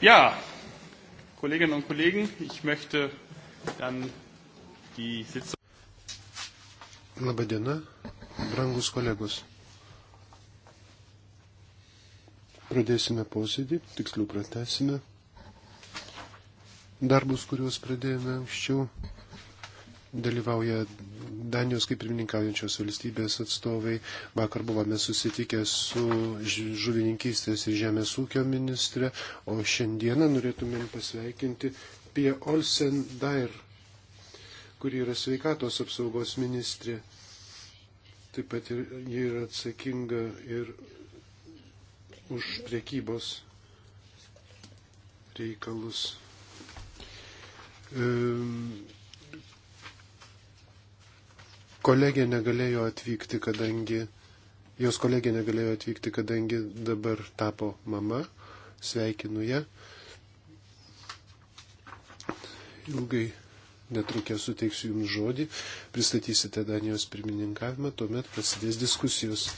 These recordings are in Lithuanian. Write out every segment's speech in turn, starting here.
Ja, Kolleginnen und Kollegen, ich möchte dann die Sitzung. Labadiena, brangus kolegos. Pradėsime posėdį, tiksliau pratesime darbus, kuriuos pradėjome anksčiau. Dalyvauja Danijos kaip pirmininkaujančios valstybės atstovai. Vakar buvome susitikę su žuvininkystės ir žemės ūkio ministre, o šiandieną norėtumėm pasveikinti Pie Olsen Dair, kuri yra sveikatos apsaugos ministrė. Taip pat ir, ji yra atsakinga ir už priekybos reikalus. Um, kolegė negalėjo atvykti, kadangi, jos kolegė negalėjo atvykti, kadangi dabar tapo mama. Sveikinu ją. Ilgai netrukę suteiksiu Jums žodį, pristatysite Danijos pirmininkavimą, tuomet prasidės diskusijos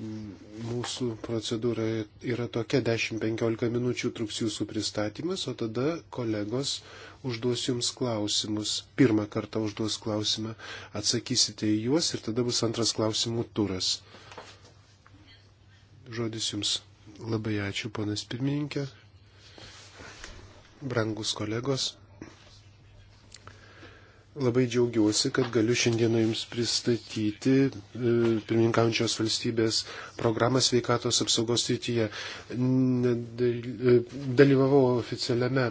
mūsų procedūra yra tokia 10-15 minučių truks jūsų pristatymas, o tada kolegos užduos jums klausimus. Pirmą kartą užduos klausimą, atsakysite į juos ir tada bus antras klausimų turas. Žodis jums. Labai ačiū, ponas pirmininkė. Brangus kolegos. Labai džiaugiuosi, kad galiu šiandieną Jums pristatyti e, pirmininkaujančios valstybės programą sveikatos apsaugos srityje. E, dalyvavau oficialiame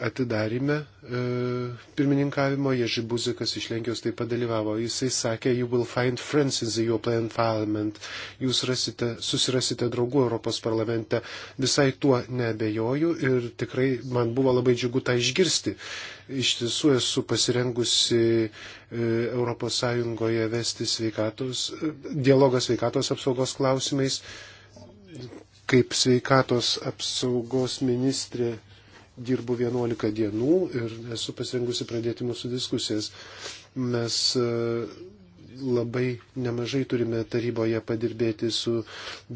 atidarime e, pirmininkavimo Ježi Buzikas iš Lenkijos taip padalyvavo. Jisai sakė, you will find friends in the European Parliament. Jūs rasite, susirasite draugų Europos parlamente. Visai tuo nebejoju ir tikrai man buvo labai džiugu tą išgirsti. Iš tiesų esu pasirengusi e, Europos Sąjungoje vesti sveikatos, e, dialogą sveikatos apsaugos klausimais. Kaip sveikatos apsaugos ministrė dirbu 11 dienų ir esu pasirengusi pradėti mūsų diskusijas. Mes e, labai nemažai turime taryboje padirbėti su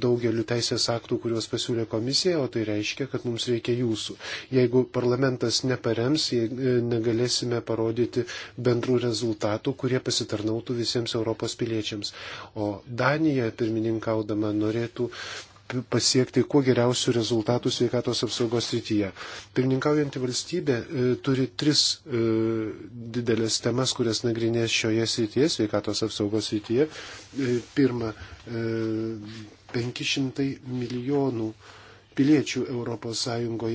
daugeliu teisės aktų, kuriuos pasiūlė komisija, o tai reiškia, kad mums reikia jūsų. Jeigu parlamentas neparems, e, negalėsime parodyti bendrų rezultatų, kurie pasitarnautų visiems Europos piliečiams. O Danija, pirmininkaudama, norėtų pasiekti kuo geriausių rezultatų sveikatos apsaugos rytyje. Pirmininkaujanti valstybė e, turi tris e, didelės temas, kurias nagrinės šioje srityje, sveikatos apsaugos srityje. E, pirma, 500 milijonų piliečių ES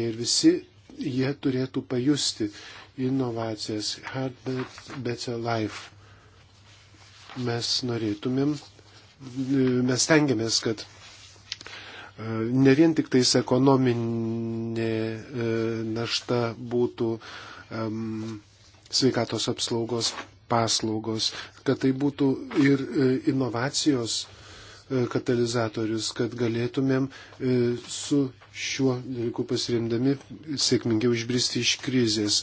ir visi jie turėtų pajusti inovacijas Heart Better Life. Mes norėtumėm, mes tengiamės, kad E, ne vien tik tais ekonominė e, našta būtų sveikatos apsaugos paslaugos, kad tai būtų ir e, inovacijos katalizatorius, kad galėtumėm su šiuo dalyku pasiremdami sėkmingiau išbristi iš krizės.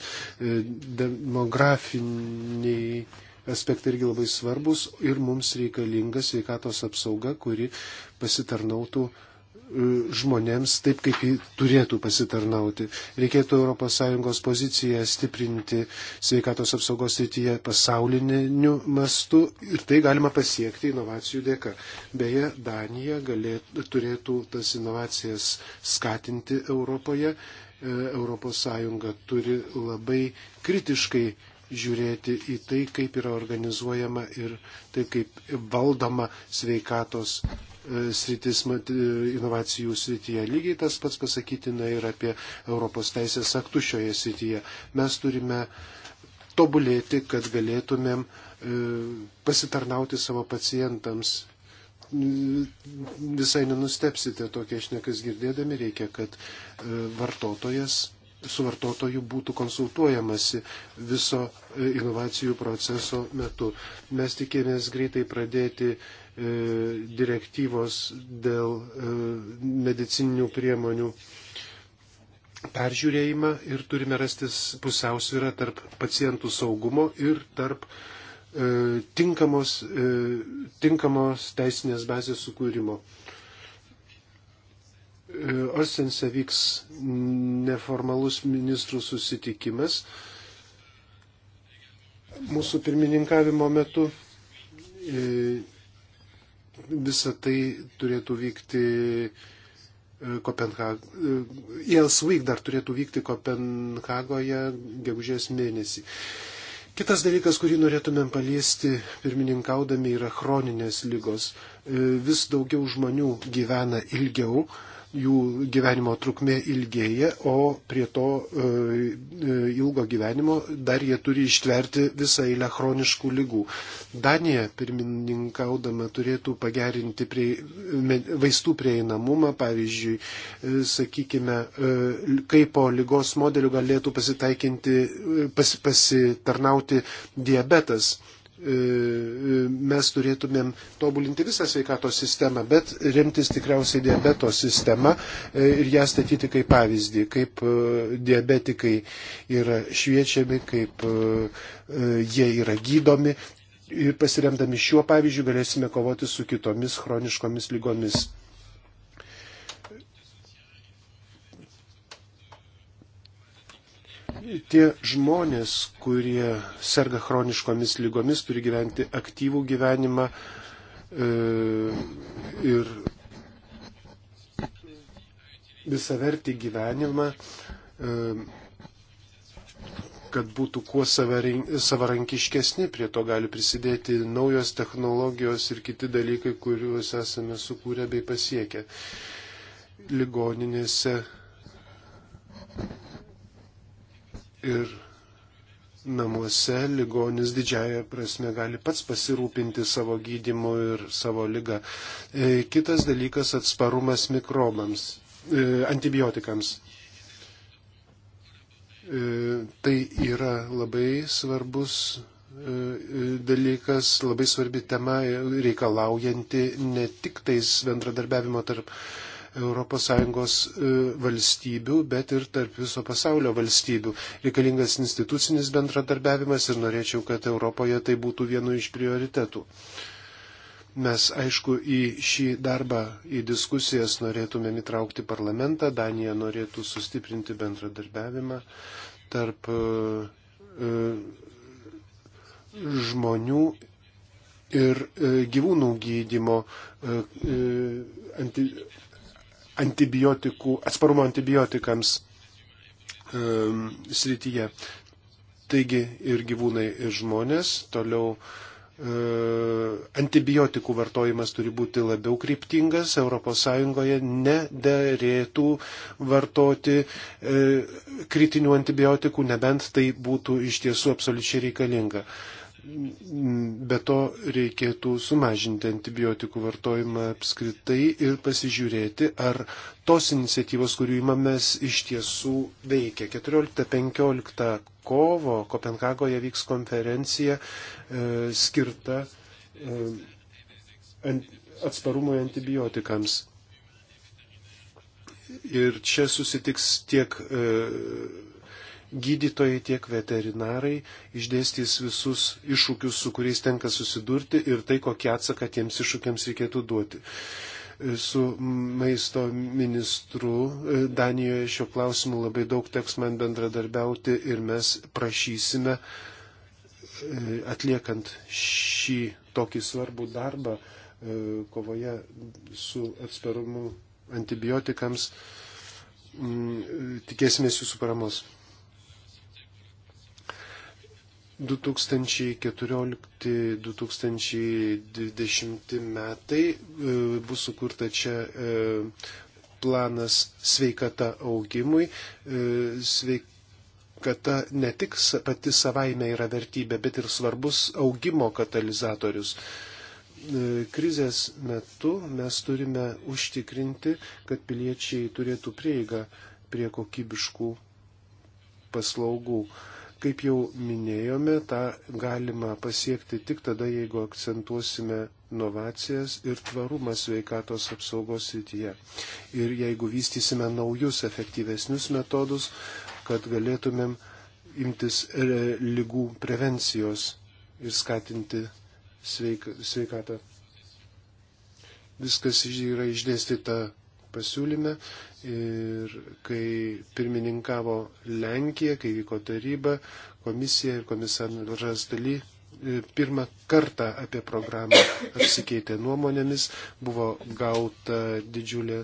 Demografiniai aspektai irgi labai svarbus ir mums reikalinga sveikatos apsauga, kuri pasitarnautų uh, žmonėms taip, kaip jį turėtų pasitarnauti. Reikėtų ES poziciją stiprinti sveikatos apsaugos srityje pasauliniu mastu ir tai galima pasiekti inovacijų dėka. Beje, Danija galėtų, turėtų tas inovacijas skatinti Europoje. E, ES turi labai kritiškai žiūrėti į tai, kaip yra organizuojama ir tai, kaip valdoma sveikatos sritis e, inovacijų srityje. Lygiai tas pats pasakytina ir apie Europos teisės aktus šioje srityje. Mes turime tobulėti, kad galėtumėm e, pasitarnauti savo pacientams. Visai nenustepsite tokie šnekas girdėdami, reikia, kad e, vartotojas su vartotoju būtų konsultuojamasi viso inovacijų proceso metu. Mes tikėmės greitai pradėti E, direktyvos dėl e, medicininių priemonių peržiūrėjimą ir turime rastis pusiausvyrą tarp pacientų saugumo ir tarp e, tinkamos, tinkamos teisinės bazės sukūrimo. Orsense vyks neformalus ministrų susitikimas. Mūsų pirmininkavimo metu Visa tai turėtų vykti e, Kopenhagoje. Jels Week dar turėtų vykti Kopenhagoje gegužės mėnesį. Kitas dalykas, kurį norėtumėm paliesti pirmininkaudami, yra chroninės lygos. E, vis daugiau žmonių gyvena ilgiau jų gyvenimo trukmė ilgėja, o prie to e, e, ilgo gyvenimo dar jie turi ištverti visą eilę chroniškų lygų. Danija, pirmininkaudama, turėtų pagerinti prie, vaistų prieinamumą, pavyzdžiui, e, sakykime, kaip po lygos modeliu galėtų pasitaikinti, pas, pasitarnauti diabetas E, e, mes turėtumėm tobulinti visą sveikatos sistemą, bet remtis tikriausiai diabeto sistema e, ir ją statyti kaip pavyzdį, kaip diabetikai yra šviečiami, kaip jie yra gydomi ir pasiremdami šiuo pavyzdžiu galėsime kovoti su kitomis chroniškomis lygomis. tie žmonės, kurie serga chroniškomis lygomis, turi gyventi aktyvų gyvenimą e, ir visavertį gyvenimą, e, kad būtų kuo savarankiškesni, prie to gali prisidėti naujos technologijos ir kiti dalykai, kuriuos esame sukūrę bei pasiekę. Ligoninėse ir namuose ligonis didžiaja prasme gali pats pasirūpinti savo gydimu ir savo lygą. E, kitas dalykas - atsparumas mikrobams, e, antibiotikams. E, tai yra labai svarbus dalykas, labai svarbi tema, reikalaujanti ne tik tais bendradarbiavimo tarp ES e, valstybių, bet ir tarp viso pasaulio valstybių. Reikalingas institucinis bendradarbiavimas ir norėčiau, kad Europoje tai būtų vienu iš prioritetų. Mes, aišku, į šį darbą, į diskusijas norėtumėm įtraukti parlamentą, Danija norėtų sustiprinti bendradarbiavimą tarp e, e, žmonių ir gyvūnų gydymo anti, antibiotikų, atsparumo antibiotikams um, srityje. Taigi ir gyvūnai, ir žmonės. Toliau um, antibiotikų vartojimas turi būti labiau kryptingas. ES nederėtų vartoti um, kritinių antibiotikų, nebent tai būtų iš tiesų absoliučiai reikalinga. Uh, Be to reikėtų sumažinti antibiotikų vartojimą apskritai ir pasižiūrėti, ar tos iniciatyvos, kurių įmamės, iš tiesų veikia. 14-15 kovo Kopenhagoje vyks konferencija e, skirta e, atsparumui antibiotikams. Ir čia susitiks tiek. E, gydytojai, tiek veterinarai išdėstys visus iššūkius, su kuriais tenka susidurti ir tai, kokį atsaką tiems iššūkiams reikėtų duoti. Su maisto ministru e, Danijoje šio klausimu labai daug teks man bendradarbiauti ir mes prašysime, e, atliekant šį tokį svarbų darbą e, kovoje su atsparumu antibiotikams, tikėsimės jūsų paramos. 2014-2020 metai e, bus sukurta čia e, planas sveikata augimui. E, sveikata ne tik pati savaime yra vertybė, bet ir svarbus augimo katalizatorius krizės metu mes turime užtikrinti, kad piliečiai turėtų prieigą prie kokybiškų paslaugų. Kaip jau minėjome, tą galima pasiekti tik tada, jeigu akcentuosime inovacijas ir tvarumą sveikatos apsaugos srityje. Ir jeigu vystysime naujus efektyvesnius metodus, kad galėtumėm imtis e, lygų prevencijos ir skatinti sveik, sveikatą. Viskas yra išdėstyta pasiūlyme Ir kai pirmininkavo Lenkija, kai vyko taryba, komisija ir komisaras Daly e, pirmą kartą apie programą apsikeitė nuomonėmis, buvo gauta didžiulė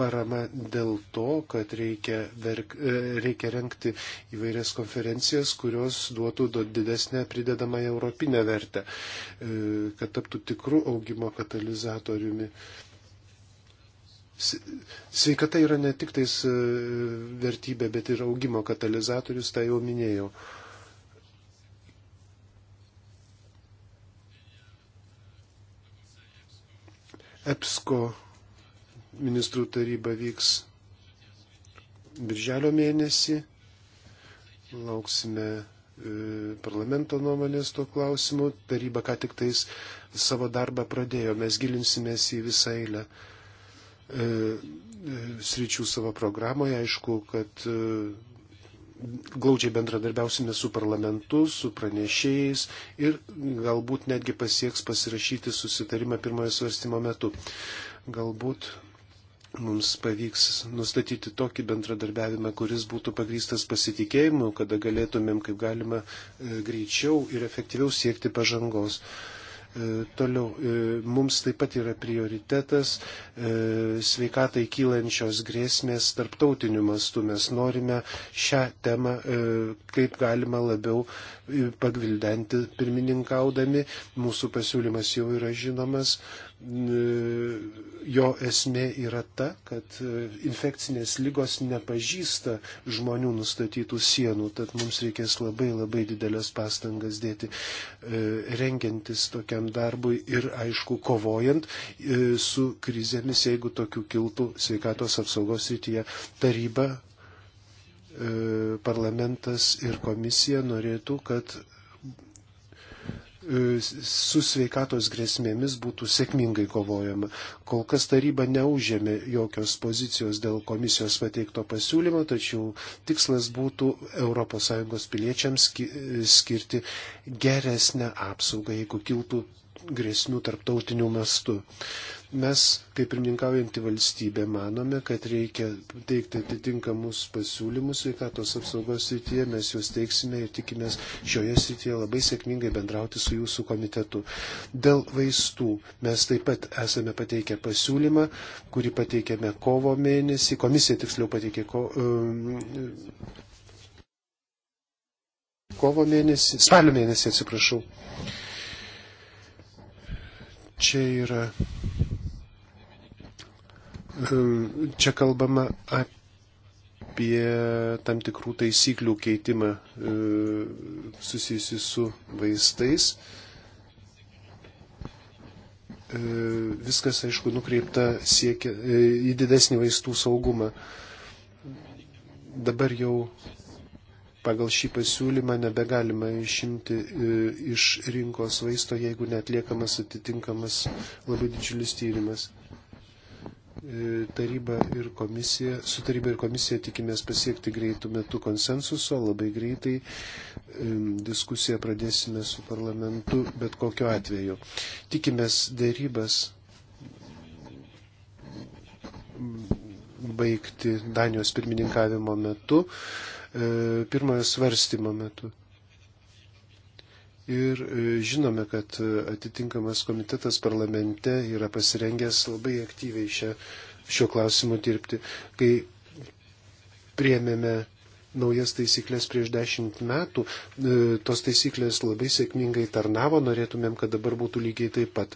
parama dėl to, kad reikia, verk, e, reikia renkti įvairias konferencijas, kurios duotų didesnę pridedamą europinę vertę, e, kad taptų tikrų augimo katalizatoriumi. Sveikata yra ne tik tais e, vertybė, bet ir augimo katalizatorius, tai jau minėjau. EPSCO ministrų taryba vyks birželio mėnesį. Lauksime e, parlamento nuomonės tuo klausimu. Taryba ką tik tais savo darbą pradėjo. Mes gilinsimės į visą eilę E, sričių savo programoje. Aišku, kad e, glaudžiai bendradarbiausime su parlamentu, su pranešėjais ir galbūt netgi pasieks pasirašyti susitarimą pirmojo svarstymo metu. Galbūt mums pavyks nustatyti tokį bendradarbiavimą, kuris būtų pagrystas pasitikėjimu, kada galėtumėm kaip galima e, greičiau ir efektyviau siekti pažangos. E, toliau, e, mums taip pat yra prioritetas e, sveikatai kylančios grėsmės tarptautiniu mastu. Mes norime šią temą kaip galima labiau pagvildenti pirmininkaudami. Mūsų pasiūlymas jau yra žinomas jo esmė yra ta, kad e, infekcinės lygos nepažįsta žmonių nustatytų sienų, tad mums reikės labai labai didelės pastangas dėti e, rengiantis tokiam darbui ir, aišku, kovojant e, su krizėmis, jeigu tokių kiltų sveikatos apsaugos rytyje taryba parlamentas ir komisija norėtų, kad E, su sveikatos grėsmėmis būtų sėkmingai kovojama. Kol kas taryba neužėmė jokios pozicijos dėl komisijos pateikto pasiūlymo, tačiau tikslas būtų ES piliečiams e, skirti geresnę apsaugą, jeigu kiltų grėsmių tarptautinių mastų. Mes, kaip pirmininkaujantį valstybę, manome, kad reikia teikti atitinkamus pasiūlymus sveikatos apsaugos srityje, mes juos teiksime ir tikimės šioje srityje labai sėkmingai bendrauti su jūsų komitetu. Dėl vaistų mes taip pat esame pateikę pasiūlymą, kurį pateikėme kovo mėnesį, komisija tiksliau pateikė ko, um, kovo mėnesį, spalio mėnesį atsiprašau čia yra. E, čia kalbama apie tam tikrų taisyklių keitimą e, susijusi su vaistais. E, viskas, aišku, nukreipta siekia, į didesnį vaistų saugumą. Dabar jau pagal šį pasiūlymą nebegalima išimti e, iš rinkos vaisto, jeigu netliekamas atitinkamas labai didžiulis tyrimas. E, taryba ir komisija, su taryba ir komisija tikimės pasiekti greitų metų konsensuso, labai greitai e, diskusiją pradėsime su parlamentu, bet kokiu atveju. Tikimės dėrybas baigti Danijos pirmininkavimo metu. E, pirmojo svarstymo metu. Ir e, žinome, kad e, atitinkamas komitetas parlamente yra pasirengęs labai aktyviai šia, šiuo klausimu dirbti. Kai priemėme naujas taisyklės prieš dešimt metų, tos taisyklės labai sėkmingai tarnavo, norėtumėm, kad dabar būtų lygiai taip pat.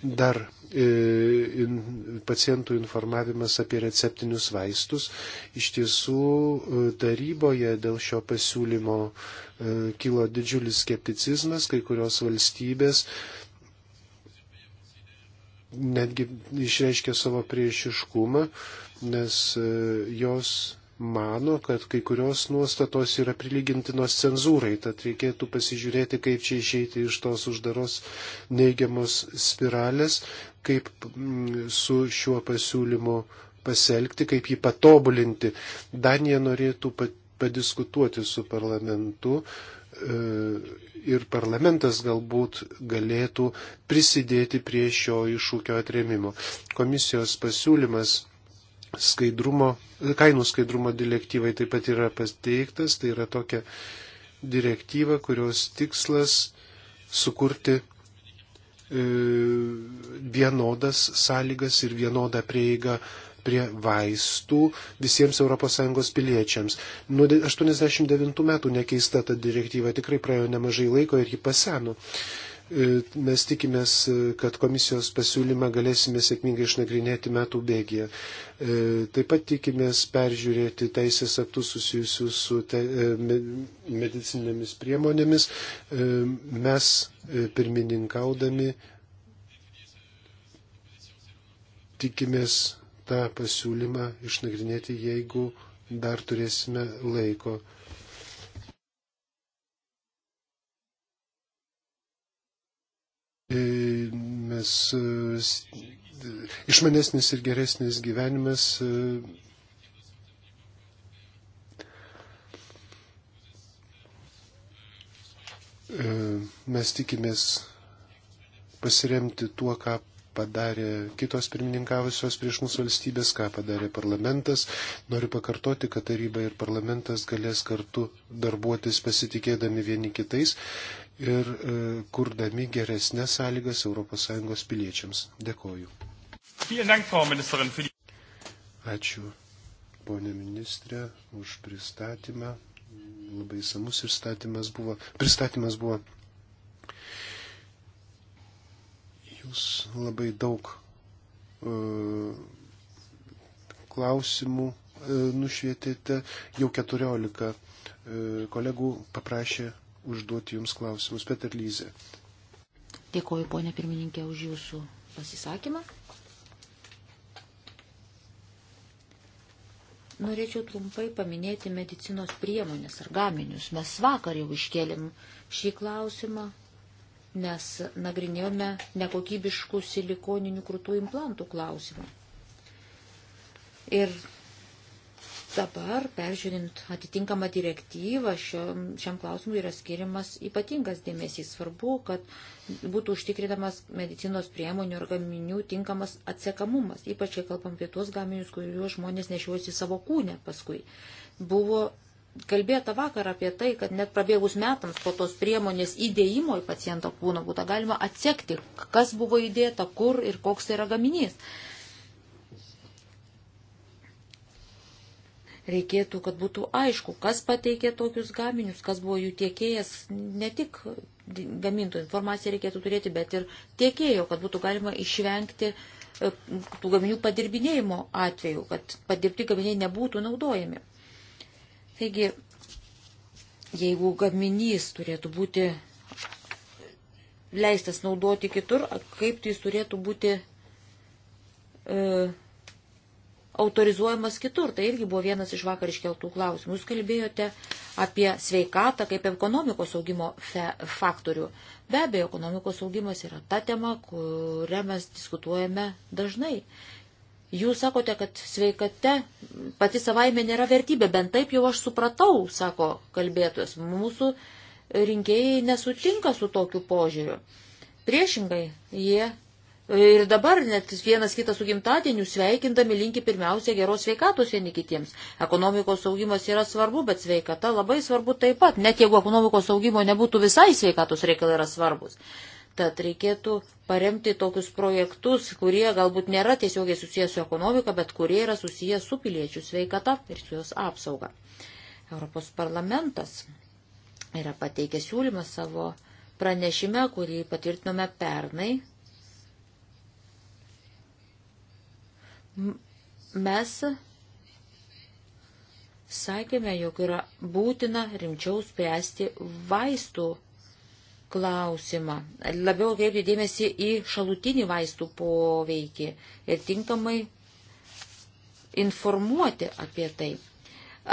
Dar E, pacientų informavimas apie receptinius vaistus. Iš tiesų e, taryboje dėl šio pasiūlymo e, kilo didžiulis skepticizmas, kai kurios valstybės netgi išreiškė savo priešiškumą, nes jos mano, kad kai kurios nuostatos yra prilygintinos cenzūrai, tad reikėtų pasižiūrėti, kaip čia išeiti iš tos uždaros neigiamos spiralės, kaip mm, su šiuo pasiūlymu pasielgti, kaip jį patobulinti. Danija norėtų padiskutuoti su parlamentu e, ir parlamentas galbūt galėtų prisidėti prie šio iššūkio atremimo. Komisijos pasiūlymas skaidrumo, kainų skaidrumo direktyvai taip pat yra pasteiktas. Tai yra tokia direktyva, kurios tikslas sukurti e, vienodas sąlygas ir vienodą prieigą prie vaistų visiems ES piliečiams. Nuo 89 metų nekeista ta direktyva, tikrai praėjo nemažai laiko ir ji paseno. E, E, mes tikimės, e, kad komisijos pasiūlymą galėsime sėkmingai išnagrinėti metų bėgėje. E, taip pat tikimės peržiūrėti teisės aktus susijusius su te, medicinėmis priemonėmis. Mes pirmininkaudami tikimės tą pasiūlymą išnagrinėti, jeigu dar turėsime laiko. E, mes e, išmanesnis ir geresnis gyvenimas. E, mes tikimės pasiremti tuo, ką padarė kitos pirmininkavusios prieš mūsų valstybės, ką padarė parlamentas. Noriu pakartoti, kad taryba ir parlamentas galės kartu darbuotis pasitikėdami vieni kitais ir e, kurdami geresnės sąlygas ES piliečiams. Dėkoju. Ačiū, ponė ministrė, už pristatymą. Labai samus pristatymas buvo. Pristatymas buvo. Jūs labai daug uh, klausimų uh, nušvietėte. Jau 14 uh, kolegų paprašė užduoti Jums klausimus. Peter Lyze. Dėkoju, ponė pirmininkė, už Jūsų pasisakymą. Norėčiau trumpai paminėti medicinos priemonės ar gaminius. Mes vakar jau iškėlėm šį klausimą, nes nagrinėjome nekokybiškų silikoninių krūtų implantų klausimą. Ir Dabar, peržiūrint atitinkamą direktyvą, šiam, šiam klausimui yra skiriamas ypatingas dėmesys. Svarbu, kad būtų užtikrinamas medicinos priemonių ir gaminių tinkamas atsekamumas, ypač kai kalbam apie tuos gaminius, kuriuos žmonės nešiuosi savo kūnę paskui. Buvo kalbėta vakar apie tai, kad net prabėgus metams po tos priemonės įdėjimo į paciento kūną būtų galima atsekti, kas buvo įdėta, kur ir koks tai yra gaminys. reikėtų, kad būtų aišku, kas pateikė tokius gaminius, kas buvo jų tiekėjas, ne tik gamintojų informaciją reikėtų turėti, bet ir tiekėjo, kad būtų galima išvengti e, tų gaminių padirbinėjimo atveju, kad padirbti gaminiai nebūtų naudojami. Taigi, jeigu gaminys turėtų būti leistas naudoti kitur, kaip tai jis turėtų būti e, autorizuojamas kitur. Tai irgi buvo vienas iš vakar iškeltų klausimų. Jūs kalbėjote apie sveikatą kaip ekonomikos augimo faktorių. Be abejo, ekonomikos augimas yra ta tema, kurią mes diskutuojame dažnai. Jūs sakote, kad sveikate pati savaime nėra vertybė, bent taip jau aš supratau, sako kalbėtojas. Mūsų rinkėjai nesutinka su tokiu požiūriu. Priešingai, jie Ir dabar net vienas kitas su gimtadieniu sveikindami linki pirmiausia geros sveikatos vieni kitiems. Ekonomikos augimas yra svarbu, bet sveikata labai svarbu taip pat. Net jeigu ekonomikos augimo nebūtų visai sveikatos reikalai yra svarbus. Tad reikėtų paremti tokius projektus, kurie galbūt nėra tiesiogiai susijęs su ekonomika, bet kurie yra susijęs su piliečių sveikata ir su jos apsauga. Europos parlamentas yra pateikęs siūlymą savo pranešime, kurį patvirtinome pernai mes sakėme, jog yra būtina rimčiau spręsti vaistų klausimą, labiau kreipti dėmesį į šalutinį vaistų poveikį ir tinkamai informuoti apie tai.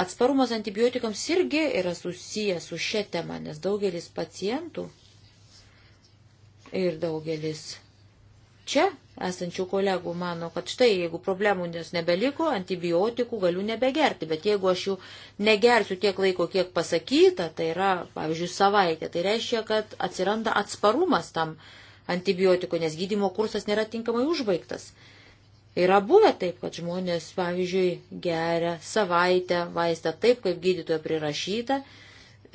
Atsparumas antibiotikams irgi yra susijęs su šia tema, nes daugelis pacientų ir daugelis Čia esančių kolegų mano, kad štai jeigu problemų nes nebeliko, antibiotikų galiu nebegerti, bet jeigu aš jų negersiu tiek laiko, kiek pasakyta, tai yra, pavyzdžiui, savaitė, tai reiškia, kad atsiranda atsparumas tam antibiotikų, nes gydimo kursas nėra tinkamai užbaigtas. Yra buvę taip, kad žmonės, pavyzdžiui, geria savaitę vaistą taip, kaip gydytojo prirašyta,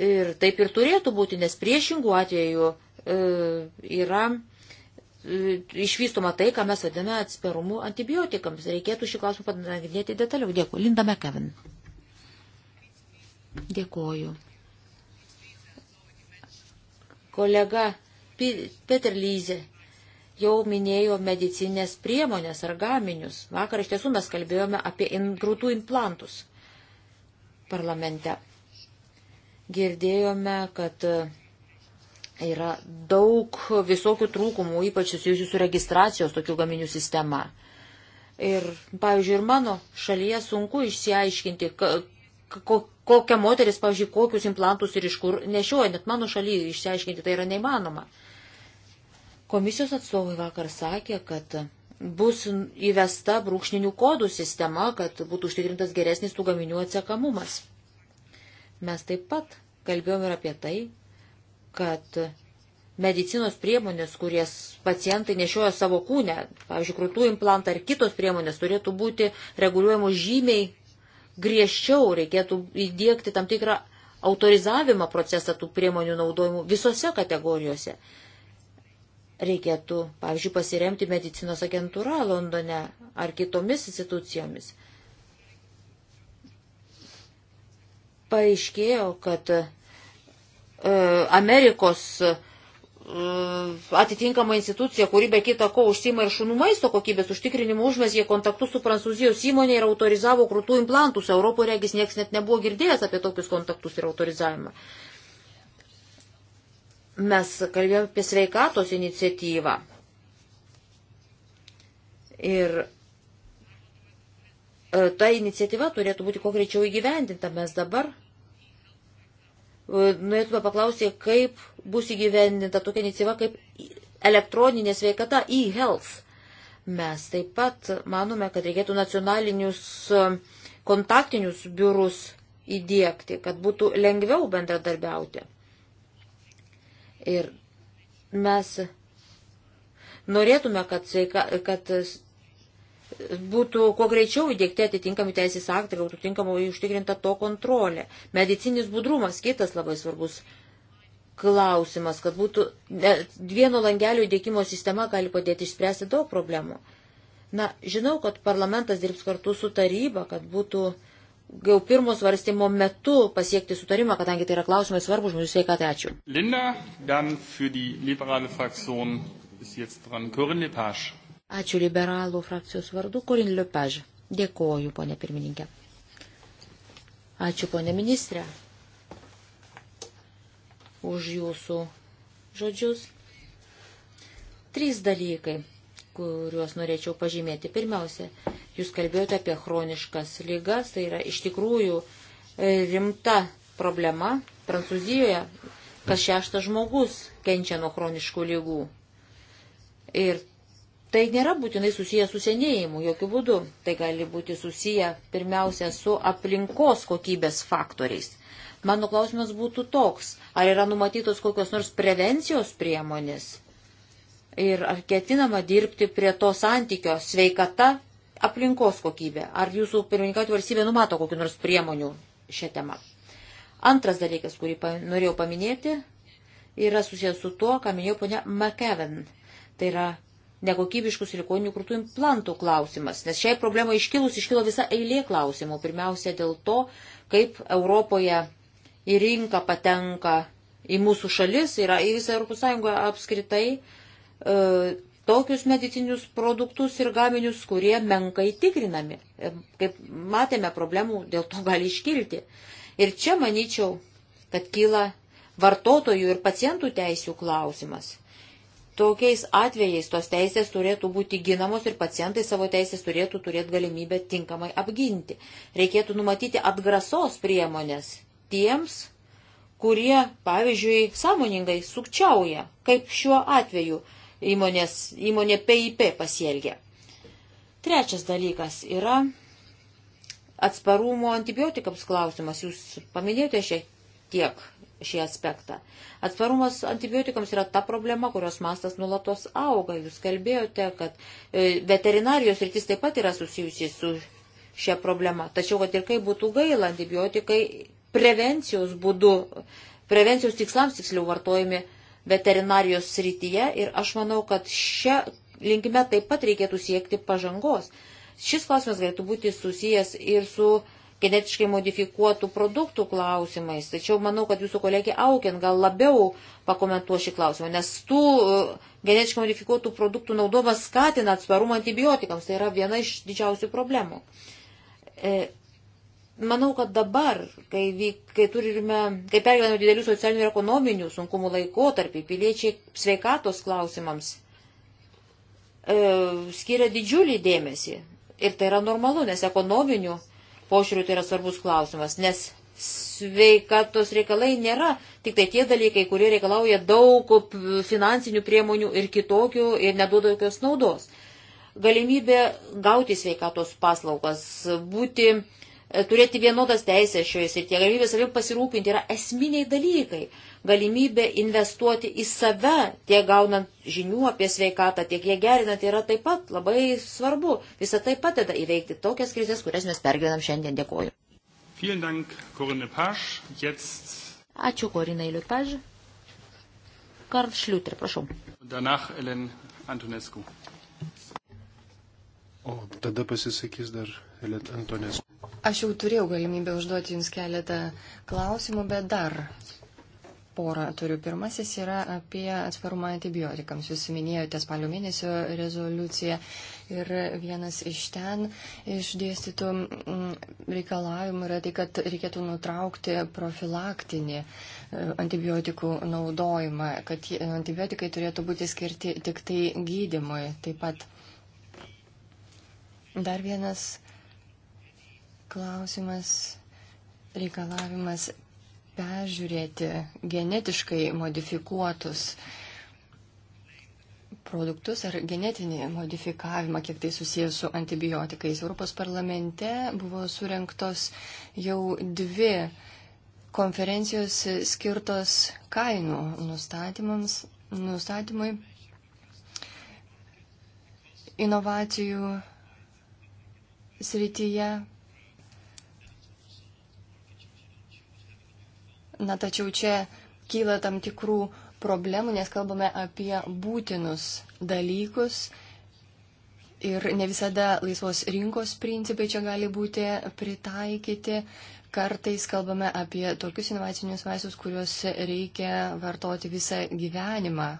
ir taip ir turėtų būti, nes priešingų atveju e, yra E, išvystoma tai, ką mes vadiname atsparumu antibiotikams. Reikėtų šį klausimą panagrinėti detaliau. Dėkui. Linda McKevin. Dėkoju. Kolega Peter Lyze jau minėjo medicinės priemonės ar gaminius. Vakar iš tiesų mes kalbėjome apie in, grūtų implantus parlamente. Girdėjome, kad uh, Yra daug visokių trūkumų, ypač susijusių su registracijos tokių gaminių sistema. Ir, pavyzdžiui, ir mano šalyje sunku išsiaiškinti, kokia moteris, pavyzdžiui, kokius implantus ir iš kur nešioja, net mano šalyje išsiaiškinti tai yra neįmanoma. Komisijos atstovai vakar sakė, kad bus įvesta brūkšninių kodų sistema, kad būtų užtikrintas geresnis tų gaminių atsekamumas. Mes taip pat kalbėjom ir apie tai, kad medicinos priemonės, kurias pacientai nešioja savo kūne, pavyzdžiui, krūtų implantą ar kitos priemonės, turėtų būti reguliuojamos žymiai griežčiau, reikėtų įdėkti tam tikrą autorizavimo procesą tų priemonių naudojimų visose kategorijose. Reikėtų, pavyzdžiui, pasiremti medicinos agentūra Londone ar kitomis institucijomis. Paaiškėjo, kad E, Amerikos e, atitinkama institucija, kuri be kita ko užsima ir šunų maisto kokybės užtikrinimu užmesgė kontaktus su prancūzijos įmonė ir autorizavo krūtų implantus. Europoje regis nieks net nebuvo girdėjęs apie tokius kontaktus ir autorizavimą. Mes kalbėjome apie sveikatos iniciatyvą. Ir e, ta iniciatyva turėtų būti kuo greičiau įgyvendinta. Mes dabar norėtume paklausyti, kaip bus įgyvendinta tokia iniciatyva kaip elektroninė sveikata e-health. Mes taip pat manome, kad reikėtų nacionalinius e, kontaktinius biurus įdėkti, kad būtų lengviau bendradarbiauti. Ir mes norėtume, kad, sveika, kad būtų kuo greičiau įdėkti atitinkami teisės aktai, gautų tinkamai užtikrinta to kontrolė. Medicinis budrumas, kitas labai svarbus klausimas, kad būtų ne, vieno langelio įdėkimo sistema gali padėti išspręsti daug problemų. Na, žinau, kad parlamentas dirbs kartu su taryba, kad būtų jau pirmo svarstymo metu pasiekti sutarimą, kadangi tai yra klausimai svarbus žmonių sveikatai. Ačiū. Linda, dann für die liberale Fraktion ist jetzt dran Corinne Lepage. Ačiū liberalų frakcijos vardu, Korin Liupaž. Dėkoju, ponė pirmininkė. Ačiū, ponė ministrė, už jūsų žodžius. Trys dalykai, kuriuos norėčiau pažymėti. Pirmiausia, jūs kalbėjote apie chroniškas lygas, tai yra iš tikrųjų e, rimta problema Prancūzijoje, kas šeštas žmogus kenčia nuo chroniškų lygų. Ir Tai nėra būtinai susiję su senėjimu, jokių būdų. Tai gali būti susiję pirmiausia su aplinkos kokybės faktoriais. Mano klausimas būtų toks, ar yra numatytos kokios nors prevencijos priemonės ir ar ketinama dirbti prie to santykio sveikata aplinkos kokybė, ar jūsų pirmininkat valstybė numato kokiu nors priemonių šią temą. Antras dalykas, kurį norėjau paminėti, yra susijęs su tuo, ką minėjo ponia McEwen. Tai yra nekokybiškus silikoninių krūtų implantų klausimas, nes šiai problemai iškilus iškilo visa eilė klausimų. Pirmiausia dėl to, kaip Europoje į rinką patenka į mūsų šalis ir į visą ES apskritai e, tokius medicinius produktus ir gaminius, kurie menkai tikrinami. E, kaip matėme, problemų dėl to gali iškilti. Ir čia manyčiau, kad kyla vartotojų ir pacientų teisių klausimas tokiais atvejais tos teisės turėtų būti ginamos ir pacientai savo teisės turėtų turėti galimybę tinkamai apginti. Reikėtų numatyti atgrasos priemonės tiems, kurie, pavyzdžiui, sąmoningai sukčiauja, kaip šiuo atveju įmonės, įmonė PIP pasielgia. Trečias dalykas yra atsparumo antibiotikams klausimas. Jūs paminėjote šiek tiek šį aspektą. Atsparumas antibiotikams yra ta problema, kurios mastas nulatos auga. Jūs kalbėjote, kad e, veterinarijos rytis taip pat yra susijusi su šia problema. Tačiau, kad ir kaip būtų gaila, antibiotikai prevencijos būdu, prevencijos tikslams tiksliau vartojami veterinarijos srityje ir aš manau, kad šią linkime taip pat reikėtų siekti pažangos. Šis klausimas galėtų būti susijęs ir su genetiškai modifikuotų produktų klausimais. Tačiau manau, kad jūsų kolegė Aukin gal labiau pakomentuos šį klausimą, nes tų e, genetiškai modifikuotų produktų naudojimas skatina atsparumą antibiotikams. Tai yra viena iš didžiausių problemų. E, manau, kad dabar, kai, vyk, kai turime, kai pergyvename didelių socialinių ir ekonominių sunkumų laikotarpį, piliečiai sveikatos klausimams e, skiria didžiulį dėmesį. Ir tai yra normalu, nes ekonominių e, požiūriu tai yra svarbus klausimas, nes sveikatos reikalai nėra tik tai tie dalykai, kurie reikalauja daug finansinių priemonių ir kitokių ir neduoda jokios naudos. Galimybė gauti sveikatos paslaugas, būti, turėti vienodas teisės šioje srityje, galimybė savim pasirūpinti yra esminiai dalykai galimybė investuoti į save, tiek gaunant žinių apie sveikatą, tiek jie gerinant, yra taip pat labai svarbu. Visą tai padeda įveikti tokias krizės, kurias mes pergyvenam šiandien. Dėkoju. Dank, Corinne Pasch. Jetzt... Ačiū Korinai Liupaž. Karl Šliuter, prašau. Danach Elen Antonescu. O tada pasisakys dar Elen Antonescu. Aš jau turėjau galimybę užduoti Jums keletą klausimų, bet dar porą turiu. Pirmasis yra apie atsparumą antibiotikams. Jūs minėjote spalio mėnesio rezoliuciją ir vienas iš ten išdėstytų mm, reikalavimų yra tai, kad reikėtų nutraukti profilaktinį e, antibiotikų naudojimą, kad antibiotikai turėtų būti skirti tik tai gydimui. Taip pat dar vienas klausimas reikalavimas peržiūrėti genetiškai modifikuotus produktus ar genetinį modifikavimą, kiek tai susijęs su antibiotikais. Europos parlamente buvo surinktos jau dvi konferencijos skirtos kainų nustatymui, inovacijų srityje Na, tačiau čia kyla tam tikrų problemų, nes kalbame apie būtinus dalykus ir ne visada laisvos rinkos principai čia gali būti pritaikyti. Kartais kalbame apie tokius inovacinius vaistus, kuriuos reikia vartoti visą gyvenimą.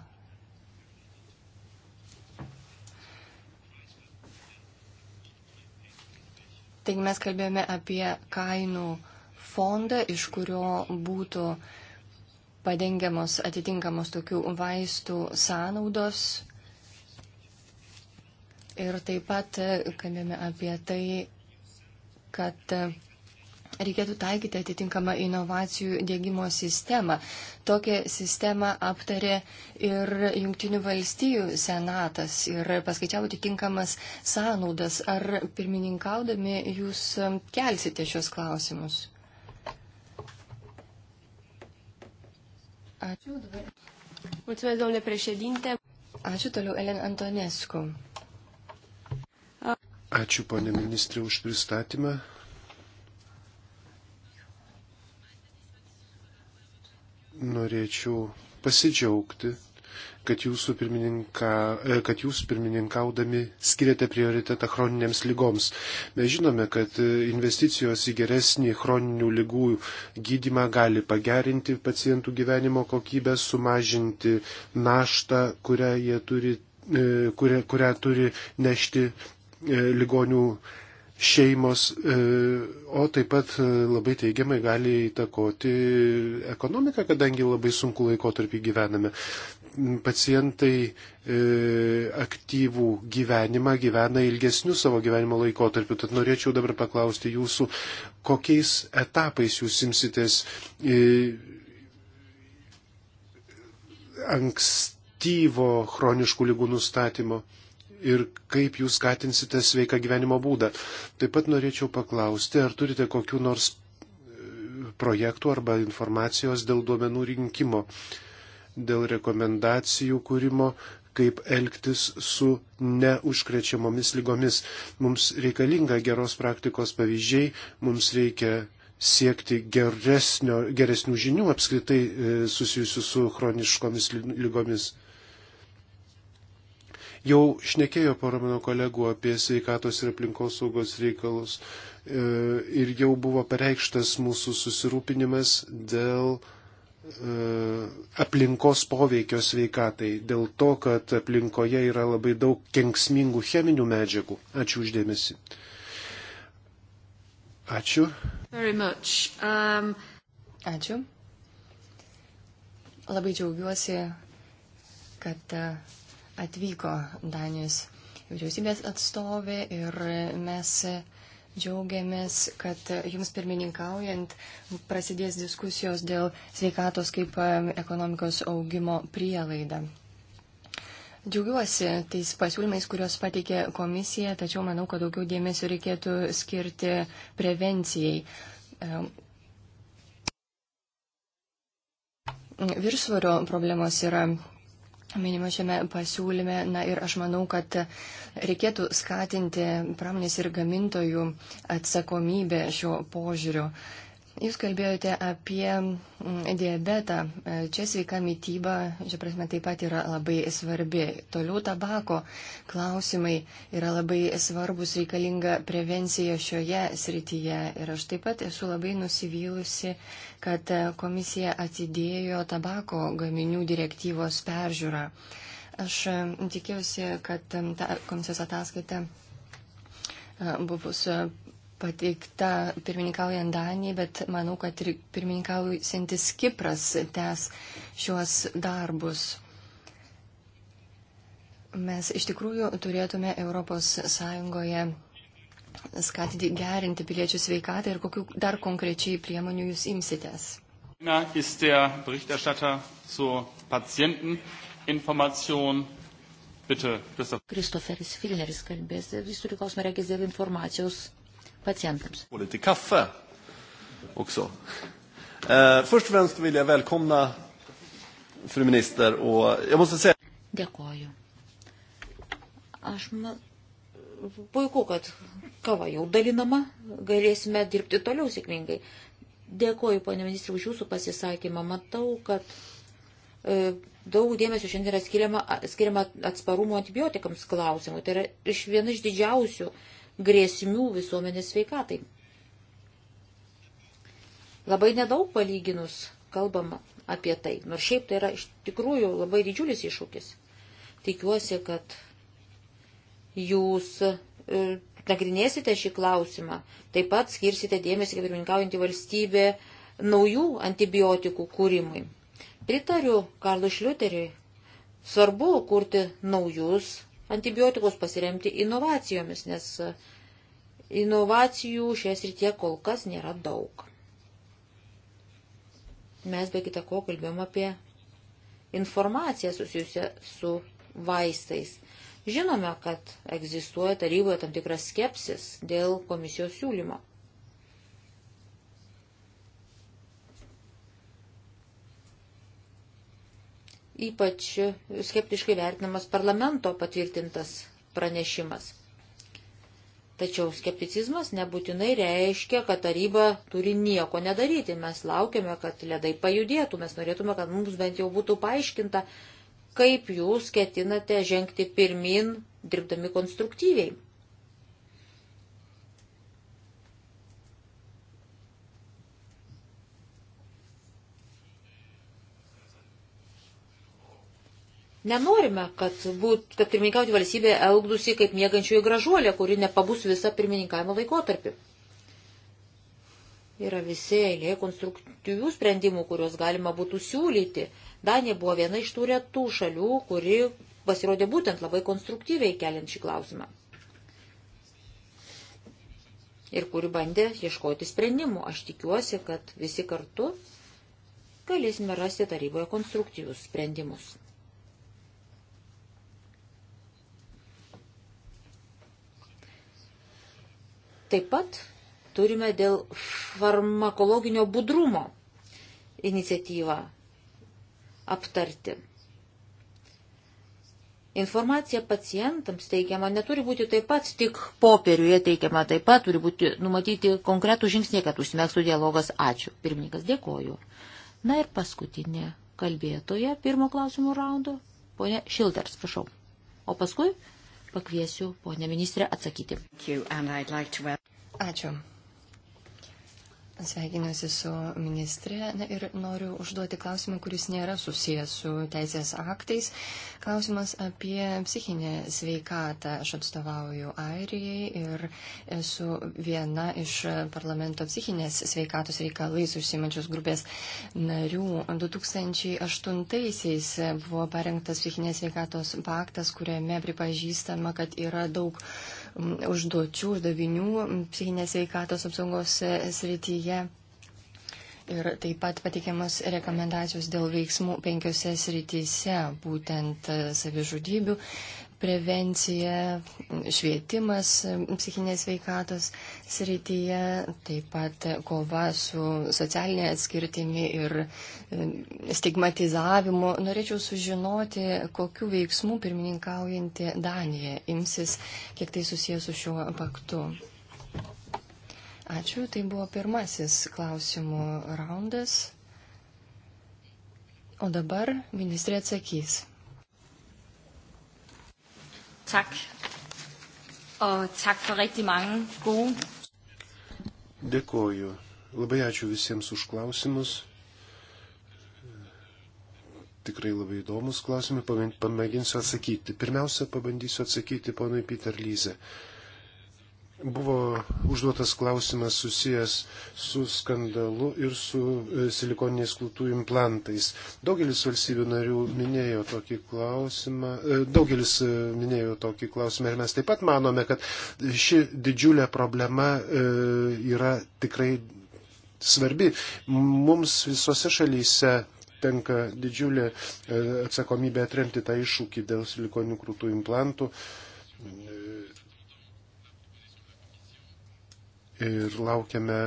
Taigi mes kalbėjome apie kainų fondą, iš kurio būtų padengiamos atitinkamos tokių vaistų sąnaudos. Ir taip pat e, kalbėjome apie tai, kad e, reikėtų taikyti atitinkamą inovacijų dėgymo sistemą. Tokią sistemą aptarė ir Junktinių valstijų senatas ir paskaičiavo atitinkamas sąnaudas. Ar pirmininkaudami jūs e, kelsite šios klausimus? Ačiū dabar. Mulțumesc, domnule președinte. Ačiū toliau, Elen Antonescu. Ačiū, ponė ministrė, už pristatymą. Norėčiau pasidžiaugti kad jūs, e, kad jūs pirmininkaudami skiriate prioritetą chroninėms lygoms. Mes žinome, kad e, investicijos į geresnį chroninių lygų gydimą gali pagerinti pacientų gyvenimo kokybę, sumažinti naštą, kurią jie turi, e, kurią, kurią turi nešti ligonių šeimos, o taip pat labai teigiamai gali įtakoti ekonomiką, kadangi labai sunku laikotarpį gyvename pacientai e, aktyvų gyvenimą gyvena ilgesnių savo gyvenimo laikotarpiu. Tad norėčiau dabar paklausti jūsų, kokiais etapais jūs simsitės e, ankstyvo chroniškų lygų nustatymo ir kaip jūs skatinsite sveiką gyvenimo būdą. Taip pat norėčiau paklausti, ar turite kokiu nors e, projektų arba informacijos dėl duomenų rinkimo. Uh, dėl rekomendacijų kūrimo, kaip elgtis su neužkrečiamomis lygomis. Mums reikalinga geros praktikos pavyzdžiai, mums reikia siekti geresnio, geresnių žinių apskritai e, susijusių su chroniškomis lygomis. Jau šnekėjo pora mano kolegų apie sveikatos ir aplinkos saugos reikalus e, ir jau buvo pareikštas mūsų susirūpinimas dėl uh, E, aplinkos poveikio sveikatai, dėl to, kad aplinkoje yra labai daug kenksmingų cheminių medžiagų. Ačiū uždėmesi. Ačiū. Um... Ačiū. Labai džiaugiuosi, kad e, atvyko Danijos vyriausybės atstovė ir mes e, Džiaugiamės, kad e, jums pirmininkaujant prasidės diskusijos dėl sveikatos kaip e, ekonomikos augimo prielaida. Džiaugiuosi tais pasiūlymais, kuriuos pateikė komisija, tačiau manau, kad daugiau dėmesio reikėtų skirti prevencijai. E, Viršsvario problemos yra minima šiame pasiūlyme. Na ir aš manau, kad reikėtų skatinti pramonės ir gamintojų atsakomybę šiuo požiūriu. Jūs kalbėjote apie mm, diabetą. E, čia sveika mytyba, šia prasme, taip pat yra labai svarbi. Toliau tabako klausimai yra labai svarbus, reikalinga prevencija šioje srityje. Ir aš taip pat esu labai nusivylusi, kad komisija atidėjo tabako gaminių direktyvos peržiūrą. Aš mm, tikėjausi, kad mm, ta komisijos ataskaita e, bus pateikta pirmininkaujant Danijai, bet manau, kad ir pirmininkaujantis Kipras tęs šiuos darbus. Mes iš tikrųjų turėtume ES skatinti gerinti piliečių sveikatą ir kokiu dar konkrečiai priemonių jūs imsitės. Lechner ist der Berichterstatter zur Patienteninformation. Bitte, Christopher. Kristoferis Filleris kalbės, jis turi klausimą reikės dėl informacijos pacientams. Också. Eh, först och främst vill jag välkomna fru minister och jag måste säga... Dėkoju. Aš ma... puiku, kad kava jau dalinama, galėsime dirbti toliau sėkmingai. Dėkoju, ponė ministrė, už jūsų pasisakymą. Matau, kad e, daug dėmesio šiandien yra skiriama, skiriama atsparumo antibiotikams klausimui. Tai yra iš viena iš didžiausių e, grėsmių visuomenės sveikatai. Labai nedaug palyginus kalbama apie tai, nors šiaip tai yra iš tikrųjų labai didžiulis iššūkis. Tikiuosi, kad jūs e, nagrinėsite šį klausimą, taip pat skirsite dėmesį, kaip pirmininkaujantį valstybę, naujų antibiotikų kūrimui. Pritariu Karlui Šliuteriui, svarbu kurti naujus antibiotikus, pasiremti inovacijomis, nes inovacijų šies rytie kol kas nėra daug. Mes be kita ko kalbėjom apie informaciją susijusią su vaistais. Žinome, kad egzistuoja taryboje tam tikras skepsis dėl komisijos siūlymo. ypač skeptiškai vertinamas parlamento patvirtintas pranešimas. Tačiau skepticizmas nebūtinai reiškia, kad taryba turi nieko nedaryti. Mes laukiame, kad ledai pajudėtų, mes norėtume, kad mums bent jau būtų paaiškinta, kaip jūs ketinate žengti pirmin, dirbdami konstruktyviai. Nenorime, kad, būt, kad pirmininkauti valstybė elgdusi kaip mėgančioji gražuolė, kuri nepabus visą pirmininkavimo laikotarpį. Yra visi eilė konstruktyvių sprendimų, kuriuos galima būtų siūlyti. Danija buvo viena iš tų retų šalių, kuri pasirodė būtent labai konstruktyviai keliant šį klausimą. Ir kuri bandė ieškoti sprendimų. Aš tikiuosi, kad visi kartu galėsime rasti taryboje konstruktyvius sprendimus. Taip pat turime dėl farmakologinio budrumo iniciatyvą aptarti. Informacija pacientams teikiama neturi būti taip pat tik popieriuje teikiama, taip pat turi būti numatyti konkretų žingsnį, kad užsimėgstų dialogas. Ačiū. Pirmininkas, dėkoju. Na ir paskutinė kalbėtoja pirmo klausimų raundo, ponė Šilders, prašau. O paskui pakviesiu ponę ministrę atsakyti. Ačiū. Sveikinuosi su ministrė na, ir noriu užduoti klausimą, kuris nėra susijęs su teisės aktais. Klausimas apie psichinę sveikatą. Aš atstovauju Airijai ir esu viena iš parlamento psichinės sveikatos reikalais užsimančios grupės narių. 2008-aisiais buvo parengtas psichinės sveikatos paktas, kuriame pripažįstama, kad yra daug užduočių, uždavinių psichinės veikatos apsaugos e, srityje. Ir taip pat pateikiamas rekomendacijos dėl veiksmų penkiose srityse, būtent e, savižudybių prevencija, švietimas psichinės veikatos srityje, taip pat kova su socialinė atskirtimi ir e, stigmatizavimu. Norėčiau sužinoti, kokiu veiksmu pirmininkaujanti Danija imsis, kiek tai susijęs su šiuo paktu. Ačiū, tai buvo pirmasis klausimų raundas. O dabar ministrė atsakys. Tak. O tak for rigtig mange gode. Dėkoju. Labai ačiū visiems už klausimus. Tikrai labai įdomus klausimai. Pamėginsiu atsakyti. Pirmiausia, pabandysiu atsakyti ponui Peter Lyze. Uh, Buvo užduotas klausimas susijęs su skandalu ir su e, silikoniniais kultų implantais. Daugelis valstybių narių minėjo tokį klausimą, e, daugelis e, minėjo tokį klausimą ir mes taip pat manome, kad ši didžiulė problema yra tikrai svarbi. Mums visose šalyse tenka didžiulė atsakomybė atremti tą iššūkį dėl silikoninių krūtų implantų ir laukiame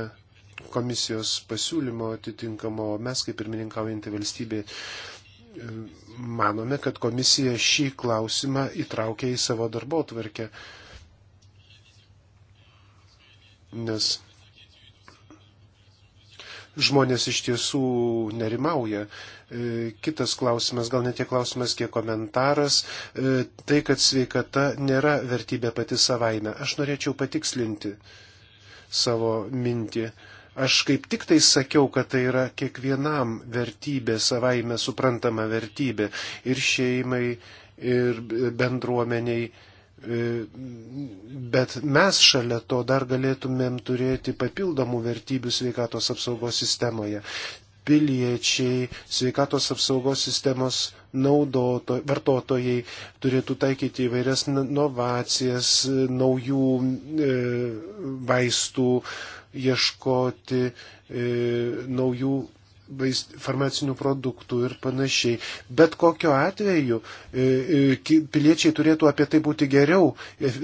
komisijos pasiūlymo atitinkamo, mes kaip pirmininkaujantį valstybė manome, kad komisija šį klausimą įtraukė į savo darbo tvarkę. Nes žmonės iš tiesų nerimauja. E, kitas klausimas, gal ne tiek klausimas, kiek komentaras, e, tai, kad sveikata nėra vertybė pati savaime. Aš norėčiau patikslinti savo mintį. Aš kaip tik tai sakiau, kad tai yra kiekvienam vertybė, savaime suprantama vertybė ir šeimai, ir bendruomeniai. E, bet mes šalia to dar galėtumėm turėti papildomų vertybių sveikatos apsaugos sistemoje. Piliečiai, sveikatos apsaugos sistemos naudoto, vartotojai turėtų taikyti įvairias inovacijas, naujų e, vaistų, ieškoti e, naujų vaist, farmacinių produktų ir panašiai. Bet kokiu atveju e, e, piliečiai turėtų apie tai būti geriau,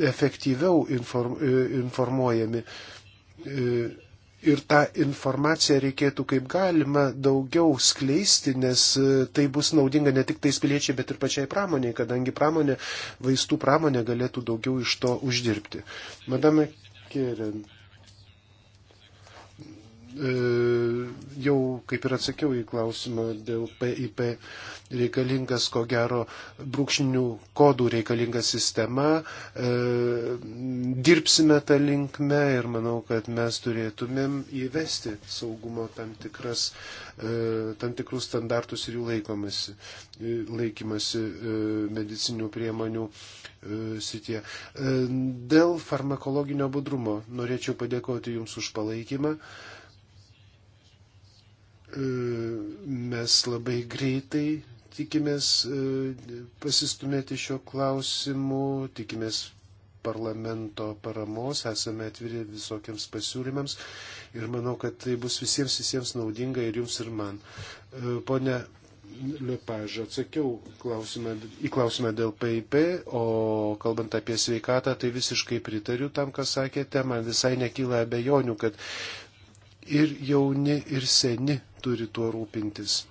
efektyviau inform, e, informuojami. E, ir tą informaciją reikėtų kaip galima daugiau skleisti, nes e, tai bus naudinga ne tik tais piliečiai, bet ir pačiai pramoniai, kadangi pramonė, vaistų pramonė galėtų daugiau iš to uždirbti. Madame Kirin, E, jau kaip ir atsakiau į klausimą dėl PIP reikalingas, ko gero, brūkšnių kodų reikalinga sistema. E, dirbsime tą linkmę ir manau, kad mes turėtumėm įvesti saugumo tam, tikras, e, tam tikrus standartus ir jų laikomasi, laikymasi medicinių priemonių sitie. Dėl farmakologinio budrumo norėčiau padėkoti Jums už palaikymą. E, mes labai greitai tikimės e, pasistumėti šio klausimu, tikimės parlamento paramos, esame atviri visokiams pasiūlymams ir manau, kad tai bus visiems, visiems naudinga ir jums ir man. E, pone Lepaž, atsakiau klausimą, į klausimą dėl PIP, o kalbant apie sveikatą, tai visiškai pritariu tam, ką sakėte, man visai nekyla abejonių, kad ir jauni, ir seni turi tuo rūpintis.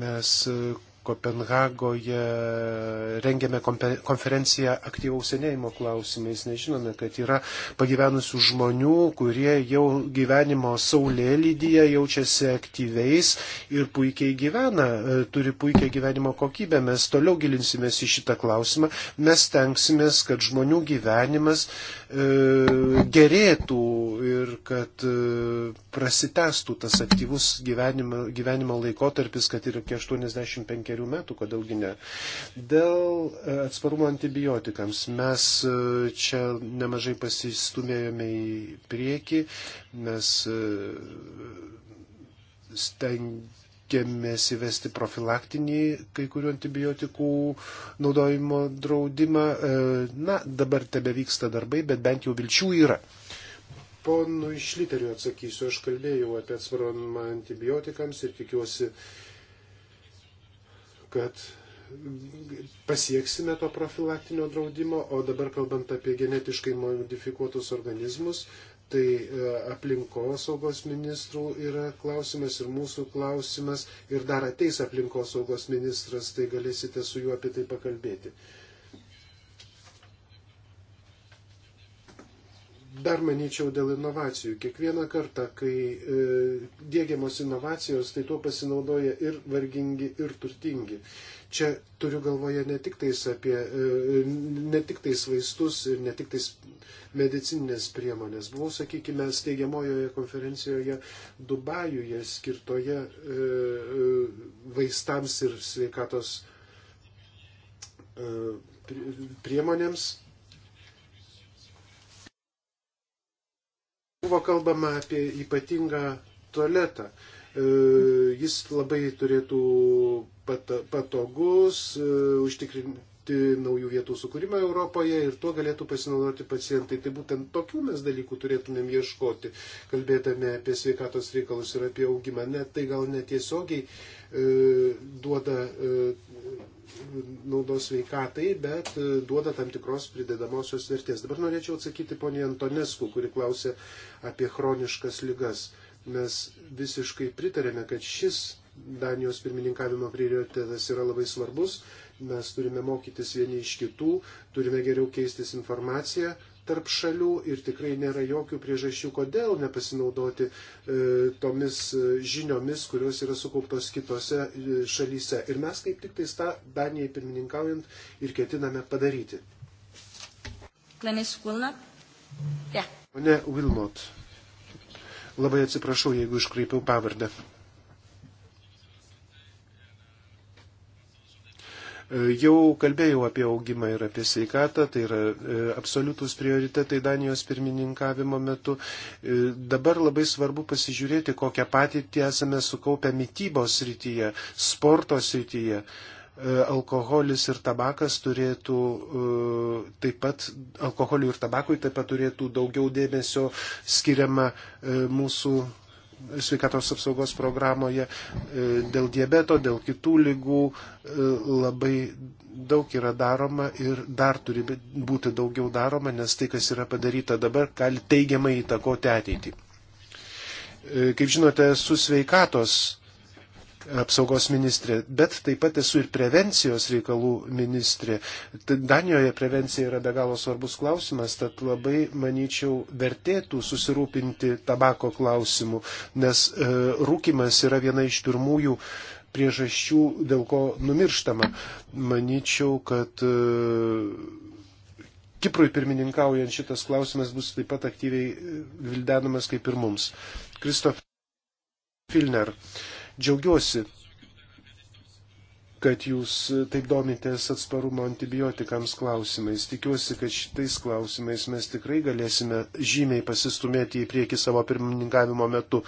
Mes e, Kopenhagoje rengėme konferenciją aktyvaus senėjimo klausimais, nežinome, kad yra pagyvenusių žmonių, kurie jau gyvenimo saulėlydyje jaučiasi aktyviais ir puikiai gyvena, e, turi puikią gyvenimo kokybę. Mes toliau gilinsimės į šitą klausimą, mes tenksimės, kad žmonių gyvenimas E, gerėtų ir kad e, prasitestų tas aktyvus gyvenimo, gyvenimo laikotarpis, kad ir iki 85 metų, kodėlgi ne. Dėl e, atsparumo antibiotikams mes čia nemažai pasistumėjome į priekį, mes stengiamės stengiamės įvesti profilaktinį kai kurių antibiotikų naudojimo draudimą. E, na, dabar tebe vyksta darbai, bet bent jau vilčių yra. Ponu išliteriu atsakysiu, aš kalbėjau apie atsvaromą antibiotikams ir tikiuosi, kad pasieksime to profilaktinio draudimo, o dabar kalbant apie genetiškai modifikuotus organizmus, tai e, aplinkosaugos ministrų yra klausimas ir mūsų klausimas ir dar ateis aplinkosaugos ministras, tai galėsite su juo apie tai pakalbėti. Dar manyčiau dėl inovacijų. Kiekvieną kartą, kai e, dėgiamos inovacijos, tai tuo pasinaudoja ir vargingi, ir turtingi. E, Čia turiu galvoje ne tik tais, apie, e, ne tik tais vaistus ir ne tik tais medicininės priemonės. Buvau, sakykime, steigiamojoje konferencijoje Dubajuje skirtoje e, e, vaistams ir sveikatos priemonėms. Buvo kalbama apie ypatingą tualetą. Jis labai turėtų patogus, e, užtikrinti naujų vietų sukūrimą Europoje ir tuo galėtų pasinaudoti pacientai. Tai būtent tokių mes dalykų turėtumėm ieškoti, kalbėtame apie sveikatos reikalus ir apie augimą. Net tai gal netiesiogiai e, duoda e, naudos sveikatai, bet e, duoda tam tikros pridedamosios vertės. Dabar norėčiau atsakyti poniai Antonesku, kuri klausė apie chroniškas lygas. Mes visiškai pritarėme, kad šis Danijos pirmininkavimo prioritetas yra labai svarbus. Mes turime mokytis vieni iš kitų, turime geriau keistis informaciją tarp šalių ir tikrai nėra jokių priežasčių, kodėl nepasinaudoti e, tomis e, žiniomis, kurios yra sukauptos kitose e, šalyse. Ir mes kaip tik tai tą Danijai pirmininkaujant ir ketiname padaryti. Glenis Wilnot. Yeah. Pone Wilmot, labai atsiprašau, jeigu iškreipiau pavardę. E, jau kalbėjau apie augimą ir apie sveikatą, tai yra e, absoliutus prioritetai Danijos pirmininkavimo metu. E, dabar labai svarbu pasižiūrėti, kokią patirtį esame sukaupę mytybos srityje, sporto srityje alkoholis ir tabakas turėtų taip pat, alkoholiui ir tabakui taip pat turėtų daugiau dėmesio skiriama mūsų sveikatos apsaugos programoje e, dėl diabeto, dėl kitų lygų e, labai daug yra daroma ir dar turi būti daugiau daroma, nes tai, kas yra padaryta dabar, gali teigiamai įtakoti ateitį. E, kaip žinote, su sveikatos apsaugos ministrė, bet taip pat esu ir prevencijos reikalų ministrė. Danijoje prevencija yra be galo svarbus klausimas, tad labai, manyčiau, vertėtų susirūpinti tabako klausimu, nes e, rūkimas yra viena iš pirmųjų priežasčių, dėl ko numirštama. Manyčiau, kad e, Kiprui pirmininkaujant šitas klausimas bus taip pat aktyviai e, vildenamas kaip ir mums. Kristof Filner. E, Džiaugiuosi, kad jūs taip domitės atsparumo antibiotikams klausimais. Tikiuosi, kad šitais klausimais mes tikrai galėsime žymiai pasistumėti į priekį savo pirmininkavimo metu.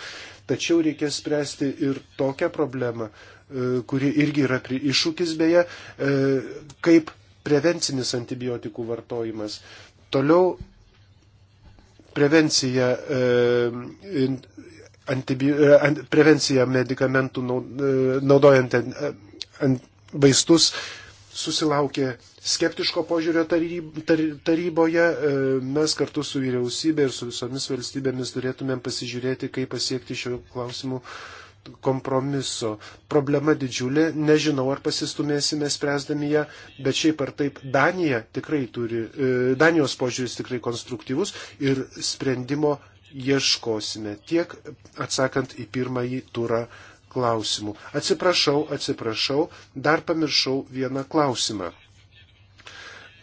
Tačiau reikės spręsti ir tokią problemą, e, kuri irgi yra iššūkis beje, e, kaip prevencinis antibiotikų vartojimas. Toliau prevencija e, antibi, e, ant, prevenciją medikamentų e, naudojant ant, e, ant vaistus susilaukė skeptiško požiūrio taryb, tar, taryboje. Mes kartu su vyriausybė ir su visomis valstybėmis turėtumėm pasižiūrėti, kaip pasiekti šio klausimų kompromiso. Problema didžiulė, nežinau ar pasistumėsime spręsdami ją, bet šiaip ar taip Danija tikrai turi, Danijos požiūris tikrai konstruktyvus ir sprendimo ieškosime tiek atsakant į pirmąjį turą klausimų. Atsiprašau, atsiprašau, dar pamiršau vieną klausimą.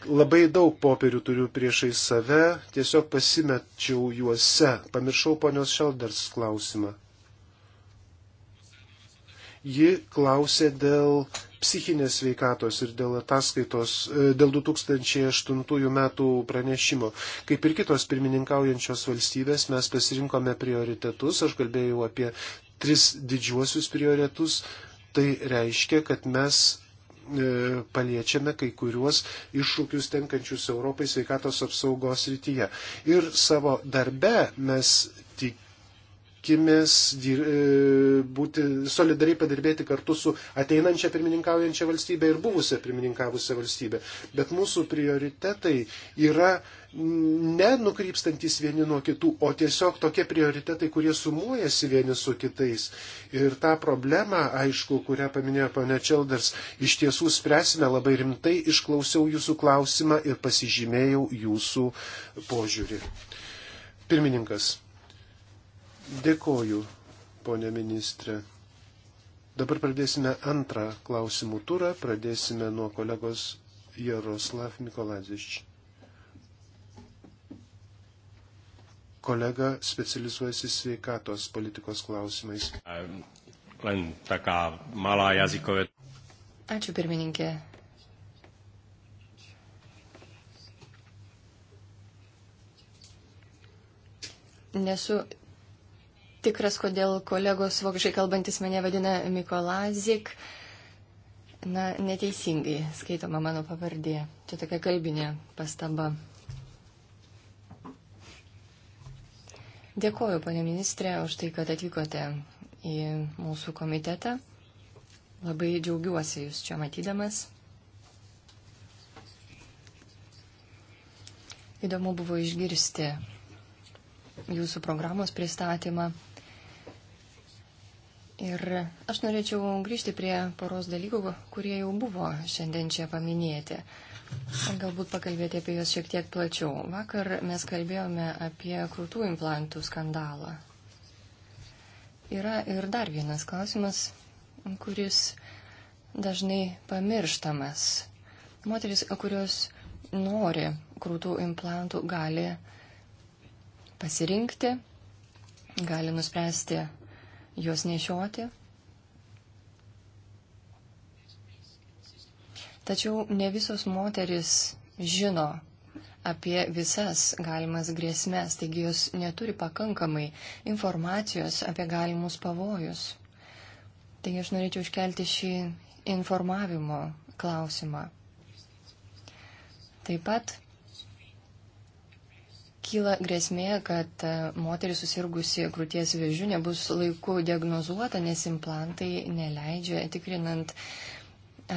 Labai daug popierių turiu priešai save, tiesiog pasimečiau juose. Pamiršau ponios Šelders klausimą. Ji klausė dėl psichinės veikatos ir dėl ataskaitos, e, dėl 2008 metų pranešimo. Kaip ir kitos pirmininkaujančios valstybės, mes pasirinkome prioritetus, aš kalbėjau apie tris didžiuosius prioritetus, tai reiškia, kad mes e, paliečiame kai kuriuos iššūkius tenkančius Europai sveikatos apsaugos rytyje. Ir savo darbe mes tikimės e, būti solidariai padirbėti kartu su ateinančia pirmininkaujančia valstybė ir buvusia pirmininkavusia valstybė. Bet mūsų prioritetai yra nenukrypstantis vieni nuo kitų, o tiesiog tokie prioritetai, kurie sumuojasi vieni su kitais. Ir tą problemą, aišku, kurią paminėjo pane Čelders, iš tiesų spręsime labai rimtai, išklausiau jūsų klausimą ir pasižymėjau jūsų požiūrį. Pirmininkas. Dėkoju, ponė ministrė. Dabar pradėsime antrą klausimų turą. Pradėsime nuo kolegos Jaroslav Mikolazič. Kolega specializuojasi sveikatos politikos klausimais. Ačiū pirmininkė. Nesu tikras, kodėl kolegos vokiečiai kalbantis mane vadina Mikolazik. Na, neteisingai skaitoma mano pavardė. Čia tokia kalbinė pastaba. Dėkoju, ponė ministrė, už tai, kad atvykote į mūsų komitetą. Labai džiaugiuosi jūs čia matydamas. Įdomu buvo išgirsti jūsų programos pristatymą. Ir aš norėčiau grįžti prie poros dalykų, kurie jau buvo šiandien čia paminėti. Galbūt pakalbėti apie juos šiek tiek plačiau. Vakar mes kalbėjome apie krūtų implantų skandalą. Yra ir dar vienas klausimas, kuris dažnai pamirštamas. Moteris, kurios nori krūtų implantų, gali pasirinkti, gali nuspręsti juos nešioti. Tačiau ne visos moteris žino apie visas galimas grėsmės, taigi jos neturi pakankamai informacijos apie galimus pavojus. Taigi aš norėčiau iškelti šį informavimo klausimą. Taip pat kyla grėsmė, kad e, moteris susirgusi krūties vėžiu nebus laiku diagnozuota, nes implantai neleidžia tikrinant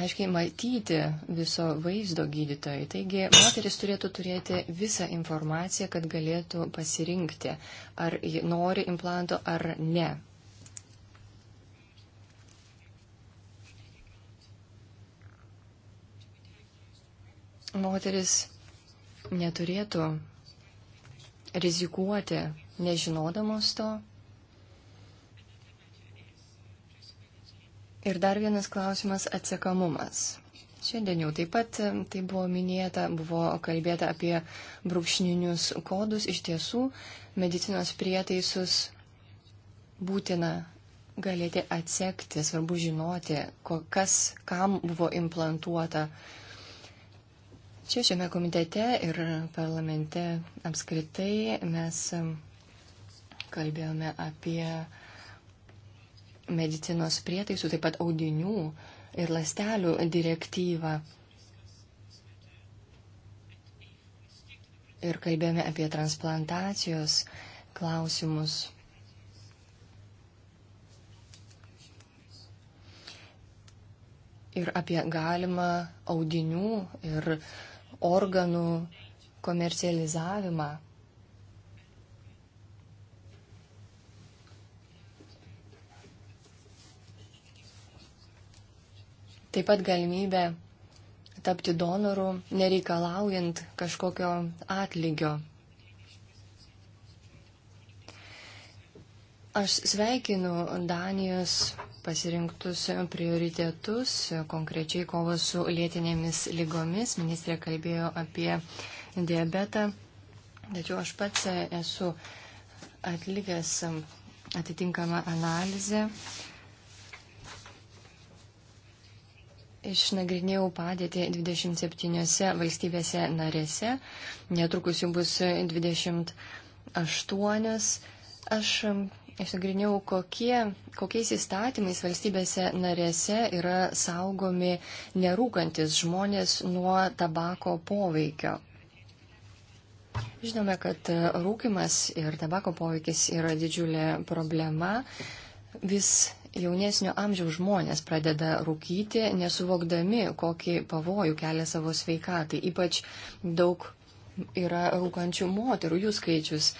aiškiai matyti viso vaizdo gydytojai. Taigi moteris turėtų turėti visą informaciją, kad galėtų pasirinkti, ar nori implanto ar ne. Moteris neturėtų rizikuoti nežinodamos to. Ir dar vienas klausimas - atsekamumas. Šiandien jau taip pat tai buvo minėta, buvo kalbėta apie brūkšninius kodus. Iš tiesų, medicinos prietaisus būtina galėti atsekti, svarbu žinoti, kas kam buvo implantuota Čia šiame komitete ir parlamente apskritai mes kalbėjome apie medicinos prietaisų, taip pat audinių ir lastelių direktyvą. Ir kalbėjome apie transplantacijos klausimus. ir apie galimą audinių ir organų komercializavimą. Taip pat galimybę tapti donoru nereikalaujant kažkokio atlygio. Aš sveikinu Danijos pasirinktus prioritetus, konkrečiai kovos su lėtinėmis lygomis. Ministrė kalbėjo apie diabetą, tačiau aš pats esu atlikęs atitinkamą analizę. Išnagrinėjau padėtį 27 valstybėse narėse, netrukus jų bus 28. Aš Išsigriniau, kokie, kokiais įstatymais valstybėse narėse yra saugomi nerūkantis žmonės nuo tabako poveikio. Žinome, kad rūkimas ir tabako poveikis yra didžiulė problema. Vis jaunesnio amžiaus žmonės pradeda rūkyti, nesuvokdami, kokį pavojų kelia savo sveikatai. Ypač daug yra rūkančių moterų, jų skaičius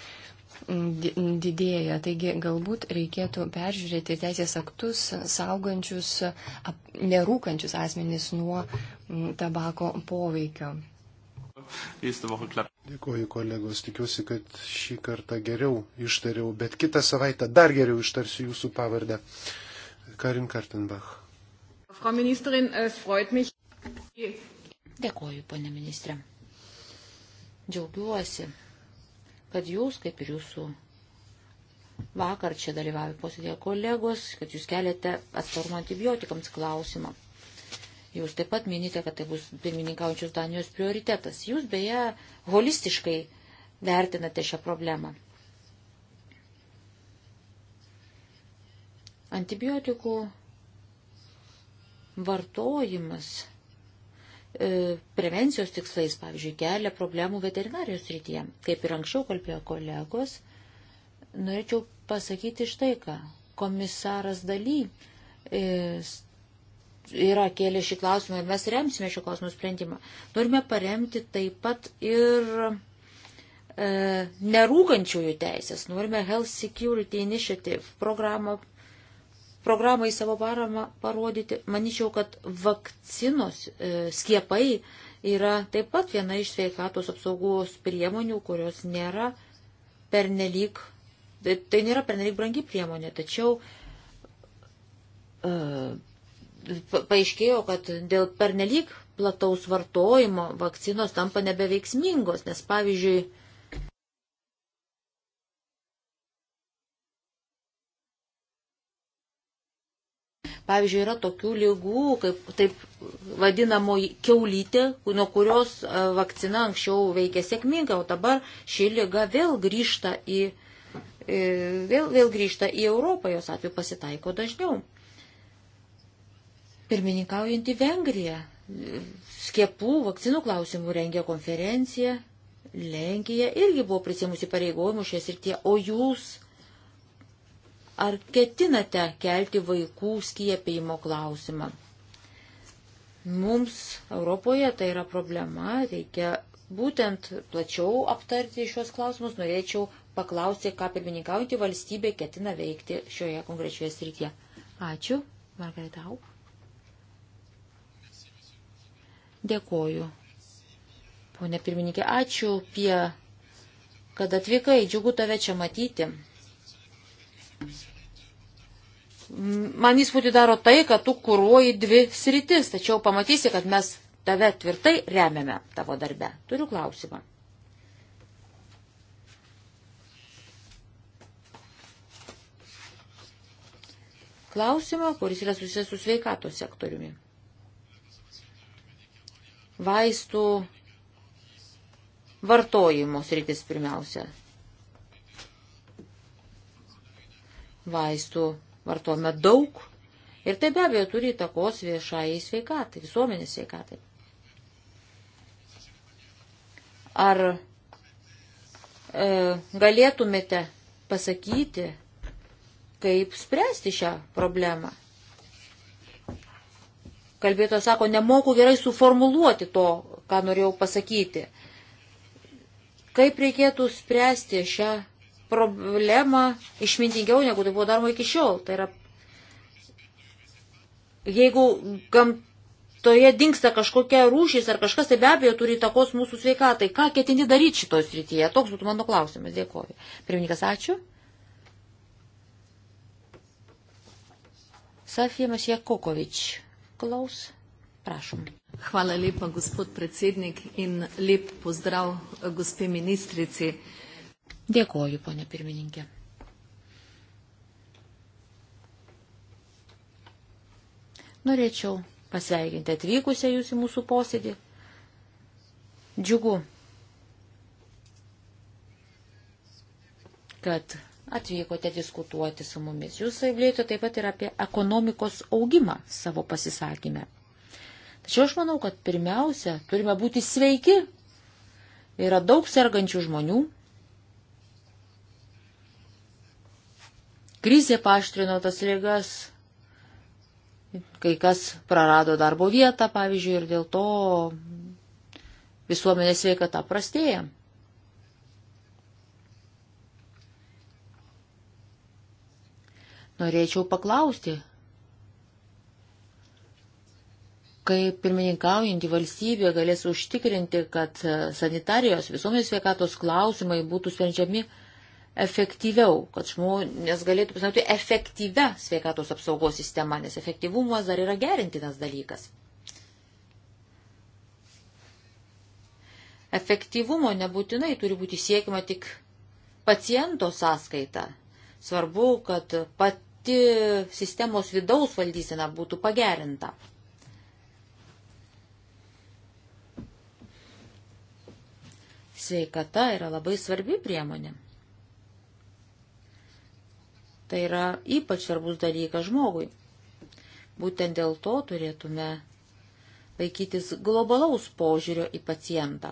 didėja. Taigi galbūt reikėtų peržiūrėti teisės aktus saugančius ap, nerūkančius asmenys nuo mm, tabako poveikio. Dėkuoju kolegos, tikiuosi, kad šį kartą geriau ištariau, bet kitą savaitę dar geriau ištarsiu jūsų pavardę. Karin Kartenbach. Frau Ministerin, es freut mich. Dėkuoju, ponė ministrė. Džiaugiuosi, kad jūs, kaip ir jūsų vakar čia dalyvavę posėdėje kolegos, kad jūs keliate atsparumo antibiotikams klausimą. Jūs taip pat minite, kad tai bus pirmininkaujančios Danijos prioritetas. Jūs beje holistiškai vertinate šią problemą. Antibiotikų vartojimas E, prevencijos tikslais, pavyzdžiui, kelia problemų veterinarijos rytyje. Kaip ir anksčiau kalbėjo kolegos, norėčiau pasakyti štai ką. Komisaras daly e, yra kėlė šį klausimą ir mes remsime šio klausimo sprendimą. Norime paremti taip pat ir e, nerūkančiųjų teisės. Norime Health Security Initiative programą programai savo paramą parodyti, manyčiau, kad vakcinos e, skiepai yra taip pat viena iš sveikatos apsaugos priemonių, kurios nėra pernelyg, tai, tai nėra pernelyg brangi priemonė, tačiau e, paaiškėjo, kad dėl pernelyg plataus vartojimo vakcinos tampa nebeveiksmingos, nes pavyzdžiui, Pavyzdžiui, yra tokių lygų, kaip taip vadinamoji keulytė, nuo kurios e, vakcina anksčiau veikė sėkmingai, o dabar ši lyga vėl grįžta į, e, vėl, vėl grįžta į Europą, jos atveju pasitaiko dažniau. Pirmininkaujantį Vengriją skiepų vakcinų klausimų rengia konferenciją. Lenkija irgi buvo prisimusi pareigojimų šies ir tie, o jūs Ar ketinate kelti vaikų skiepėjimo klausimą? Mums Europoje tai yra problema, reikia būtent plačiau aptarti šios klausimus. Norėčiau paklausti, ką pirmininkaujantį valstybė ketina veikti šioje konkrečioje srityje. Ačiū, Margarita Auk. Dėkoju. Pone pirmininkė, ačiū, Pie, kad atvykai, džiugu tave čia matyti man įspūdį daro tai, kad tu kūruoji dvi sritis, tačiau pamatysi, kad mes tave tvirtai remiame tavo darbe. Turiu klausimą. Klausimą, kuris yra susijęs su sveikato sektoriumi. Vaistų vartojimo sritis pirmiausia. Vaistų vartojame daug ir tai be abejo turi įtakos viešai sveikatai, visuomenės sveikatai. Ar e, galėtumėte pasakyti, kaip spręsti šią problemą? Kalbėtojas sako, nemoku gerai suformuluoti to, ką norėjau pasakyti. Kaip reikėtų spręsti šią problemą išmintingiau, negu tai buvo daroma iki šiol. Tai yra, jeigu gamtoje dinksta kažkokia rūšis ar kažkas, tai be abejo turi įtakos mūsų sveikatai. Ką ketini daryti šitoje srityje? Toks būtų mano klausimas. Dėkoju. Pirmininkas, ačiū. Safijemas Jakokovič. Klaus. Prašom. Hvala lepa, gospod predsednik, in lep pozdrav gospe ministrici. Dėkoju, ponė pirmininkė. Norėčiau pasveikinti atvykusią jūs į mūsų posėdį. Džiugu, kad atvykote diskutuoti su mumis. Jūs kalbėjote taip pat ir apie ekonomikos augimą savo pasisakymę. Tačiau aš manau, kad pirmiausia, turime būti sveiki. Yra daug sergančių žmonių, Krizė paštrino tas lygas, kai kas prarado darbo vietą, pavyzdžiui, ir dėl to visuomenės sveikata prastėja. Norėčiau paklausti, kaip pirmininkaujantį valstybę galės užtikrinti, kad sanitarijos visuomenės sveikatos klausimai būtų sprendžiami efektyviau, kad žmonės galėtų pasinaudoti efektyvę sveikatos apsaugos sistemą, nes efektyvumas dar yra gerintinas dalykas. Efektyvumo nebūtinai turi būti siekima tik paciento sąskaita. Svarbu, kad pati sistemos vidaus valdysena būtų pagerinta. Sveikata yra labai svarbi priemonė. Tai yra ypač svarbus dalykas žmogui. Būtent dėl to turėtume laikytis globalaus požiūrio į pacientą.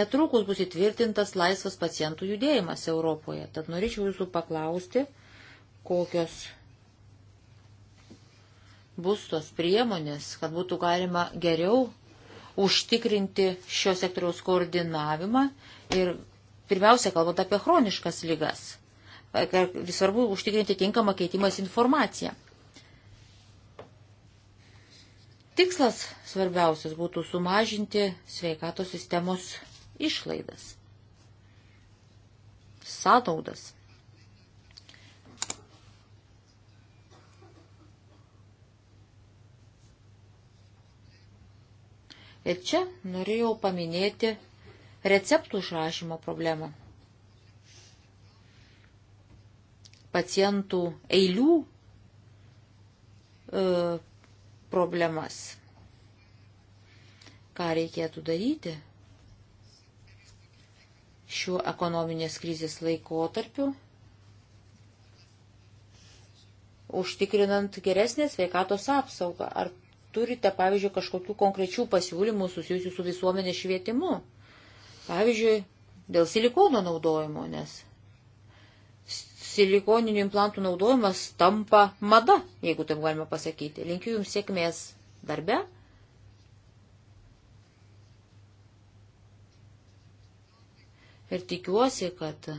Netrukus bus įtvirtintas laisvas pacientų judėjimas Europoje. Tad norėčiau jūsų paklausti, kokios bus tos priemonės, kad būtų galima geriau užtikrinti šio sektoriaus koordinavimą ir pirmiausia, kalbant apie chroniškas lygas, svarbu užtikrinti tinkamą keitimas informaciją. Tikslas svarbiausias būtų sumažinti sveikatos sistemos išlaidas, sąnaudas. Ir čia norėjau paminėti receptų išrašymo problemą. Pacientų eilių e, problemas. Ką reikėtų daryti šiuo ekonominės krizės laikotarpiu, užtikrinant geresnę sveikatos apsaugą. Ar turite, pavyzdžiui, kažkokių konkrečių pasiūlymų susijusių su visuomenės švietimu? Pavyzdžiui, dėl silikono naudojimo, nes silikoninių implantų naudojimas tampa mada, jeigu taip galima pasakyti. Linkiu Jums sėkmės darbe. Ir tikiuosi, kad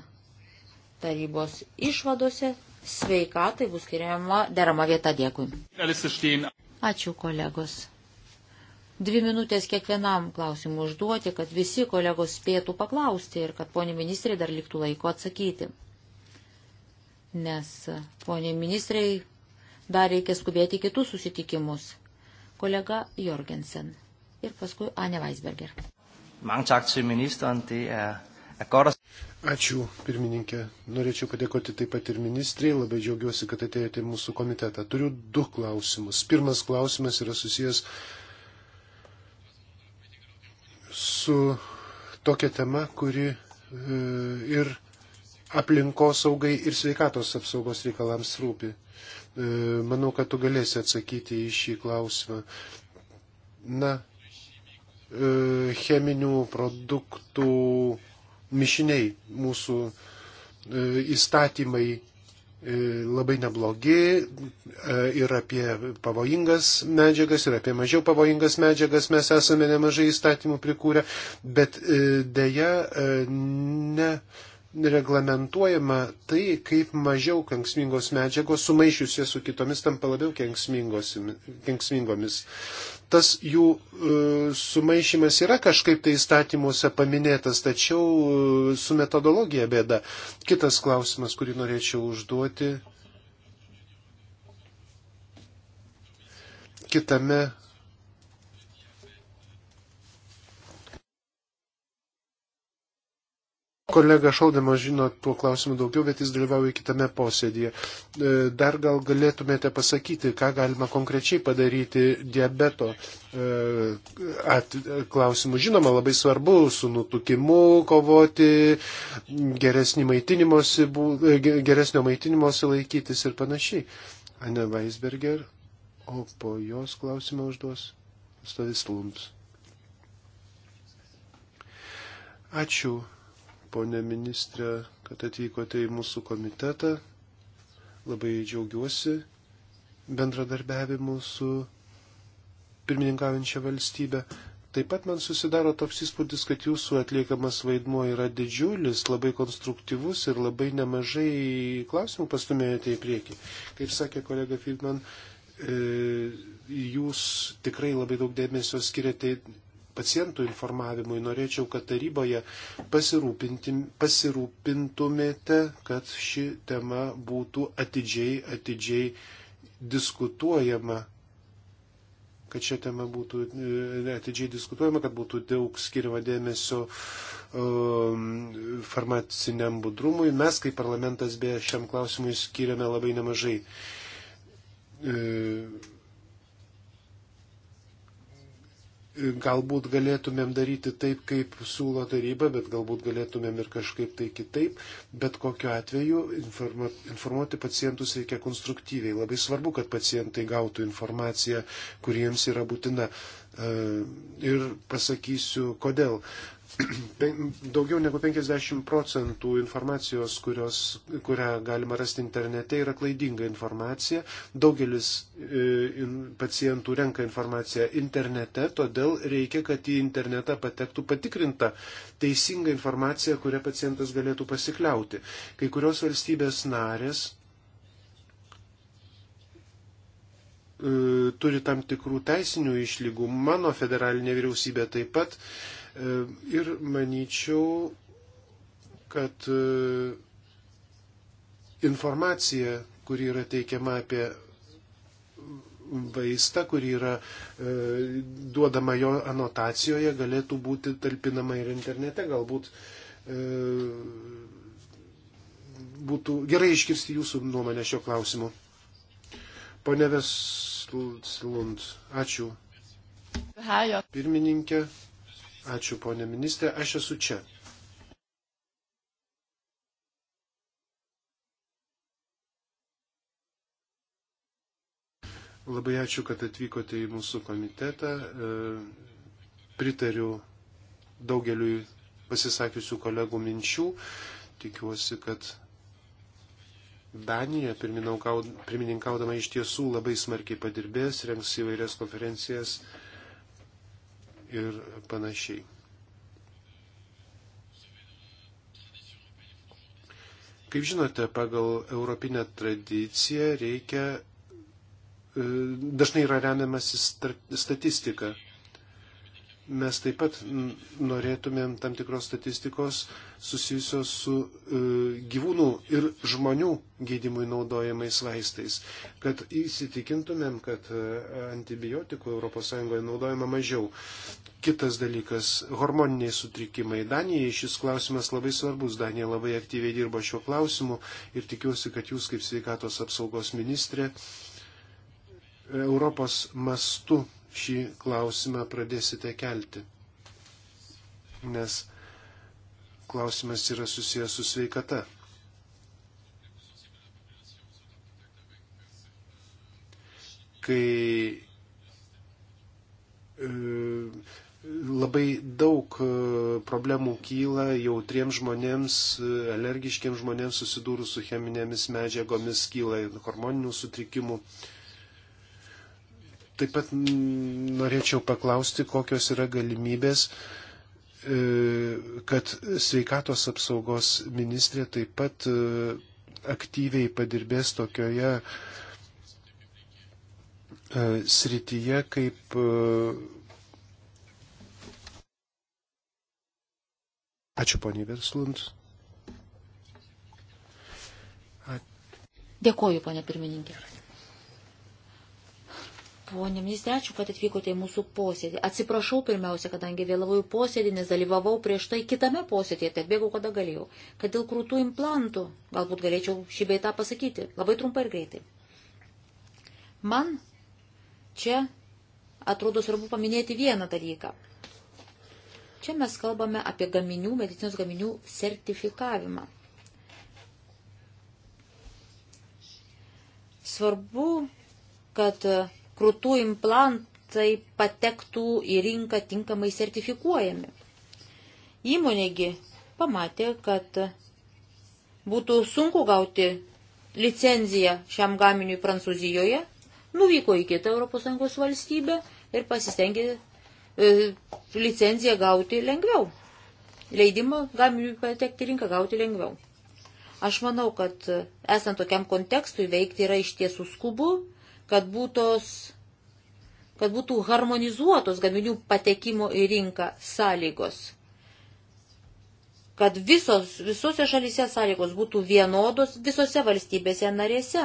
tarybos išvadose sveikatai bus skiriama derama vieta. Dėkui. Ačiū kolegos. Dvi minutės kiekvienam klausimui užduoti, kad visi kolegos spėtų paklausti ir kad ponė ministrė dar liktų laiko atsakyti. Nes ponė ministrė dar reikia skubėti kitus susitikimus. Kolega Jorgensen ir paskui Ane Weisberger. Mange tak til ministeren. Det er, er godt at Ačiū, pirmininkė. Norėčiau padėkoti taip pat ir ministrė. Labai džiaugiuosi, kad atėjote į mūsų komitetą. Turiu du klausimus. Pirmas klausimas yra susijęs su tokia tema, kuri e, ir aplinkosaugai, ir sveikatos apsaugos reikalams rūpi. E, manau, kad tu galėsi atsakyti į šį klausimą. Na, e, cheminių produktų mišiniai mūsų e, įstatymai e, labai neblogi e, ir apie pavojingas medžiagas, ir apie mažiau pavojingas medžiagas mes esame nemažai įstatymų prikūrę, bet dėja ne reglamentuojama tai, kaip mažiau kenksmingos medžiagos sumaišius jas su kitomis tampa labiau kenksmingomis tas jų e, sumaišymas yra kažkaip tai įstatymuose paminėtas, tačiau e, su metodologija bėda. Kitas klausimas, kurį norėčiau užduoti. Kitame Kolega Šaldemas žino tuo klausimu daugiau, bet jis dalyvauja kitame posėdėje. E, dar gal galėtumėte pasakyti, ką galima konkrečiai padaryti diabeto e, klausimu. Žinoma, labai svarbu su nutukimu kovoti, maitinimosi, e, geresnio maitinimosi laikytis ir panašiai. Ane Weisberger, o po jos klausimą užduos Stavis Lums. Ačiū ponė ministrė, kad atvykote į mūsų komitetą. Labai džiaugiuosi bendradarbiavimu su pirmininkaujančia valstybė. Taip pat man susidaro toks įspūdis, kad jūsų atliekamas vaidmuo yra didžiulis, labai konstruktyvus ir labai nemažai klausimų pastumėjote į priekį. Kaip sakė kolega Fildman, e, jūs tikrai labai daug dėmesio skiriate pacientų informavimui, norėčiau, kad taryboje pasirūpintumėte, kad ši tema būtų atidžiai, atidžiai diskutuojama kad šią temą būtų e, atidžiai diskutuojama, kad būtų daug skiriama dėmesio um, farmaciniam budrumui. Mes kaip parlamentas beje šiam klausimui skiriame labai nemažai e, Galbūt galėtumėm daryti taip, kaip siūlo taryba, bet galbūt galėtumėm ir kažkaip tai kitaip. Bet kokiu atveju informa, informuoti pacientus reikia konstruktyviai. Labai svarbu, kad pacientai gautų informaciją, kuri jiems yra būtina. E, ir pasakysiu, kodėl. Daugiau negu 50 procentų informacijos, kurios, kurią galima rasti internete, yra klaidinga informacija. Daugelis e, pacientų renka informaciją internete, todėl reikia, kad į internetą patektų patikrinta teisinga informacija, kurią pacientas galėtų pasikliauti. Kai kurios valstybės narės e, turi tam tikrų teisinių išlygų. Mano federalinė vyriausybė taip pat uh, Ir manyčiau, kad e, informacija, kuri yra teikiama apie vaistą, kuri yra e, duodama jo anotacijoje, galėtų būti talpinama ir internete. Galbūt e, būtų gerai iškirsti jūsų nuomonę šio klausimu. Pone Veslund, ačiū. Pirmininkė. Ačiū, ponė ministrė, aš esu čia. Labai ačiū, kad atvykote į mūsų komitetą. E, pritariu daugeliu pasisakiusių kolegų minčių. Tikiuosi, kad Danija, pirmininkaudama, iš tiesų labai smarkiai padirbės, rengs įvairias konferencijas ir panašiai. Kaip žinote, pagal europinę tradiciją reikia, e, dažnai yra remiamasi statistika mes taip pat norėtumėm tam tikros statistikos susijusios su e, gyvūnų ir žmonių gydimui naudojamais vaistais, kad įsitikintumėm, kad e, antibiotikų ES naudojama mažiau. Kitas dalykas - hormoniniai sutrikimai. Danijai šis klausimas labai svarbus. Danija labai aktyviai dirba šiuo klausimu ir tikiuosi, kad jūs kaip sveikatos apsaugos ministrė Europos mastu šį klausimą pradėsite kelti. Nes klausimas yra susijęs su sveikata. Kai e, labai daug e, problemų kyla jautriems žmonėms, e, alergiškiams žmonėms susidūrus su cheminėmis medžiagomis, kyla hormoninių sutrikimų. Uh, Taip pat norėčiau paklausti, kokios yra galimybės, e, kad sveikatos apsaugos ministrė taip pat e, aktyviai padirbės tokioje e, srityje kaip Ačiū poniai Verslund. At... Dėkoju, ponia pirmininkė. Pone ministrė, ačiū, kad atvykote į mūsų posėdį. Atsiprašau pirmiausia, kadangi vėlavau į posėdį, nes dalyvavau prieš tai kitame posėdėje, tiek bėgau, kada galėjau. Kad dėl krūtų implantų, galbūt galėčiau šį beitą pasakyti, labai trumpai ir greitai. Man čia atrodo svarbu paminėti vieną dalyką. Čia mes kalbame apie gaminių, medicinos gaminių sertifikavimą. Svarbu, kad krūtų implantai patektų į rinką tinkamai sertifikuojami. Įmonėgi pamatė, kad būtų sunku gauti licenciją šiam gaminiui Prancūzijoje, nuvyko į kitą ES valstybę ir pasistengė e, licenciją gauti lengviau. Leidimą gaminiui patekti rinką gauti lengviau. Aš manau, kad e, esant tokiam kontekstui veikti yra iš tiesų skubu kad, būtos, kad būtų harmonizuotos gaminių patekimo į rinką sąlygos kad visos, visose šalyse sąlygos būtų vienodos visose valstybėse narėse.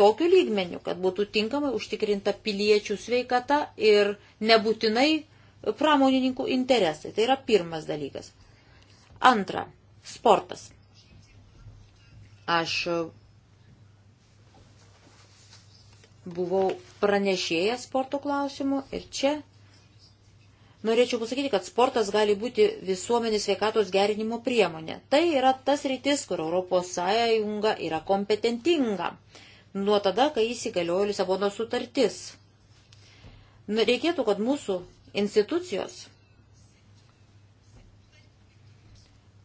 Tokiu lygmeniu, kad būtų tinkamai užtikrinta piliečių sveikata ir nebūtinai pramonininkų interesai. Tai yra pirmas dalykas. Antra, sportas. Aš buvau pranešėjęs sporto klausimų ir čia norėčiau pasakyti, kad sportas gali būti visuomenės sveikatos gerinimo priemonė. Tai yra tas rytis, kur ES yra kompetentinga nuo tada, kai įsigaliojo Lisabono sutartis. Reikėtų, kad mūsų institucijos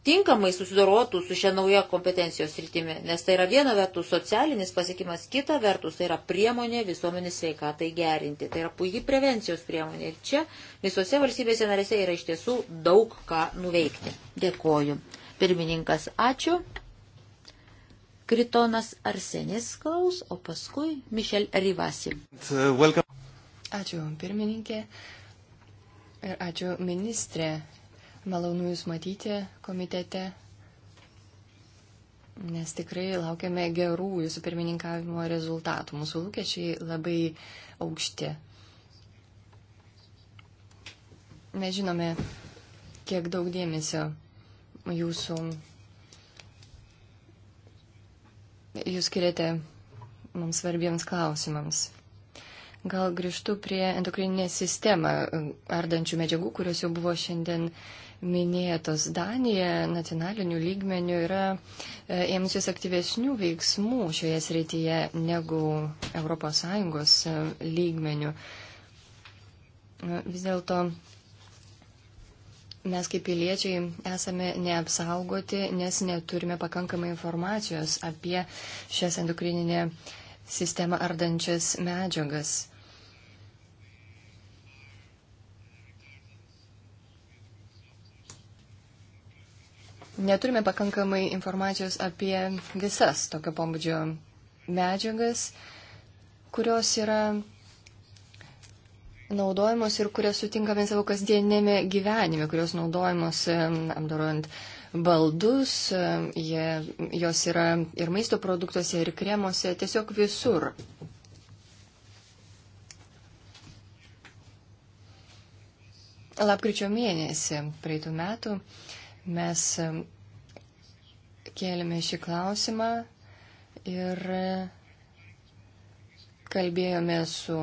tinkamai susidorotų su šia nauja kompetencijos rytimi, nes tai yra viena vertus socialinis pasiekimas, kita vertus tai yra priemonė visuomenės sveikatai gerinti, tai yra puikiai prevencijos priemonė ir čia visose valstybėse narėse yra iš tiesų daug ką nuveikti. Dėkoju. Pirmininkas, ačiū. Kritonas Arsenis klaus, o paskui Mišel Rivasi. Ačiū pirmininkė ir ačiū ministrė Malonu Jūs matyti komitete, nes tikrai laukiame gerų Jūsų pirmininkavimo rezultatų. Mūsų lūkesčiai labai aukšti. Mes žinome, kiek daug dėmesio Jūsų Jūs skiriate mums svarbiems klausimams. Gal grįžtu prie endokrininę sistemą e, ardančių medžiagų, kurios jau buvo šiandien minėtos. Danija nacionaliniu lygmeniu yra e, ėmusios aktyvesnių veiksmų šioje srityje negu ES e, lygmeniu. Vis dėlto mes kaip piliečiai esame neapsaugoti, nes neturime pakankamai informacijos apie šias endokrininę sistemą ardančias medžiagas. Neturime pakankamai informacijos apie visas tokio pombūdžio medžiagas, kurios yra naudojamos ir kurias sutinkame savo kasdienėme gyvenime, kurios naudojamos apdorojant baldus, jie, jos yra ir maisto produktuose, ir kremuose, tiesiog visur. Lapkričio mėnesį praeitų metų Mes kėlėme šį klausimą ir kalbėjome su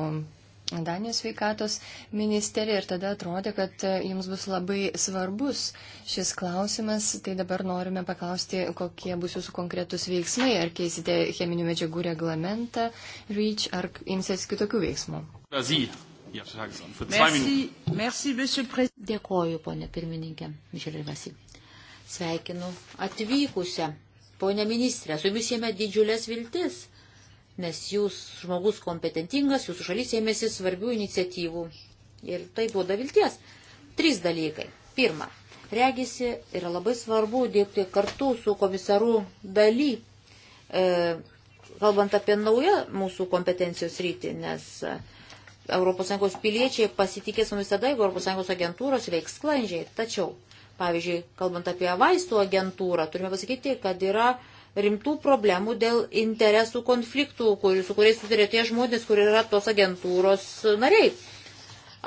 Danijos sveikatos ministerija ir tada atrodė, kad e, jums bus labai svarbus šis klausimas. Tai dabar norime paklausti, kokie bus jūsų konkretus veiksmai. Ar keisite cheminių medžiagų reglamentą REACH, ar imsės kitokių veiksmų? Dėkoju, ponė pirmininkė. Mišelė Vasi. Sveikinu atvykusią. Pone ministrė, su jumis jėme didžiulės viltis, nes jūs žmogus kompetentingas, jūsų šalis ėmėsi svarbių iniciatyvų. Ir tai duoda vilties. Trys dalykai. Pirma, regisi yra labai svarbu dirbti kartu su komisaru daly, e, kalbant apie naują mūsų kompetencijos rytį, nes ES piliečiai pasitikės mumis tada, jeigu ES agentūros veiks sklandžiai. Tačiau Pavyzdžiui, kalbant apie vaistų agentūrą, turime pasakyti, kad yra rimtų problemų dėl interesų konfliktų, kur, su kuriais susiduria tie žmonės, kurie yra tos agentūros nariai.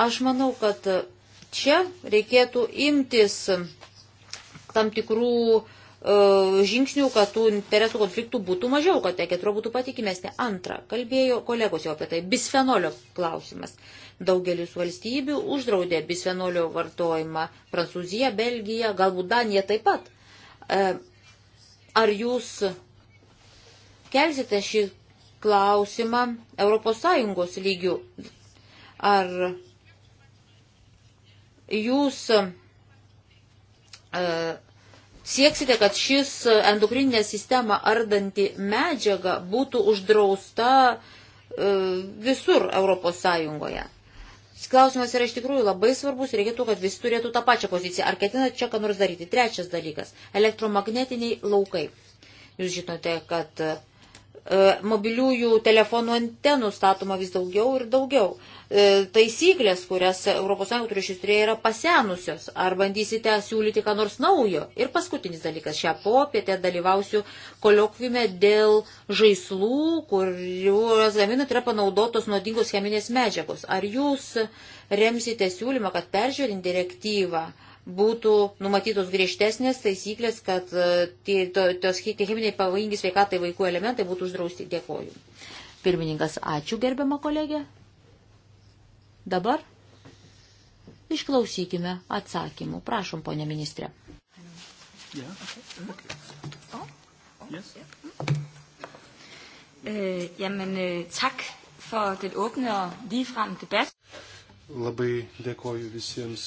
Aš manau, kad čia reikėtų imtis tam tikrų uh, žingsnių, kad tų interesų konfliktų būtų mažiau, kad eketro būtų patikimesnė. Antra, kalbėjo kolegos jau apie tai, bisfenolio klausimas. Uh, Daugelis valstybių uždraudė bisfenolio vartojimą. Prancūzija, Belgija, galbūt Danija taip pat. E, ar jūs kelsite šį klausimą ES lygių? Ar jūs e, sieksite, kad šis endokrininę sistemą ardanti medžiaga būtų uždrausta e, visur Europos Sąjungoje. Šis klausimas yra iš tikrųjų labai svarbus ir reikėtų, kad visi turėtų tą pačią poziciją. Ar ketinat čia ką nors daryti? Trečias dalykas - elektromagnetiniai laukai. Jūs žinote, kad e, mobiliųjų telefonų antenų statoma vis daugiau ir daugiau. E, E, taisyklės, kurias ES turi šistrėje, yra pasenusios, ar bandysite siūlyti ką nors naujo. Ir paskutinis dalykas, šią popietę dalyvausiu koliokvime dėl žaislų, kuriuos gaminant yra panaudotos nuodingos cheminės medžiagos. Ar jūs remsite siūlymą, kad peržiūrint direktyvą būtų numatytos griežtesnės taisyklės, kad e, tie, to, tos cheminiai pavojingi sveikatai vaikų elementai būtų uždrausti. Dėkoju. Pirmininkas, ačiū gerbiama kolegė. Dabar išklausykime atsakymų. Prašom, ponė ministrė. Yeah. Okay. Okay. Oh. Oh. Yes. Yeah. Øh, jamen, øh, tak for den åbne og ligefrem debat. Labai dėkoju visiems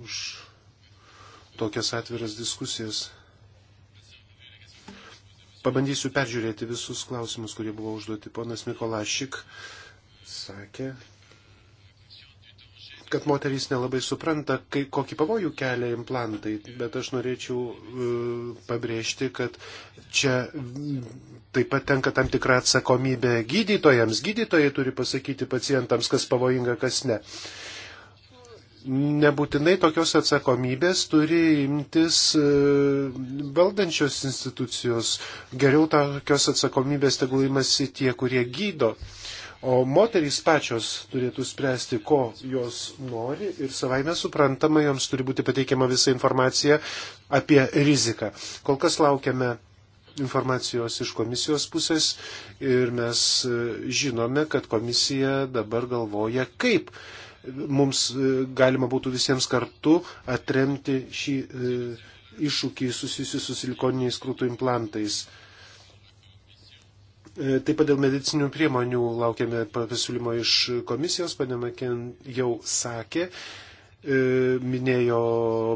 už tokias atviras diskusijas. Pabandysiu peržiūrėti visus klausimus, kurie buvo užduoti. Ponas Mikolašik sakė, kad moterys nelabai supranta, kai, kokį pavojų kelia implantai, bet aš norėčiau e, pabrėžti, kad čia taip pat tenka tam tikra atsakomybė gydytojams. Gydytojai turi pasakyti pacientams, kas pavojinga, kas ne. Nebūtinai tokios atsakomybės turi imtis e, valdančios institucijos. Geriau tokios atsakomybės tegul imasi tie, kurie gydo. E, O moterys pačios turėtų spręsti, ko jos nori ir savaime suprantama, joms turi būti pateikiama visa informacija apie riziką. Kol kas laukiame informacijos iš komisijos pusės ir mes e, žinome, kad komisija dabar galvoja, kaip mums e, galima būtų visiems kartu atremti šį e, iššūkį susijusiu su silikoniniais krūtų implantais. E, taip pat dėl medicinių priemonių laukiame pasiūlymo iš komisijos, panemakien jau sakė, e, minėjo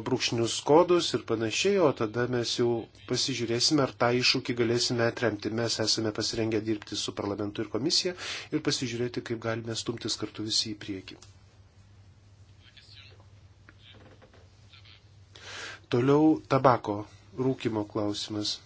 brūkšnius kodus ir panašiai, o tada mes jau pasižiūrėsime, ar tą iššūkį galėsime atremti. Mes esame pasirengę dirbti su parlamentu ir komisija ir pasižiūrėti, kaip galime stumtis kartu visi į priekį. Toliau tabako rūkimo klausimas.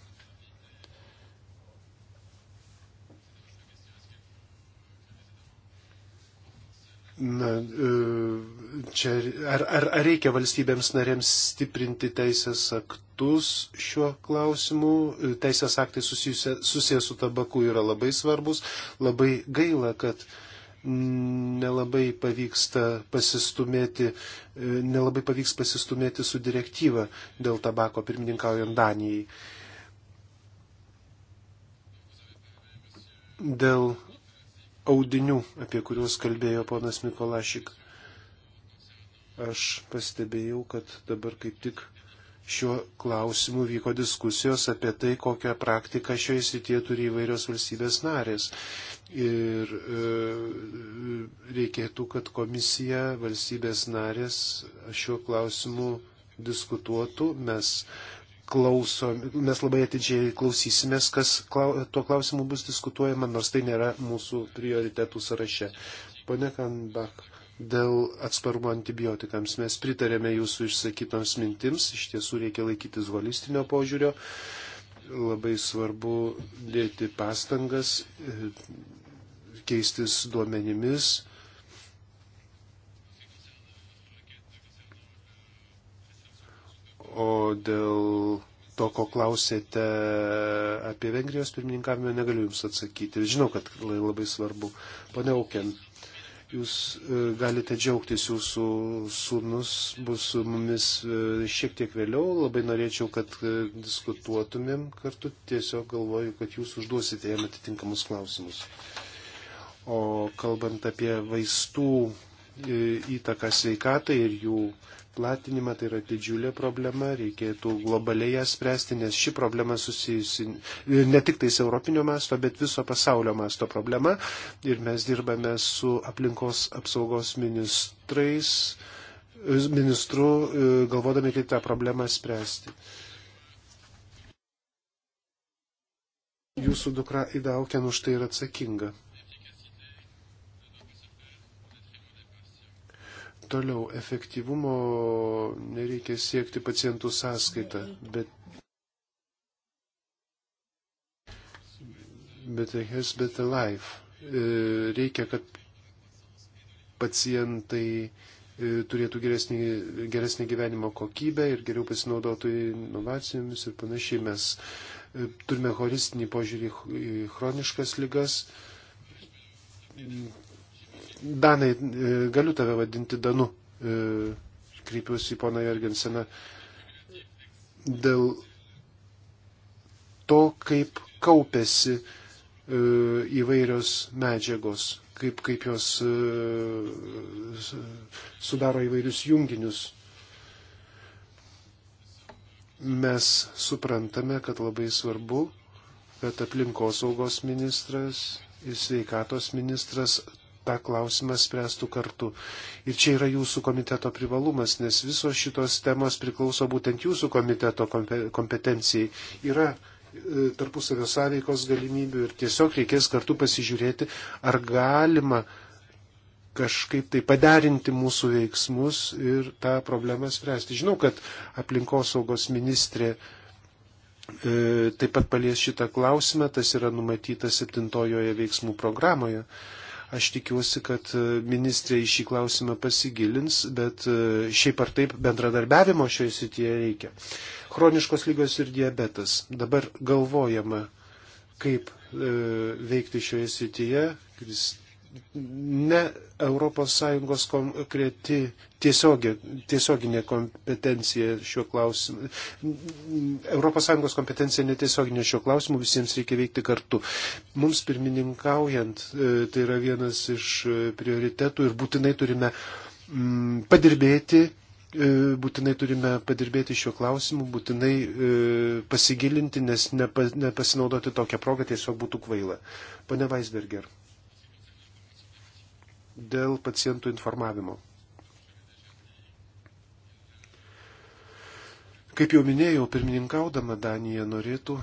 Na, e, čia ar, ar, ar reikia valstybėms narėms stiprinti teisės aktus šiuo klausimu? E, teisės aktai susijęs su tabaku yra labai svarbus. Labai gaila, kad nelabai pavyksta pasistumėti, e, nelabai pavyks pasistumėti su direktyva dėl tabako pirmininkaujant Danijai. Dėl audinių, apie kuriuos kalbėjo ponas Mikolašik. Aš pastebėjau, kad dabar kaip tik šiuo klausimu vyko diskusijos apie tai, kokią praktiką šioje srityje turi įvairios valstybės narės. Ir e, reikėtų, kad komisija valstybės narės šiuo klausimu diskutuotų. Mes e, klauso, mes labai atidžiai klausysimės, kas klau, tuo klausimu bus diskutuojama, nors tai nėra mūsų prioritetų sąraše. Pone Kanbach, dėl atsparumo antibiotikams mes pritarėme jūsų išsakytoms mintims, iš tiesų reikia laikytis holistinio požiūrio, labai svarbu dėti pastangas, keistis duomenimis O dėl to, ko klausėte apie Vengrijos pirmininkavimą, negaliu Jums atsakyti. Žinau, kad labai svarbu. Pane Auken, Jūs e, galite džiaugtis, Jūsų sūnus bus su mumis e, šiek tiek vėliau. Labai norėčiau, kad e, diskutuotumėm kartu. Tiesiog galvoju, kad Jūs užduosite jam atitinkamus klausimus. O kalbant apie vaistų įtaką sveikatai ir jų platinimą, tai yra didžiulė problema, reikėtų globaliai ją spręsti, nes ši problema susijusi ne tik tais europinio masto, bet viso pasaulio masto problema. Ir mes dirbame su aplinkos apsaugos ministrais, ministru, e, galvodami, kaip tą problemą spręsti. Jūsų dukra Idauken už tai yra atsakinga. Toliau, efektyvumo nereikia siekti pacientų sąskaitą, bet, bet it tai has better life. E, reikia, kad pacientai e, turėtų geresnį, geresnį gyvenimo kokybę ir geriau pasinaudotų inovacijomis ir panašiai. Mes e, turime holistinį požiūrį į chroniškas lygas. Danai, e, galiu tave vadinti Danu, e, kreipiuosi į poną Jorgenseną, dėl to, kaip kaupėsi e, įvairios medžiagos, kaip, kaip jos sudaro įvairius junginius. Mes suprantame, kad labai svarbu, kad aplinkosaugos ministras ir sveikatos ministras tą klausimą spręstų kartu. Ir čia yra jūsų komiteto privalumas, nes visos šitos temos priklauso būtent jūsų komiteto kompetencijai. Yra e, tarpusavio sąveikos galimybių ir tiesiog reikės kartu pasižiūrėti, ar galima kažkaip tai padarinti mūsų veiksmus ir tą problemą spręsti. Žinau, kad aplinkosaugos ministrė e, taip pat palies šitą klausimą, tas yra numatyta septintojoje veiksmų programoje. E, Aš tikiuosi, kad e, ministrė į šį klausimą pasigilins, bet e, šiaip ar taip bendradarbiavimo šioje srityje reikia. Chroniškos lygos ir diabetas. Dabar galvojama, kaip e, veikti šioje srityje. Krist ne ES konkreti tiesiogi, tiesioginė kompetencija šiuo klausimu. ES kompetencija netiesioginė šiuo klausimu, visiems reikia veikti kartu. Mums pirmininkaujant e, tai yra vienas iš e, prioritetų ir būtinai turime mm, padirbėti e, būtinai turime padirbėti šiuo klausimu, būtinai e, pasigilinti, nes nepa, nepasinaudoti tokią progą tiesiog būtų kvaila. Pane Weisberger dėl pacientų informavimo. Kaip jau minėjau, pirmininkaudama Danija norėtų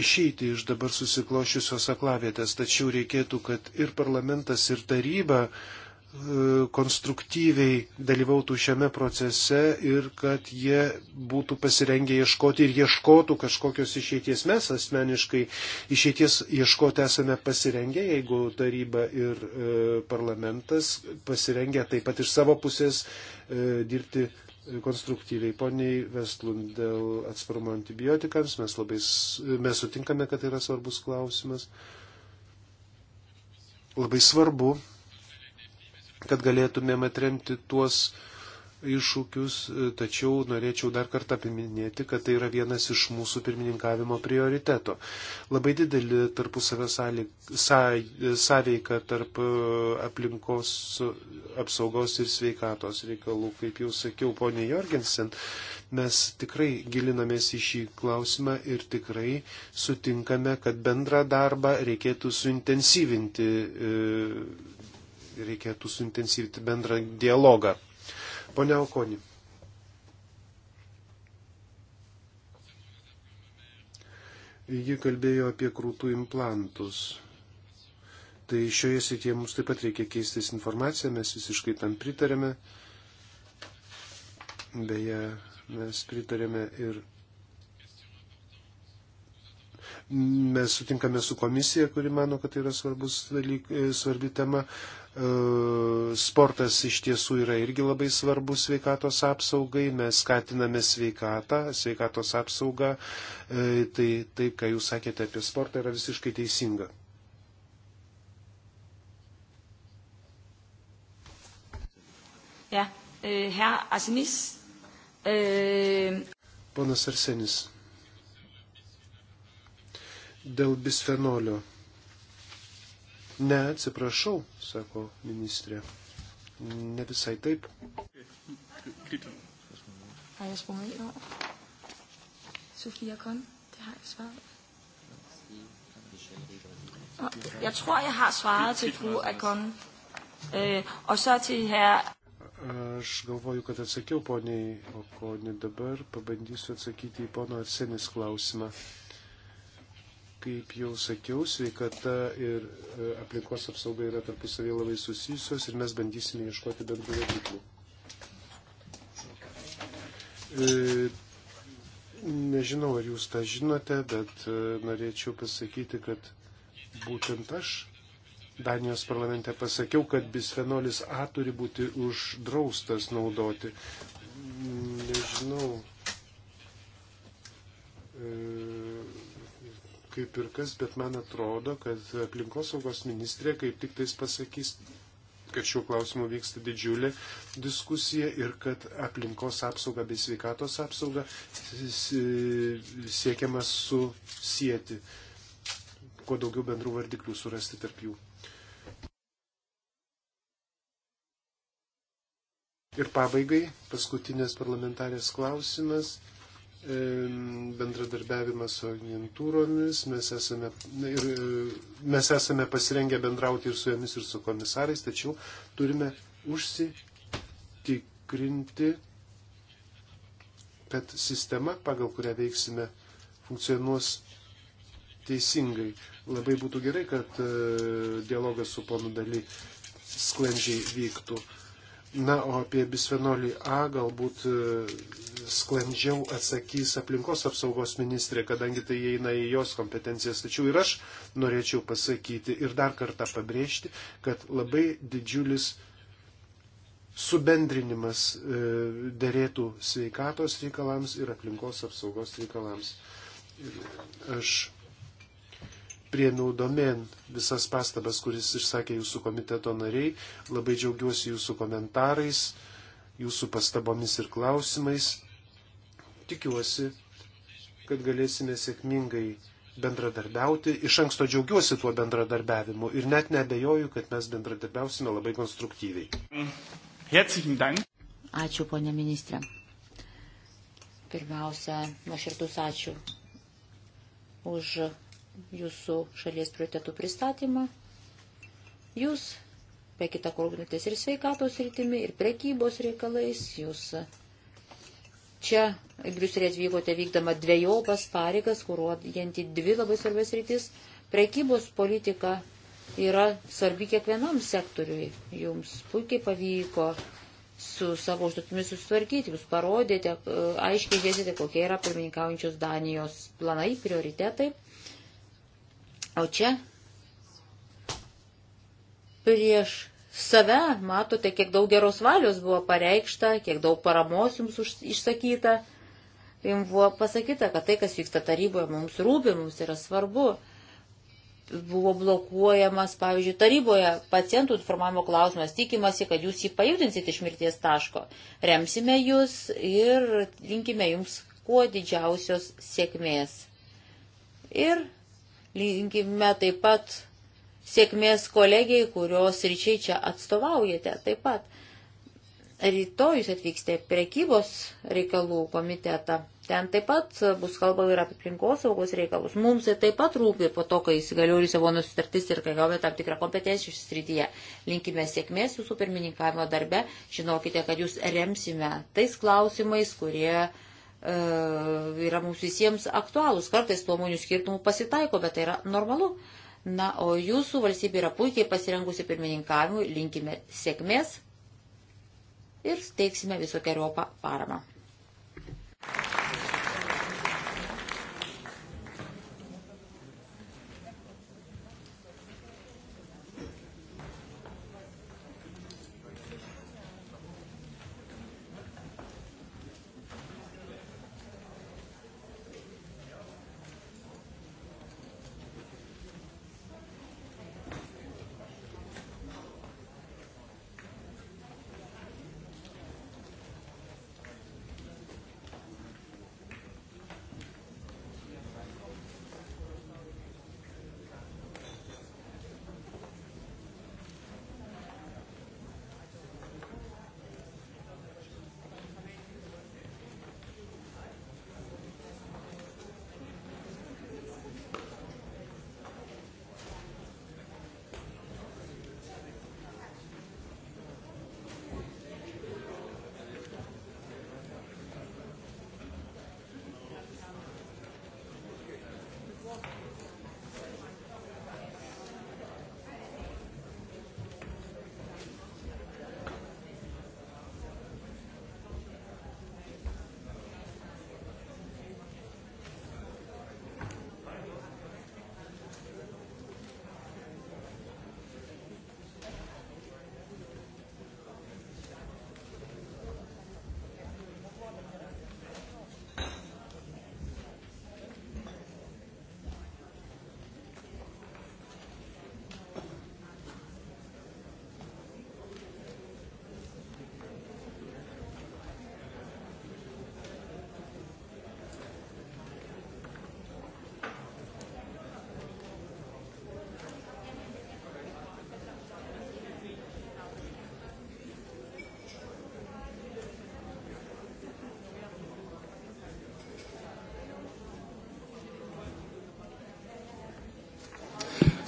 išeiti iš dabar susiklošiusios aklavietės, tačiau reikėtų, kad ir parlamentas, ir taryba uh, konstruktyviai dalyvautų šiame procese ir kad jie būtų pasirengę ieškoti ir ieškotų kažkokios išeities. Mes asmeniškai išeities ieškoti esame pasirengę, jeigu taryba ir e, parlamentas pasirengę taip pat iš savo pusės e, dirbti konstruktyviai. Poniai Vestlund dėl atsparumo antibiotikams mes, labai, mes sutinkame, kad tai yra svarbus klausimas. Labai svarbu kad galėtumėm atremti tuos iššūkius, tačiau norėčiau dar kartą paminėti, kad tai yra vienas iš mūsų pirmininkavimo prioriteto. Labai didelį tarpusavę sąveiką tarp e, aplinkos apsaugos ir sveikatos reikalų. Kaip jau sakiau, ponė Jorgensen, mes tikrai gilinamės į šį klausimą ir tikrai sutinkame, kad bendrą darbą reikėtų suintensyvinti e, reikėtų suintensyvinti bendrą dialogą. Pone Okoni. Ji kalbėjo apie krūtų implantus. Tai šioje srityje mums taip pat reikia keistis informaciją, mes visiškai tam pritarėme. Beje, mes pritarėme ir. Mes sutinkame su komisija, kuri mano, kad tai yra svarbus dalyk, e, svarbi tema. E, sportas iš tiesų yra irgi labai svarbus sveikatos apsaugai, mes skatiname sveikatą, sveikatos apsaugą, e, tai tai, ką jūs sakėte apie sportą, yra visiškai teisinga. Ja, e, herr Arsenis. Ponas Arsenis. Dėl bisfenolio Ne, atsiprašau, sako ministrė. Ne visai taip. Har jeg sprunget en over? Sofia Kon, det har jeg svaret. Og jeg tror, jeg har svaret til fru Akon. Øh, og så til her... Aš galvoju, kad atsakiau poniai Okonį dabar, pabandysiu atsakyti į pono Arsenis klausimą. Kaip jau sakiau, sveikata ir e, aplinkos apsauga yra tarpusavėje labai susijusios ir mes bandysime ieškoti bendrų vadiklų. E, nežinau, ar jūs tą žinote, bet e, norėčiau pasakyti, kad būtent aš Danijos parlamente pasakiau, kad bisfenolis A turi būti uždraustas naudoti. Nežinau. E kaip ir kas, bet man atrodo, kad aplinkosaugos ministrė kaip tik tais pasakys, kad šiuo klausimu vyksta didžiulė diskusija ir kad aplinkos apsauga bei sveikatos apsauga siekiama susijęti, kuo daugiau bendrų vardiklių surasti tarp jų. Ir pabaigai paskutinis parlamentarės klausimas bendradarbiavimas su agentūromis, mes esame, ir, e, mes esame pasirengę bendrauti ir su jomis, ir su komisarais, tačiau turime užsitikrinti, kad sistema, pagal kurią veiksime, funkcionuos teisingai. Labai būtų gerai, kad e, dialogas su ponu daly sklandžiai vyktų. Na, o apie bisfenolį A galbūt e, sklandžiau atsakys aplinkos apsaugos ministrė, kadangi tai įeina į jos kompetencijas. Tačiau ir aš norėčiau pasakyti ir dar kartą pabrėžti, kad labai didžiulis subendrinimas e, dėrėtų sveikatos reikalams ir aplinkos apsaugos reikalams. Aš priemiau domen visas pastabas, kuris išsakė jūsų komiteto nariai. Labai džiaugiuosi jūsų komentarais, jūsų pastabomis ir klausimais. Tikiuosi, kad galėsime sėkmingai bendradarbiauti. Iš anksto džiaugiuosi tuo bendradarbiavimu ir net nebejoju, kad mes bendradarbiausime labai konstruktyviai. Ačiū, ponė ministrė. Pirmiausia, nuoširdus ačiū už jūsų šalies prioritetų pristatymą. Jūs, be kita ko, rūpinatės ir sveikatos rytimi, ir prekybos reikalais. Jūs čia Briuselė atvykote vykdama dviejopas pareigas, kuruojant į dvi labai svarbės rytis. Prekybos politika yra svarbi kiekvienam sektoriui. Jums puikiai pavyko su savo užduotimis susitvarkyti. Jūs parodėte, e, aiškiai dėsite, kokie yra pirmininkaujančios Danijos planai, prioritetai. O čia prieš save matote, kiek daug geros valios buvo pareikšta, kiek daug paramos jums už, išsakyta. Jums buvo pasakyta, kad tai, kas vyksta taryboje, mums rūpi, mums yra svarbu. Buvo blokuojamas, pavyzdžiui, taryboje pacientų informavimo klausimas, tikimasi, kad jūs jį pajudinsit iš mirties taško. Remsime jūs ir linkime jums kuo didžiausios sėkmės. Ir Linkime taip pat sėkmės kolegijai, kurios ryčiai čia atstovaujate taip pat. Rytoj jūs atvyksite prekybos reikalų komitetą. Ten taip pat bus kalbama ir apie aplinkosaugos reikalus. Mums tai taip pat rūpi po to, kai įsigaliuoja Lisabonos sutartis ir kai gavome tam tikrą kompetenciją šis srityje. Linkime sėkmės jūsų pirmininkavimo darbe. Žinokite, kad jūs remsime tais klausimais, kurie E, yra mums visiems aktualūs. Kartais nuomonių skirtumų pasitaiko, bet tai yra normalu. Na, o jūsų valstybė yra puikiai pasirengusi pirmininkavimui, linkime sėkmės ir teiksime visokiojopą paramą.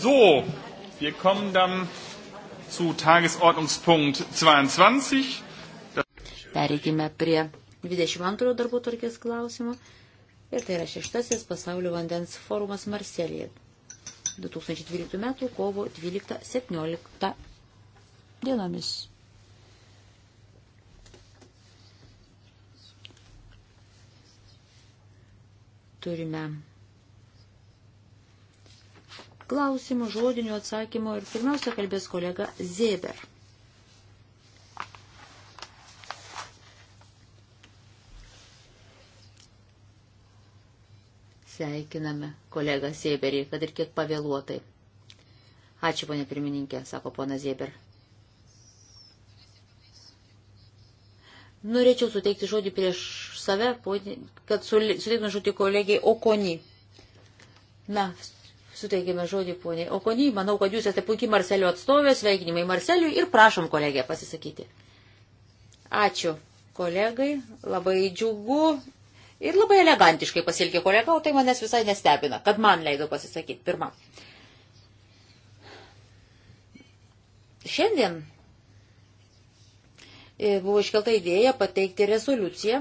So, wir kommen dann zu Tagesordnungspunkt 22. Pereikime prie 22 darbų tvarkės klausimų. Ir tai yra šeštasis pasaulio vandens forumas Marselėje 2012 metų kovo 12-17 dienomis. Turime klausimų, žodinių atsakymų ir pirmiausia kalbės kolega Zėber. Sveikiname kolegą Zėberį, kad ir kiek pavėluotai. Ačiū, ponė pirmininkė, sako pona Zėber. Norėčiau suteikti žodį prieš save, kad suteiktume žodį kolegiai Okoni. Na, suteikėme žodį poniai Okony. Manau, kad jūs esate puikiai Marselio atstovė, sveikinimai Marseliui ir prašom kolegę pasisakyti. Ačiū kolegai, labai džiugu ir labai elegantiškai pasilgė kolega, o tai manęs visai nestebina, kad man leido pasisakyti pirmą. Šiandien e, buvo iškelta idėja pateikti rezoliuciją.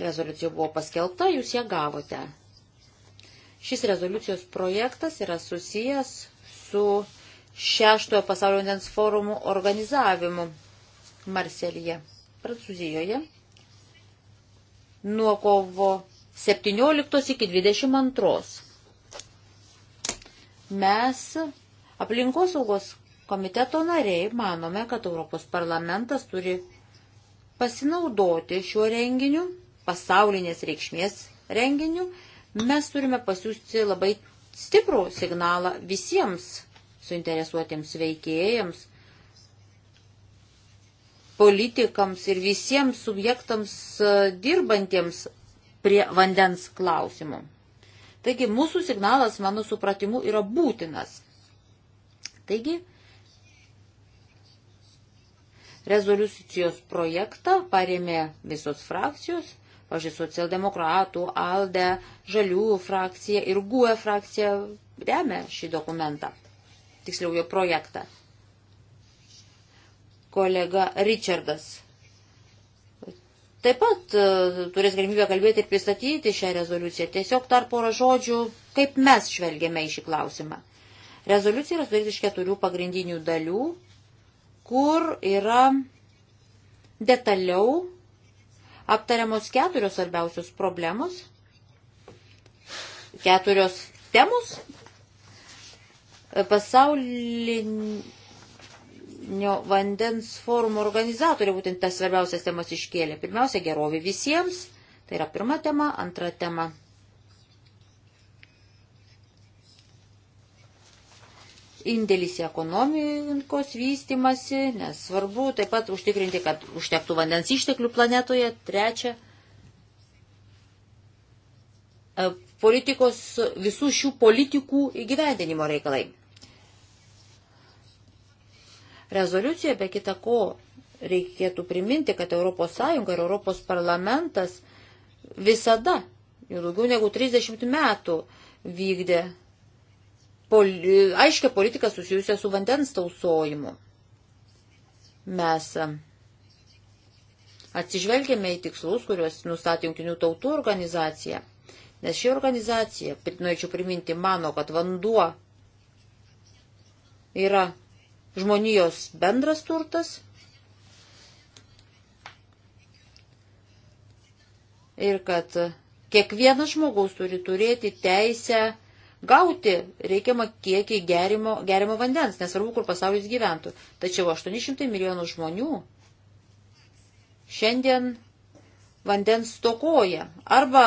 Rezoliucija buvo paskelbta, jūs ją gavote. Šis rezoliucijos projektas yra susijęs su šeštojo pasaulio vandens forumų organizavimu Marselyje, Prancūzijoje. Nuo kovo 17 iki 22. Mes aplinkosaugos komiteto nariai manome, kad Europos parlamentas turi pasinaudoti šiuo renginiu, pasaulinės reikšmės renginiu Mes turime pasiūsti labai stiprų signalą visiems suinteresuotiems veikėjams, politikams ir visiems subjektams e, dirbantiems prie vandens klausimų. Taigi mūsų signalas, mano supratimu, yra būtinas. Taigi, rezoliucijos projektą parėmė visos frakcijos pažiūrėjau, socialdemokratų, ALDE, Žaliųjų frakcija ir GUE frakcija remia šį dokumentą, tiksliau jo projektą. Kolega Richardas taip pat uh, turės galimybę kalbėti ir pristatyti šią rezoliuciją. Tiesiog dar porą žodžių, kaip mes žvelgėme į šį klausimą. Rezoliucija yra sudaryta iš keturių pagrindinių dalių, kur yra detaliau aptariamos keturios svarbiausios problemos, keturios temos pasaulinio vandens forumo organizatoriai būtent tas svarbiausias temas iškėlė. Pirmiausia, gerovė visiems. Tai yra pirma tema, antra tema indėlis į ekonomikos vystimasi, nes svarbu taip pat užtikrinti, kad užtektų vandens išteklių planetoje. Trečia, e, politikos, visų šių politikų įgyvendinimo reikalai. Rezoliucijoje be kita ko reikėtų priminti, kad ES ir ES parlamentas visada, jau daugiau negu 30 metų, vykdė poli, aiškia politika susijusia su vandens tausojimu. Mes e, atsižvelgėme į tikslus, kuriuos nustatė Junktinių tautų organizacija, nes ši organizacija, norėčiau priminti, mano, kad vanduo yra žmonijos bendras turtas ir kad kiekvienas žmogus turi turėti teisę gauti reikiamą kiekį gerimo, gerimo vandens, nesvarbu, kur pasaulis gyventų. Tačiau 800 milijonų žmonių šiandien vandens stokoja arba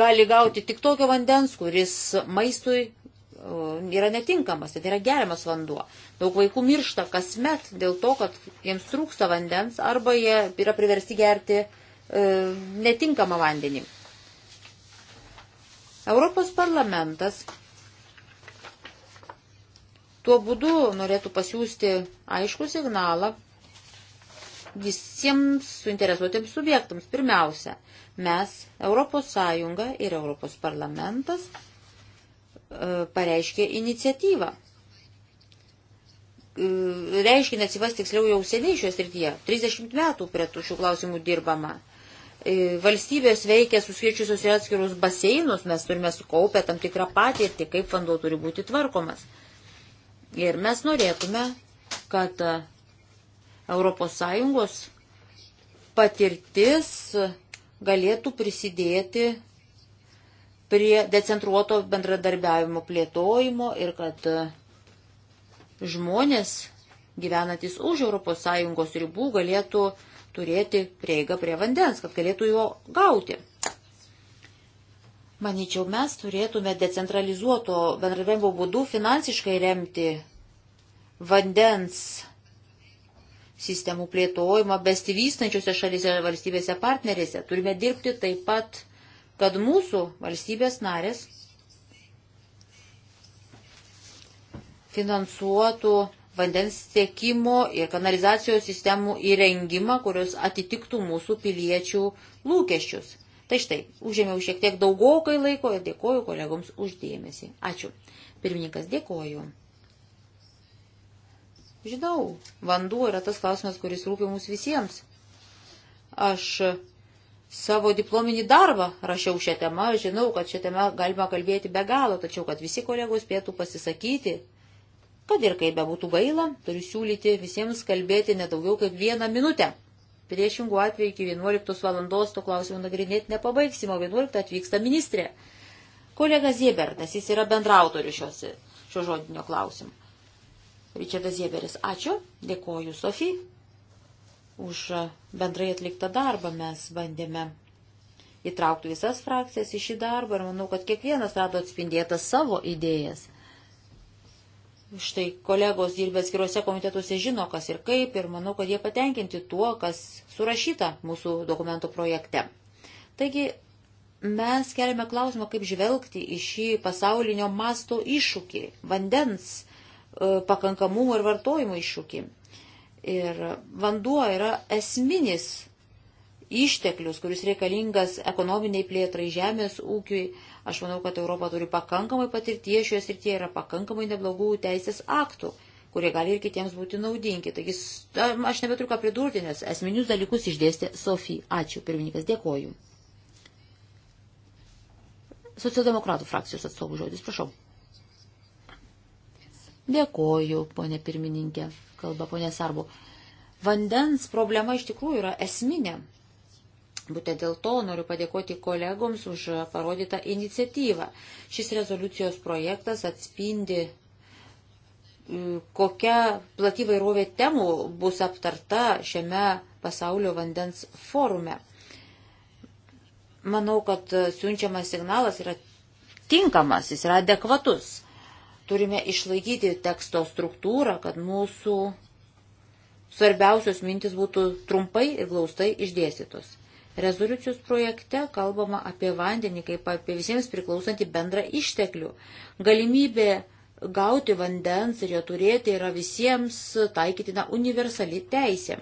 gali gauti tik tokio vandens, kuris maistui yra netinkamas, tai yra geriamas vanduo. Daug vaikų miršta kasmet dėl to, kad jiems trūksta vandens arba jie yra priversti gerti e, netinkamą vandenį. Europos parlamentas tuo būdu norėtų pasiūsti aišku signalą visiems suinteresuotiems subjektams. Pirmiausia, mes, Europos Sąjunga ir Europos parlamentas, e, pareiškė iniciatyvą. E, Reiškinė atsivas tiksliau jau seniai šioje srityje. 30 metų prie tų šių klausimų dirbama. E, valstybės veikia suskirčiusios į atskirus baseinus, mes turime sukaupę tam tikrą patirtį, kaip vanduo turi būti tvarkomas. Ir mes norėtume, kad ES patirtis galėtų prisidėti prie decentruoto bendradarbiavimo plėtojimo ir kad e, žmonės gyvenantis už ES ribų galėtų turėti prieigą prie vandens, kad galėtų jo gauti. Manyčiau, mes turėtume decentralizuoto bendradarbiavimo būdu finansiškai remti vandens sistemų plėtojimą bestivystančiose šalyse valstybėse partnerėse. Turime dirbti taip pat, kad mūsų valstybės narės finansuotų vandens tiekimo ir kanalizacijos sistemų įrengimą, kurios atitiktų mūsų piliečių lūkesčius. Tai štai, užėmiau šiek tiek daugokai laiko ir dėkoju kolegoms uždėmesį. Ačiū. Pirmininkas, dėkoju. Žinau, vanduo yra tas klausimas, kuris rūpi mums visiems. Aš savo diplominį darbą rašiau šią temą, žinau, kad šią temą galima kalbėti be galo, tačiau kad visi kolegos spėtų pasisakyti Kad ir kaip bebūtų gaila, turiu siūlyti visiems kalbėti nedaugiau kaip vieną minutę. Priešingų atveju iki 11 valandos to klausimo nagrinėti nepabaigsime, o 11 atvyksta ministrė. Kolega Ziebertas, jis yra bendrautorius šios, šio žodinio klausimo. Ričardas Zieberis, ačiū, dėkoju Sofijai už bendrai atliktą darbą. Mes bandėme įtraukti visas frakcijas į šį darbą ir manau, kad kiekvienas rado atspindėtas savo idėjas. Štai kolegos dirbė atskiruose komitetuose žino, kas ir kaip, ir manau, kad jie patenkinti tuo, kas surašyta mūsų dokumento projekte. Taigi, mes keliame klausimą, kaip žvelgti į šį pasaulinio masto iššūkį, vandens e, pakankamumo ir vartojimo iššūkį. Ir vanduo yra esminis išteklius, kuris reikalingas ekonominiai plėtrai, žemės ūkiui Aš manau, kad Europa turi pakankamai patirties šioje srityje, yra pakankamai neblogų teisės aktų, kurie gali ir kitiems būti naudingi. Taigi aš nebeturiu ką pridurti, nes esminius dalykus išdėstė Sofija. Ačiū, pirmininkas, dėkoju. Socialdemokratų frakcijos atstovų žodis, prašau. Dėkoju, ponė pirmininkė, kalba ponė Sarbu. Vandens problema iš tikrųjų yra esminė Būtent dėl to noriu padėkoti kolegoms už parodytą iniciatyvą. Šis rezoliucijos projektas atspindi, kokia plati vairovė temų bus aptarta šiame pasaulio vandens forume. Manau, kad siunčiamas signalas yra tinkamas, jis yra adekvatus. Turime išlaikyti teksto struktūrą, kad mūsų svarbiausios mintis būtų trumpai ir glaustai išdėstytos. Rezoliucijos projekte kalbama apie vandenį kaip apie visiems priklausantį bendrą išteklių. Galimybė gauti vandens ir jo turėti yra visiems taikytina universali teisė.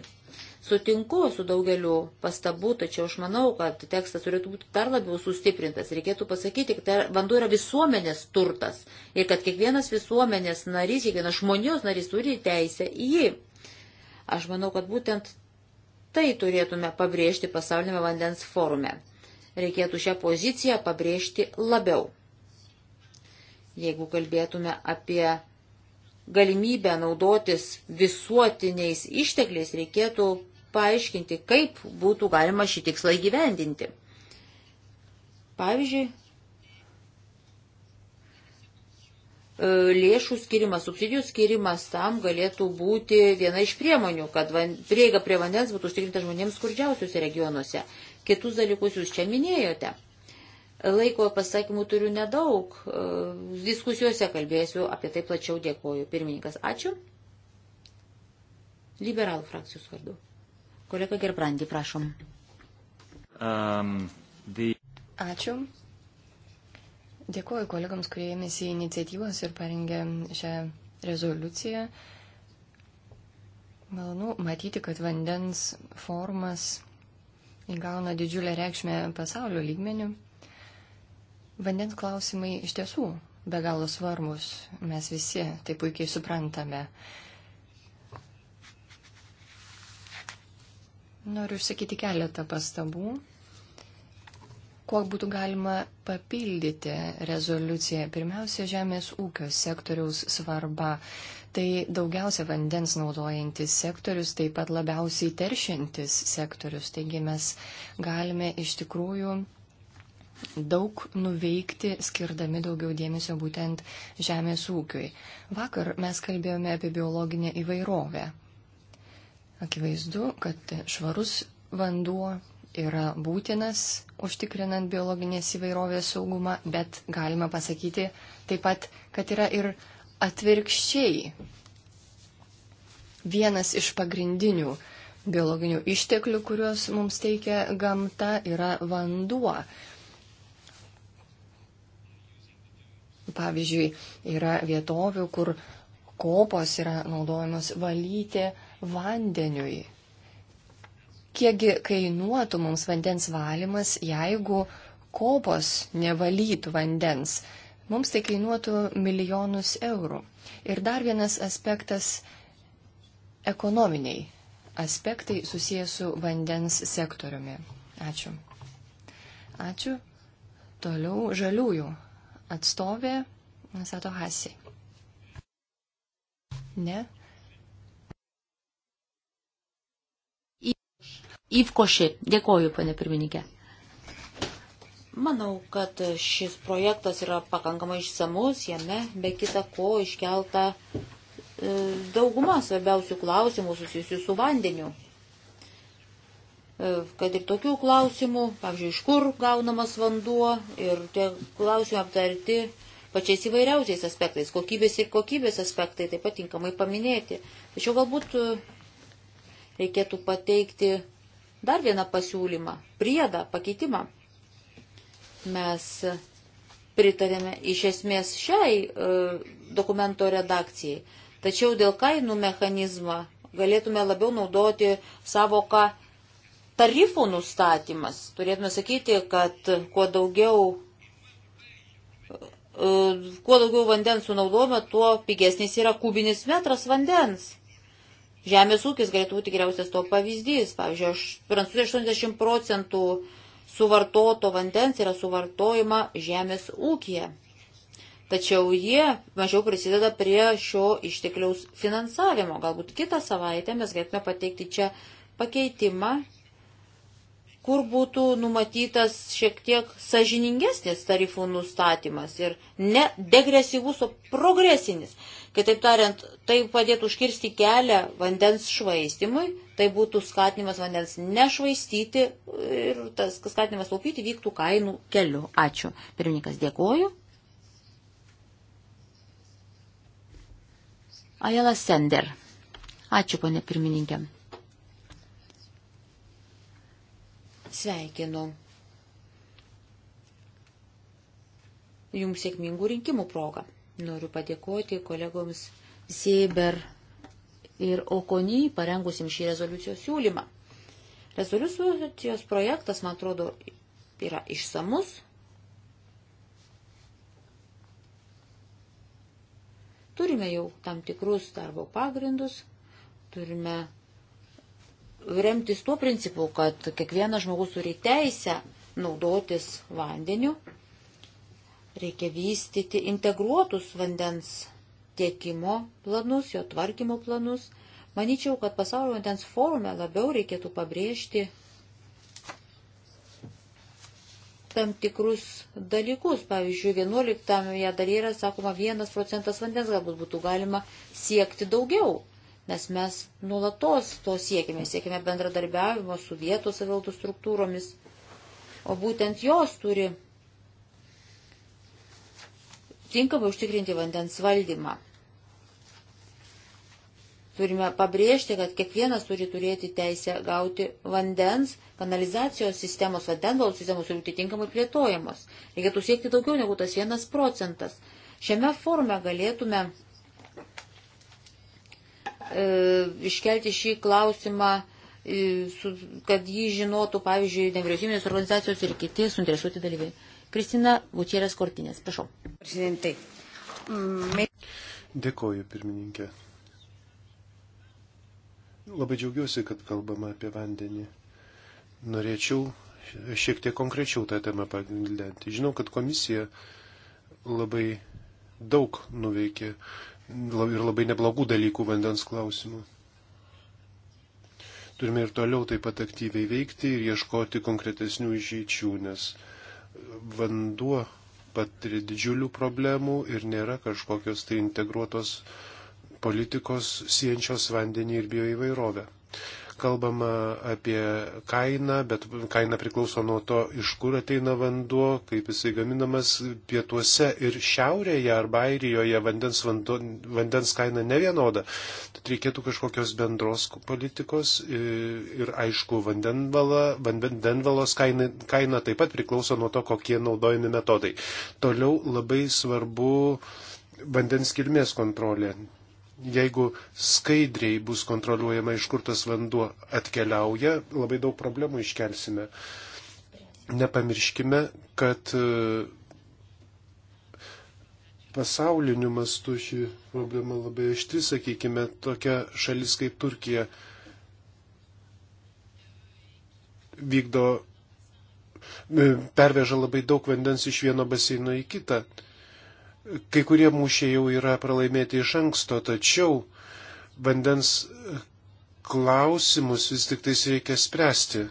Sutinku su daugeliu pastabų, tačiau aš manau, kad tekstas turėtų būti dar labiau sustiprintas. Reikėtų pasakyti, kad vanduo yra visuomenės turtas ir kad kiekvienas visuomenės narys, kiekvienas žmonijos narys turi teisę į jį. Aš manau, kad būtent tai turėtume pabrėžti pasaulinėme vandens forume. Reikėtų šią poziciją pabrėžti labiau. Jeigu kalbėtume apie galimybę naudotis visuotiniais ištekliais, reikėtų paaiškinti, kaip būtų galima šį tikslą įgyvendinti. Pavyzdžiui, E, lėšų skirimas, subsidijų skirimas tam galėtų būti viena iš priemonių, kad prieiga prie vandens būtų užtikrinta žmonėms skurdžiausiuose regionuose. Kitus dalykus jūs čia minėjote. Laiko pasakymų turiu nedaug. E, Diskusijose kalbėsiu apie tai plačiau. Dėkuoju. Pirmininkas, ačiū. Liberalų frakcijos vardu. Kolega Gerbrandi, prašom. Um, the... Ačiū. Dėkuoju kolegams, kurie ėmėsi iniciatyvos ir parengė šią rezoliuciją. Malonu matyti, kad vandens formas įgauna didžiulę reikšmę pasaulio lygmenių. Vandens klausimai iš tiesų be galo svarbus, mes visi tai puikiai suprantame. Noriu išsakyti keletą pastabų kuo būtų galima papildyti rezoliuciją. Pirmiausia, žemės ūkio sektoriaus svarba. Tai daugiausia vandens naudojantis sektorius, taip pat labiausiai teršiantis sektorius. Taigi mes galime iš tikrųjų daug nuveikti, skirdami daugiau dėmesio būtent žemės ūkiui. Vakar mes kalbėjome apie biologinę įvairovę. Akivaizdu, kad švarus vanduo yra būtinas užtikrinant biologinės įvairovės saugumą, bet galima pasakyti taip pat, kad yra ir atvirkščiai. Vienas iš pagrindinių biologinių išteklių, kuriuos mums teikia gamta, yra vanduo. Pavyzdžiui, yra vietovių, kur kopos yra naudojamos valyti vandeniui. Kiekgi kainuotų mums vandens valymas, jeigu kopos nevalytų vandens? Mums tai kainuotų milijonus eurų. Ir dar vienas aspektas - ekonominiai aspektai susijęs su vandens sektoriumi. Ačiū. Ačiū. Toliau žaliųjų atstovė Sato Hasi. Ne. Įvkoši. Dėkoju, pane pirmininkė. Manau, kad šis projektas yra pakankamai išsamus, jame be kita ko iškelta e, dauguma svarbiausių klausimų susijusių su vandeniu. E, kad ir tokių klausimų, pavyzdžiui, iš kur gaunamas vanduo ir tie klausimai aptarti pačiais įvairiausiais aspektais, kokybės ir kokybės aspektai taip pat tinkamai paminėti. Tačiau galbūt e, reikėtų pateikti dar vieną pasiūlymą, priedą, pakeitimą. Mes pritarėme iš esmės šiai e, dokumento redakcijai, tačiau dėl kainų mechanizmą galėtume labiau naudoti savoką tarifų nustatymas. Turėtume sakyti, kad kuo daugiau, e, kuo daugiau vandens sunaudojame, tuo pigesnis yra kubinis metras vandens. Žemės ūkis galėtų būti geriausias to pavyzdys. Pavyzdžiui, aš, Prancūzija 80 procentų suvartoto vandens yra suvartojama žemės ūkija. Tačiau jie mažiau prisideda prie šio ištekliaus finansavimo. Galbūt kitą savaitę mes galėtume pateikti čia pakeitimą kur būtų numatytas šiek tiek sažiningesnis tarifų nustatymas ir ne degresyvus, o progresinis. Kitaip tariant, tai padėtų užkirsti kelią vandens švaistimui, tai būtų skatinimas vandens nešvaistyti ir tas skatinimas taupyti vyktų kainų keliu. Ačiū. Pirmininkas, dėkoju. Ajala Sender. Ačiū, ponė pirmininkė. Sveikinu. Jums sėkmingų rinkimų progą. Noriu padėkoti kolegoms Seiber ir Okony parengusim šį rezoliucijos siūlymą. Rezoliucijos projektas, man atrodo, yra išsamus. Turime jau tam tikrus darbo pagrindus, turime remtis tuo principu, kad kiekvienas žmogus turi teisę naudotis vandeniu, reikia vystyti integruotus vandens tiekimo planus, jo tvarkymo planus. Maničiau, kad pasaulio vandens forume labiau reikėtų pabrėžti tam tikrus dalykus. Pavyzdžiui, 11 dalyje yra sakoma, 1 procentas vandens galbūt būtų galima siekti daugiau nes mes nuolatos to siekime, siekime bendradarbiavimo su vietos savaldų struktūromis, o būtent jos turi tinkamai užtikrinti vandens valdymą. Turime pabrėžti, kad kiekvienas turi turėti teisę gauti vandens, kanalizacijos sistemos, vandenvalų sistemos turi būti tinkamai plėtojamos. Reikėtų siekti daugiau negu tas vienas procentas. Šiame forume galėtume E, iškelti šį klausimą, e, kad jį žinotų, pavyzdžiui, nevyriausybinės organizacijos ir kiti suinteresuoti dalyviai. Kristina Gutierės Kortinės, prašau. Prezidentai. Mm, Dėkoju, pirmininkė. Labai džiaugiuosi, kad kalbama apie vandenį. Norėčiau šiek tiek konkrečiau tą temą pagildinti. Žinau, kad komisija labai daug nuveikė ir labai neblogų dalykų vandens klausimu. Turime ir toliau taip pat aktyviai veikti ir ieškoti konkretesnių išeičių, nes vanduo patiria didžiulių problemų ir nėra kažkokios tai integruotos politikos siejančios vandenį ir bioįvairovę kalbama apie kainą, bet kaina priklauso nuo to, iš kur ateina vanduo, kaip jisai gaminamas pietuose ir šiaurėje arba Airijoje vandens, vandu, vandens kaina nevienoda. Tad reikėtų kažkokios bendros politikos ir aišku, vandenvala, vandenvalos kaina, kaina taip pat priklauso nuo to, kokie naudojami metodai. Toliau labai svarbu vandens kilmės kontrolė jeigu skaidriai bus kontroliuojama, iš kur tas vanduo atkeliauja, labai daug problemų iškelsime. Nepamirškime, kad e, pasauliniu mastu ši problema labai aštri, sakykime, tokia šalis kaip Turkija vykdo, e, perveža labai daug vandens iš vieno baseino į kitą. Kai kurie mūšiai jau yra pralaimėti iš anksto, tačiau vandens klausimus vis tik tais reikia spręsti.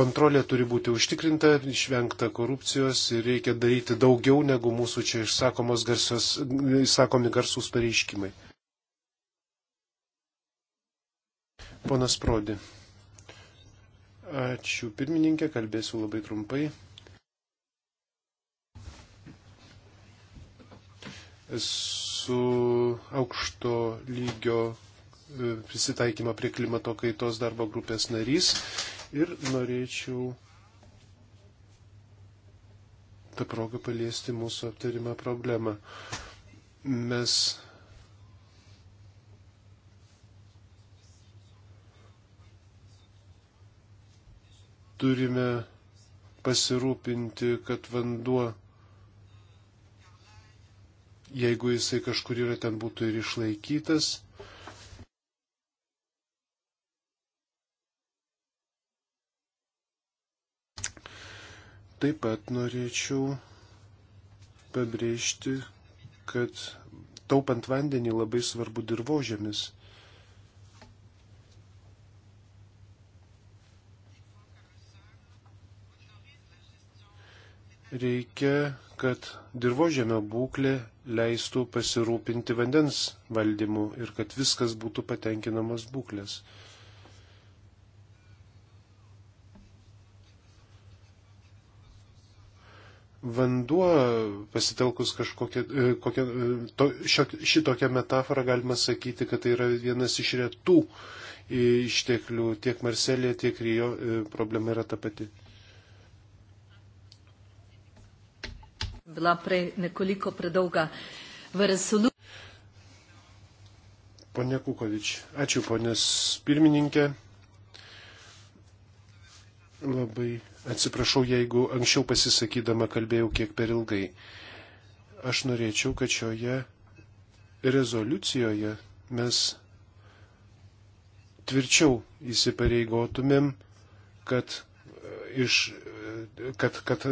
Kontrolė turi būti užtikrinta, išvengta korupcijos ir reikia daryti daugiau negu mūsų čia garsios, išsakomi garsus pareiškimai. Ponas Prodi. Ačiū pirmininkė, kalbėsiu labai trumpai. su aukšto lygio e, prisitaikymą prie klimato kaitos darbo grupės narys ir norėčiau tą progą paliesti mūsų aptarimą problemą. Mes turime pasirūpinti, kad vanduo jeigu jisai kažkur yra ten būtų ir išlaikytas. Taip pat norėčiau pabrėžti, kad taupant vandenį labai svarbu dirbožėmis. Reikia, kad dirbožėmio būklė leistų pasirūpinti vandens valdymu ir kad viskas būtų patenkinamos būklės. Vanduo pasitelkus kažkokią, e, kokią, e, to, šio, šitokią metaforą galima sakyti, kad tai yra vienas iš retų išteklių tiek Marselėje, tiek Rijo e, problema yra ta pati. bila prej nekoliko predolga v resoluciji. Pone Kukovič, ačiū ponės pirmininkė. Labai atsiprašau, jeigu anksčiau pasisakydama kalbėjau kiek per ilgai. Aš norėčiau, kad šioje rezoliucijoje mes tvirčiau įsipareigotumėm, kad iš kad, kad e,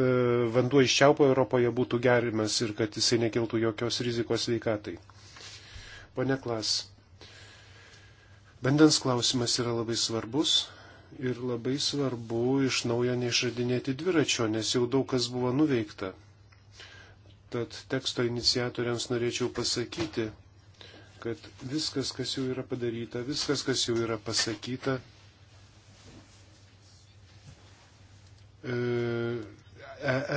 vanduo iš čiaupo Europoje būtų gerimas ir kad jisai nekiltų jokios rizikos veikatai. Pone Klas, vandens klausimas yra labai svarbus ir labai svarbu iš naujo neišradinėti dviračio, nes jau daug kas buvo nuveikta. Tad teksto iniciatoriams norėčiau pasakyti, kad viskas, kas jau yra padaryta, viskas, kas jau yra pasakyta,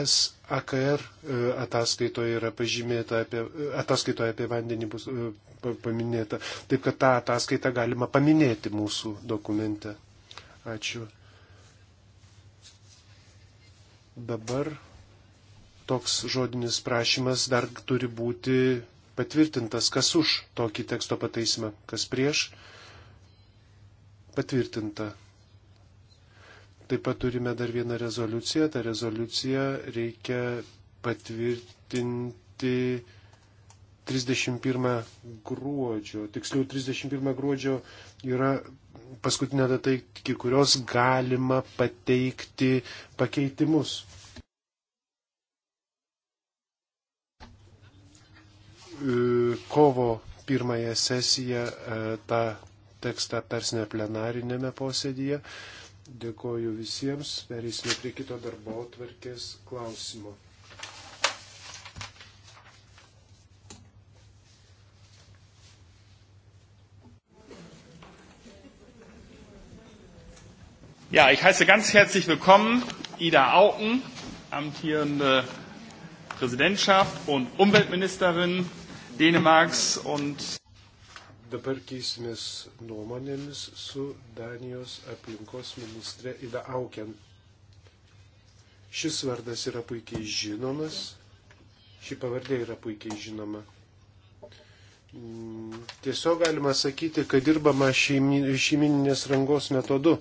ES e AKR e, ataskaitoje yra pažymėta apie, e, ataskaitoje apie vandenį bus paminėta. Taip kad tą ataskaitą galima paminėti mūsų dokumente. Ačiū. Dabar toks žodinis prašymas dar turi būti patvirtintas, kas už tokį teksto pataisimą, kas prieš. Patvirtinta. Taip pat turime dar vieną rezoliuciją. Ta rezoliucija reikia patvirtinti 31 gruodžio. Tiksliau, 31 gruodžio yra paskutinė data, iki kurios galima pateikti pakeitimus. E, kovo pirmąją sesiją e, tą tekstą aptarsime plenarinėme posėdyje. Dėkoju visiems. Perėsime prie kito darbo atvarkės klausimo. Ja, ich heiße ganz herzlich willkommen Ida Auken, amtierende Präsidentschaft und Umweltministerin Dänemarks und Dabar keisimės nuomonėmis su Danijos aplinkos ministre Ida Auken. Šis vardas yra puikiai žinomas, ši pavardė yra puikiai žinoma. Mm, tiesiog galima sakyti, kad dirbama šeimininės rangos metodu.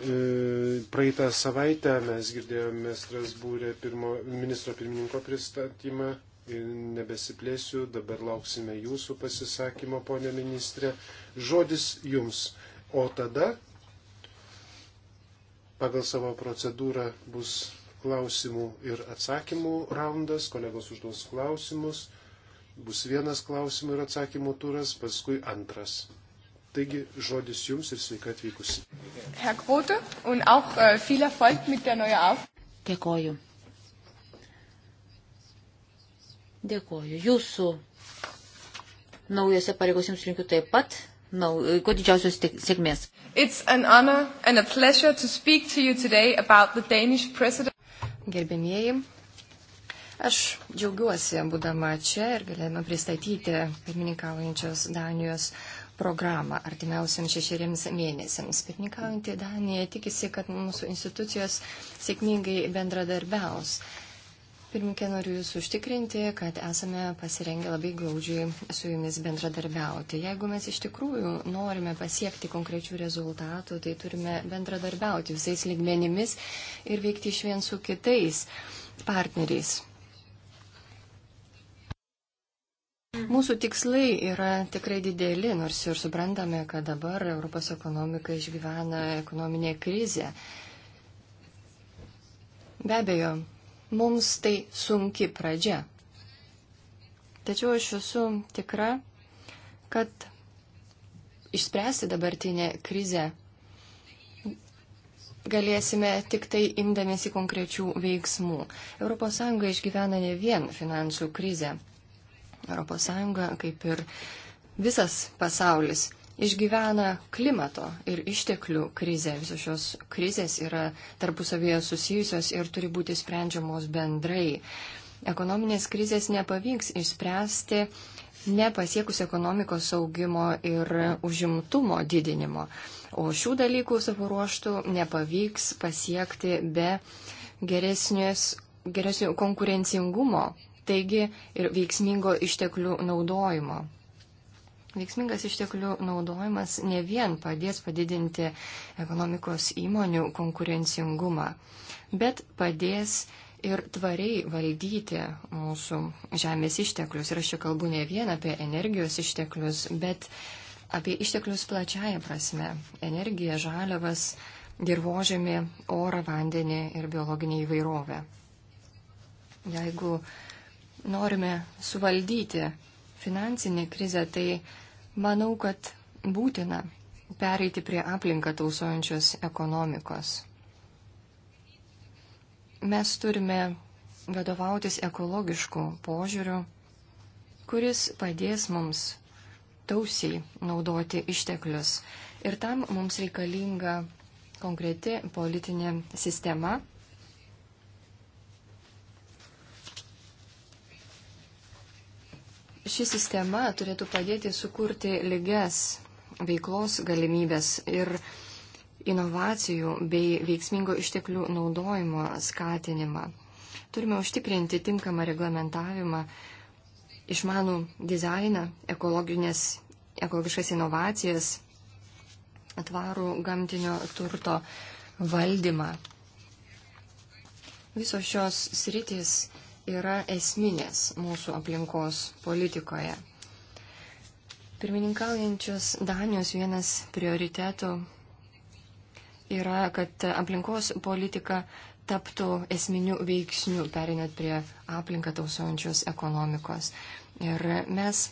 E, praeitą savaitę mes girdėjome Strasbūrė pirmo, ministro pirmininko pristatymą nebesiplėsiu, dabar lauksime jūsų pasisakymo, ponė ministrė. Žodis jums. O tada pagal savo procedūrą bus klausimų ir atsakymų raundas, kolegos užduos klausimus, bus vienas klausimų ir atsakymų turas, paskui antras. Taigi žodis jums ir sveika atvykusi. Herr Grote, un auch äh, viel Erfolg mit der neuen Auf. Dėkoju. Dėkuoju. Jūsų naujose pareigos jums linkiu taip pat. Nau, kuo didžiausios sėkmės. Gerbėmieji, Aš džiaugiuosi, būdama čia ir galėdama pristatyti pirmininkaujančios Danijos programą artimiausiams šešeriems mėnesiams. Pirmininkaujantį Daniją tikisi, kad mūsų institucijos sėkmingai bendradarbiaus Pirminkė, noriu Jūs užtikrinti, kad esame pasirengę labai glaudžiai su Jumis bendradarbiauti. Jeigu mes iš tikrųjų norime pasiekti konkrečių rezultatų, tai turime bendradarbiauti visais lygmenimis ir veikti iš vien su kitais partneriais. Mūsų tikslai yra tikrai dideli, nors ir suprantame, kad dabar Europos ekonomika išgyvena ekonominę krizę. Be abejo, Mums tai sunki pradžia. Tačiau aš esu tikra, kad išspręsti dabartinę krizę galėsime tik tai imdamėsi konkrečių veiksmų. ES išgyvena ne vien finansų krizę. ES, kaip ir visas pasaulis, išgyvena klimato ir išteklių krizę. Visos šios krizės yra tarpusavėje susijusios ir turi būti sprendžiamos bendrai. Ekonominės krizės nepavyks išspręsti nepasiekus ekonomikos augimo ir užimtumo didinimo. O šių dalykų savo ruoštų nepavyks pasiekti be geresnio konkurencingumo, taigi ir veiksmingo išteklių naudojimo. Veiksmingas išteklių naudojimas ne vien padės padidinti ekonomikos įmonių konkurencingumą, bet padės ir tvariai valdyti mūsų žemės išteklius. Ir aš čia kalbu ne vien apie energijos išteklius, bet apie išteklius plačiaja prasme - energiją, žaliavas, dirbožėmį, orą, vandenį ir biologinį įvairovę. Jeigu norime suvaldyti finansinė krizė, tai manau, kad būtina pereiti prie aplinką tausojančios ekonomikos. Mes turime vadovautis ekologiškų požiūrių, kuris padės mums tausiai naudoti išteklius. Ir tam mums reikalinga konkreti politinė sistema, Ši sistema turėtų padėti sukurti lygias veiklos galimybės ir inovacijų bei veiksmingo išteklių naudojimo skatinimą. Turime užtikrinti tinkamą reglamentavimą, išmanų dizainą, ekologiškas inovacijas, tvarų gamtinio turto valdymą. Visos šios sritys yra esminės mūsų aplinkos politikoje. Pirmininkaujančios Danijos vienas prioritetų yra, kad aplinkos politika taptų esminiu veiksniu, perinant prie aplinką tausojančios ekonomikos. Ir mes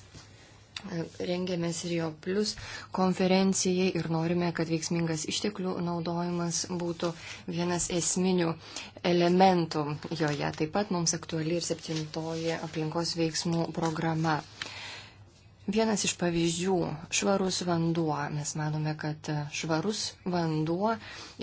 Rengiamės Rio Plus konferencijai ir norime, kad veiksmingas išteklių naudojimas būtų vienas esminių elementų joje. Taip pat mums aktuali ir septintoji aplinkos veiksmų programa. Vienas iš pavyzdžių - švarus vanduo. Mes manome, kad švarus vanduo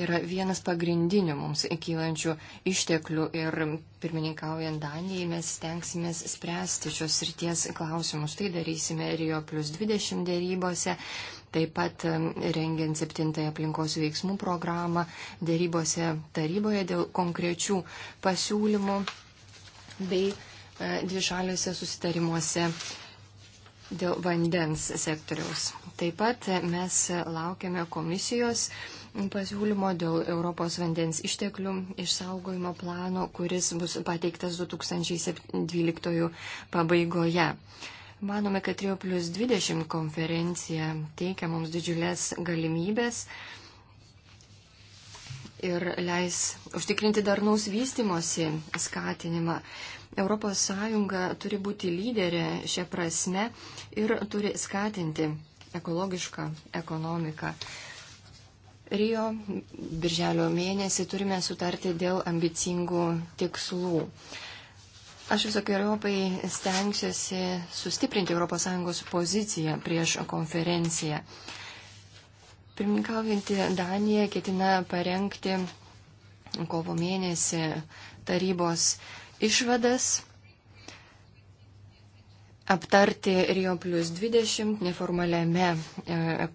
yra vienas pagrindinių mums kylančių išteklių ir pirmininkaujant Danijai mes stengsimės spręsti šios ryties klausimus. Tai darysime Rio plus 20 dėrybose, taip pat rengiant septintąją aplinkos veiksmų programą, dėrybose taryboje dėl konkrečių pasiūlymų bei e, dvišaliuose susitarimuose dėl vandens sektoriaus. Taip pat mes laukiame komisijos pasiūlymo dėl Europos vandens išteklių išsaugojimo plano, kuris bus pateiktas 2012 pabaigoje. Manome, kad Rio plus 20 konferencija teikia mums didžiulės galimybės ir leis užtikrinti darnaus vystimosi skatinimą. ES turi būti lyderė šią prasme ir turi skatinti ekologišką ekonomiką. Rio birželio mėnesį turime sutarti dėl ambicingų tikslų. Aš visokiojopai stengsiuosi sustiprinti ES poziciją prieš konferenciją. Pirmininkaujanti Danija ketina parengti kovo mėnesį tarybos išvadas, aptarti Rio plus 20 neformaliame e,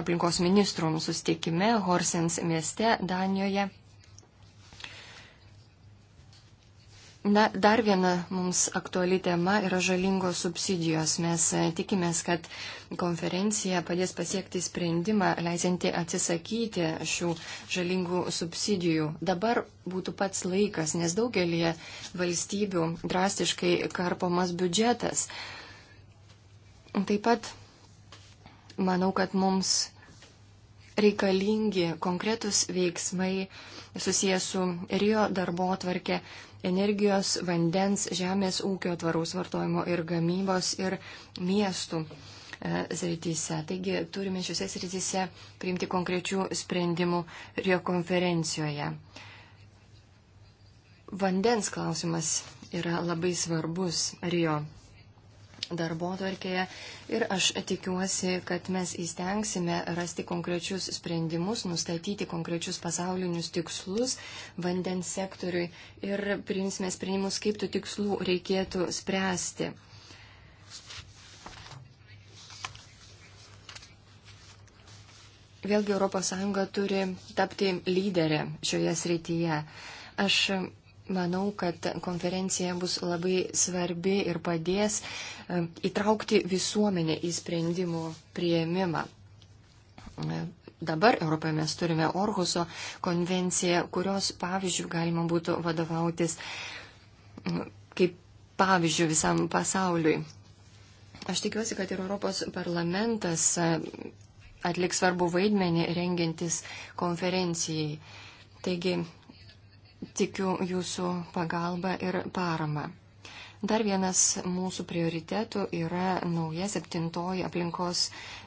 aplinkos ministrų susitikime Horsens mieste Danijoje. Na, dar viena mums aktuali tema yra žalingos subsidijos. Mes e, tikimės, kad konferencija padės pasiekti sprendimą, leidžiantį atsisakyti šių žalingų subsidijų. Dabar būtų pats laikas, nes daugelie valstybių drastiškai karpomas biudžetas. Taip pat manau, kad mums reikalingi konkretus veiksmai susijęs su Rio darbo atvarkė energijos, vandens, žemės ūkio, tvaraus vartojimo ir gamybos ir miestų e, srityse. Taigi turime šiuose srityse priimti konkrečių sprendimų Rio konferencijoje. Vandens klausimas yra labai svarbus Rio darbo tvarkėje ir aš tikiuosi, kad mes įstengsime rasti konkrečius sprendimus, nustatyti konkrečius pasaulinius tikslus vandens sektoriui ir priimsime sprendimus, kaip tų tikslų reikėtų spręsti. Vėlgi ES turi tapti lyderę šioje srityje. Aš Manau, kad konferencija bus labai svarbi ir padės e, įtraukti visuomenę į sprendimų prieimimą. E, dabar Europoje mes turime Orhuso konvenciją, kurios pavyzdžių galima būtų vadovautis kaip pavyzdžių visam pasauliui. Aš tikiuosi, kad ir Europos parlamentas e, atliks svarbu vaidmenį rengiantis konferencijai. Taigi tikiu jūsų pagalba ir parama. Dar vienas mūsų prioritetų yra nauja septintoji aplinkos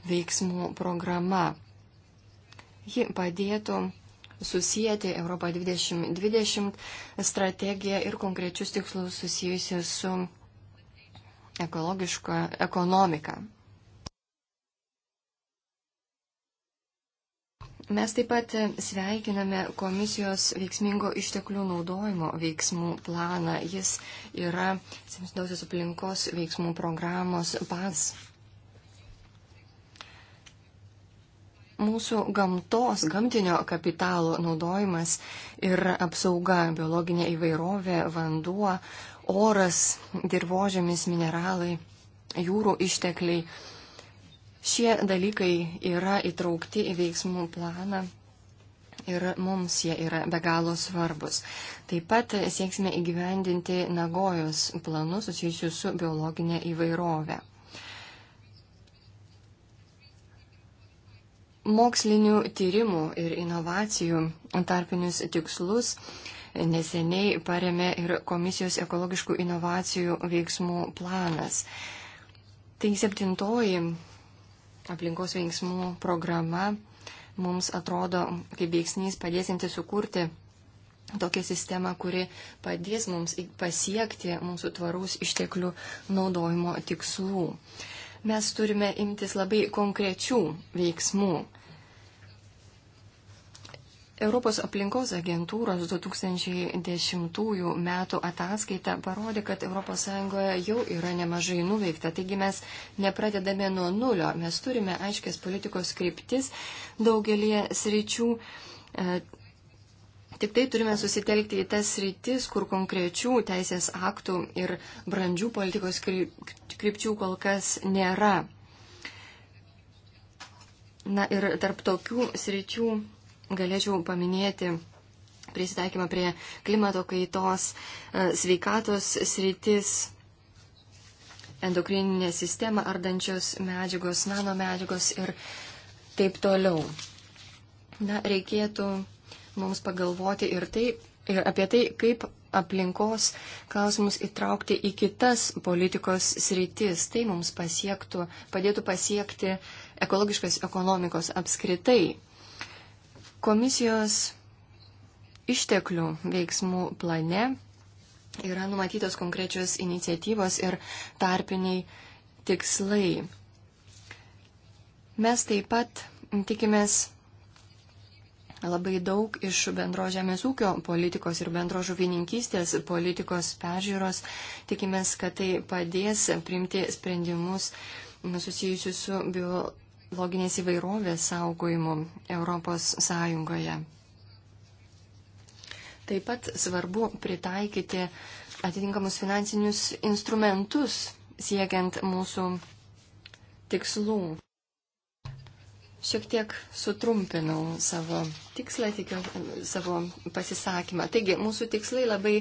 veiksmų programa. Ji padėtų susijęti Europą 2020 strategiją ir konkrečius tikslus susijusius su ekologiška ekonomika. Mes taip pat sveikiname komisijos veiksmingo išteklių naudojimo veiksmų planą. Jis yra Simsidausios aplinkos veiksmų programos pas. Mūsų gamtos, gamtinio kapitalo naudojimas ir apsauga, biologinė įvairovė, vanduo, oras, dirbožėmis, mineralai, jūrų ištekliai Šie dalykai yra įtraukti į veiksmų planą ir mums jie yra be galo svarbus. Taip pat sieksime įgyvendinti Nagojos planus susijusius su biologinė įvairovė. Mokslinių tyrimų ir inovacijų tarpinius tikslus neseniai paremė ir Komisijos ekologiškų inovacijų veiksmų planas. Tai septintoji aplinkos veiksmų programa mums atrodo kaip veiksnys padėsinti sukurti tokią sistemą, kuri padės mums pasiekti mūsų tvaraus išteklių naudojimo tikslų. Mes turime imtis labai konkrečių veiksmų Europos aplinkos agentūros 2010 metų ataskaita parodė, kad ES jau yra nemažai nuveikta, taigi mes nepradedame nuo nulio, mes turime aiškės politikos kryptis daugelį sričių. E, tik tai turime susitelkti į tas sritis, kur konkrečių teisės aktų ir brandžių politikos krypčių kol kas nėra. Na ir tarp tokių sričių galėčiau paminėti prisitaikymą prie klimato kaitos, e, sveikatos sritis, endokrininę sistemą ardančios medžiagos, nanomedžiagos ir taip toliau. Na, reikėtų mums pagalvoti ir, tai, ir apie tai, kaip aplinkos klausimus įtraukti į kitas politikos sritis. Tai mums pasiektų, padėtų pasiekti ekologiškas ekonomikos apskritai. Komisijos išteklių veiksmų plane yra numatytos konkrečios iniciatyvos ir tarpiniai tikslai. Mes taip pat tikimės labai daug iš bendro žemės ūkio politikos ir bendro žuvininkystės politikos peržiūros. Tikimės, kad tai padės priimti sprendimus susijusius su bio loginės įvairovės saugojimu Europos Sąjungoje. Taip pat svarbu pritaikyti atitinkamus finansinius instrumentus siekiant mūsų tikslų. Šiek tiek sutrumpinau savo tikslą, tikiu, savo pasisakymą. Taigi, mūsų tikslai labai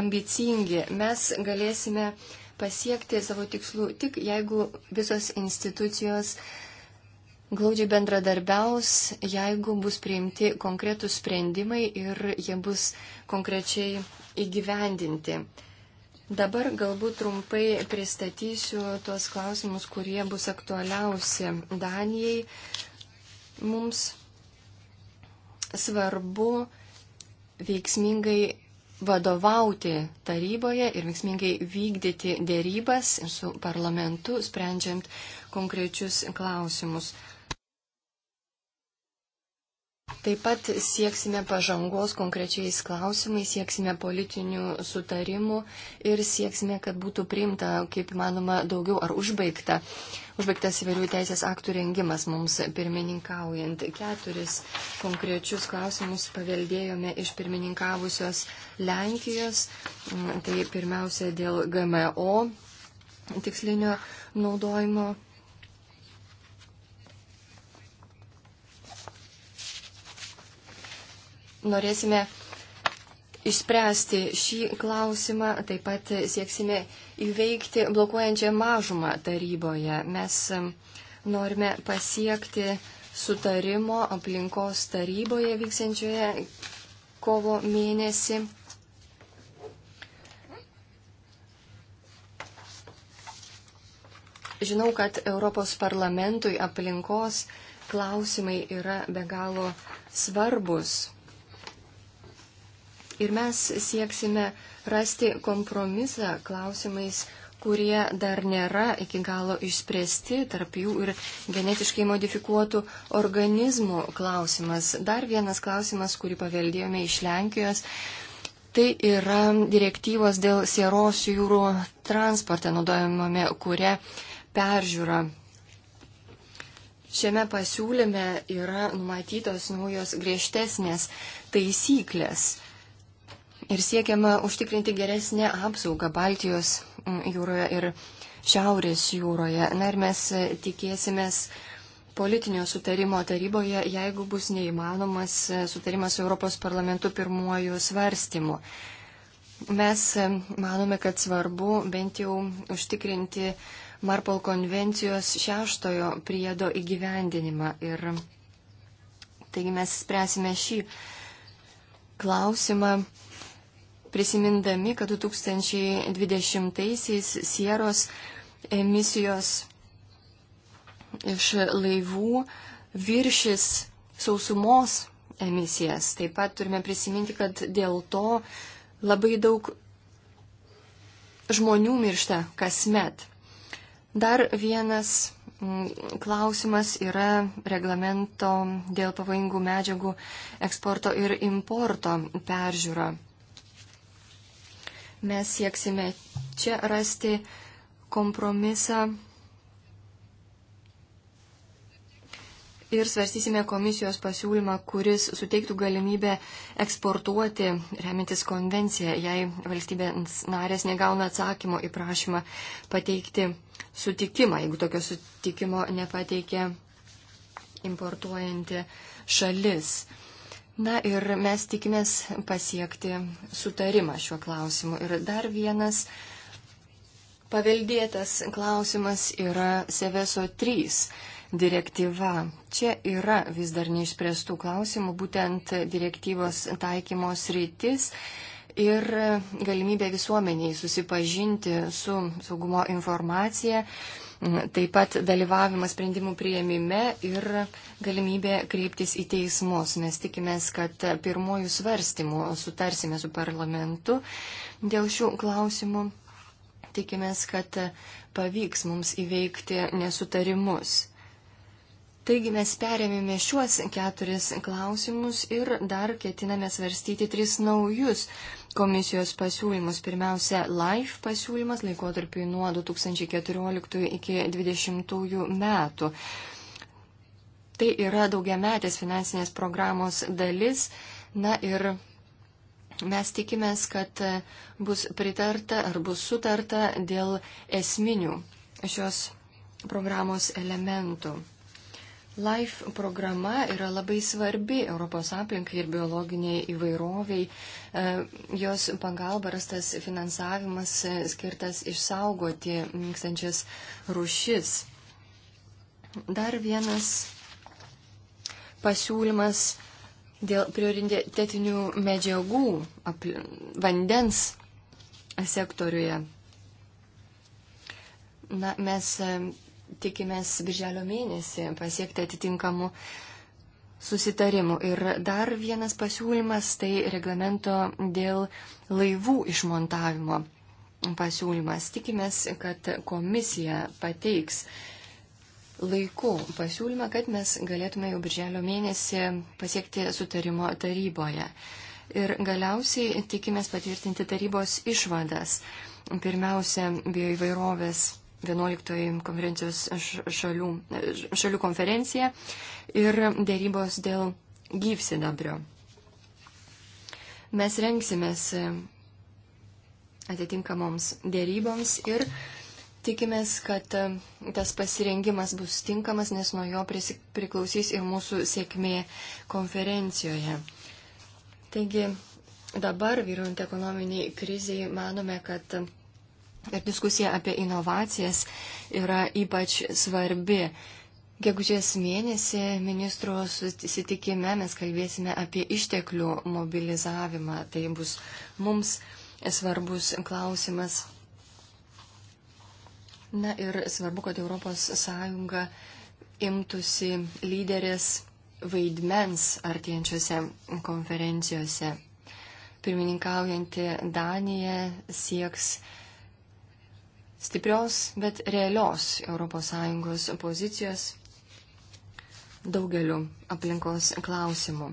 ambicingi. Mes galėsime pasiekti savo tikslų tik jeigu visos institucijos uh, glaudžiai bendradarbiaus, jeigu bus priimti konkretūs sprendimai ir jie bus konkrečiai įgyvendinti. Dabar galbūt trumpai pristatysiu tuos klausimus, kurie bus aktualiausi Danijai. Mums svarbu veiksmingai vadovauti taryboje ir veiksmingai vykdyti dėrybas su parlamentu, sprendžiant konkrečius klausimus. Taip pat sieksime pažangos konkrečiais klausimais, sieksime politinių sutarimų ir sieksime, kad būtų priimta, kaip manoma, daugiau ar užbaigta. Užbaigtas įvairių teisės aktų rengimas mums pirmininkaujant. Keturis konkrečius klausimus paveldėjome iš pirmininkavusios Lenkijos. Mm, tai pirmiausia dėl GMO tikslinio naudojimo norėsime išspręsti šį klausimą, taip pat sieksime įveikti blokuojančią mažumą taryboje. Mes norime pasiekti sutarimo aplinkos taryboje vyksiančioje kovo mėnesį. Žinau, kad Europos parlamentui aplinkos klausimai yra be galo svarbus. Ir mes sieksime rasti kompromisą klausimais, kurie dar nėra iki galo išspręsti, tarp jų ir genetiškai modifikuotų organizmų klausimas. Dar vienas klausimas, kurį paveldėjome iš Lenkijos. Tai yra direktyvos dėl sieros jūrų transporte naudojamame, kuria peržiūra. Šiame pasiūlyme yra numatytos naujos griežtesnės taisyklės ir siekiama užtikrinti geresnę apsaugą Baltijos mm, jūroje ir Šiaurės jūroje. Na ir mes e, tikėsimės politinio sutarimo taryboje, jeigu bus neįmanomas e, sutarimas su Europos parlamentu pirmuoju svarstymu. Mes e, manome, kad svarbu bent jau užtikrinti Marpol konvencijos šeštojo priedo įgyvendinimą. Ir taigi mes spręsime šį klausimą prisimindami, kad 2020-aisiais sieros emisijos iš laivų viršis sausumos emisijas. Taip pat turime prisiminti, kad dėl to labai daug žmonių miršta kasmet. Dar vienas mm, klausimas yra reglamento dėl pavojingų medžiagų eksporto ir importo peržiūra. Mes sieksime čia rasti kompromisą ir svarstysime komisijos pasiūlymą, kuris suteiktų galimybę eksportuoti, remintis konvenciją, jei valstybės narės negauna atsakymo į prašymą pateikti sutikimą, jeigu tokio sutikimo nepateikė importuojanti šalis. Na ir mes tikimės pasiekti sutarimą šiuo klausimu. Ir dar vienas paveldėtas klausimas yra Seveso 3 direktyva. Čia yra vis dar neišspręstų klausimų, būtent direktyvos taikymos rytis ir galimybė visuomeniai susipažinti su saugumo informacija Taip pat dalyvavimas sprendimų prieimime ir galimybė kreiptis į teismus. Mes tikimės, kad pirmojų svarstymų sutarsime su parlamentu dėl šių klausimų. Tikimės, kad pavyks mums įveikti nesutarimus. Taigi mes perėmėme šiuos keturis klausimus ir dar ketiname svarstyti tris naujus komisijos pasiūlymus. Pirmiausia, LIFE pasiūlymas laikotarpiu nuo 2014 iki 2020 metų. Tai yra daugiametės finansinės programos dalis. Na ir mes tikimės, kad bus pritarta ar bus sutarta dėl esminių šios programos elementų. LIFE programa yra labai svarbi Europos aplinkai ir biologiniai įvairoviai. E, jos pagalba rastas finansavimas e, skirtas išsaugoti mykstančias rušis. Dar vienas pasiūlymas dėl prioritetinių medžiagų vandens sektoriuje. Na, mes e, tikimės birželio mėnesį pasiekti atitinkamų susitarimų. Ir dar vienas pasiūlymas tai reglamento dėl laivų išmontavimo pasiūlymas. Tikimės, kad komisija pateiks laiku pasiūlymą, kad mes galėtume jau birželio mėnesį pasiekti sutarimo taryboje. Ir galiausiai tikimės patvirtinti tarybos išvadas. Pirmiausia, bioįvairovės 11 konferencijos šalių, šalių konferencija ir dėrybos dėl gyvsidabrio. Mes rengsimės atitinkamoms dėryboms ir tikimės, kad tas pasirengimas bus tinkamas, nes nuo jo priklausys ir mūsų sėkmė konferencijoje. Taigi dabar vyruojant ekonominiai kriziai manome, kad Ir diskusija apie inovacijas yra ypač svarbi. Gegužės mėnesį ministro susitikime mes kalbėsime apie išteklių mobilizavimą. Tai bus mums svarbus klausimas. Na ir svarbu, kad ES imtųsi lyderės vaidmens artėjančiose konferencijose. Pirmininkaujanti Danija sieks stiprios, bet realios ES pozicijos daugeliu aplinkos klausimų.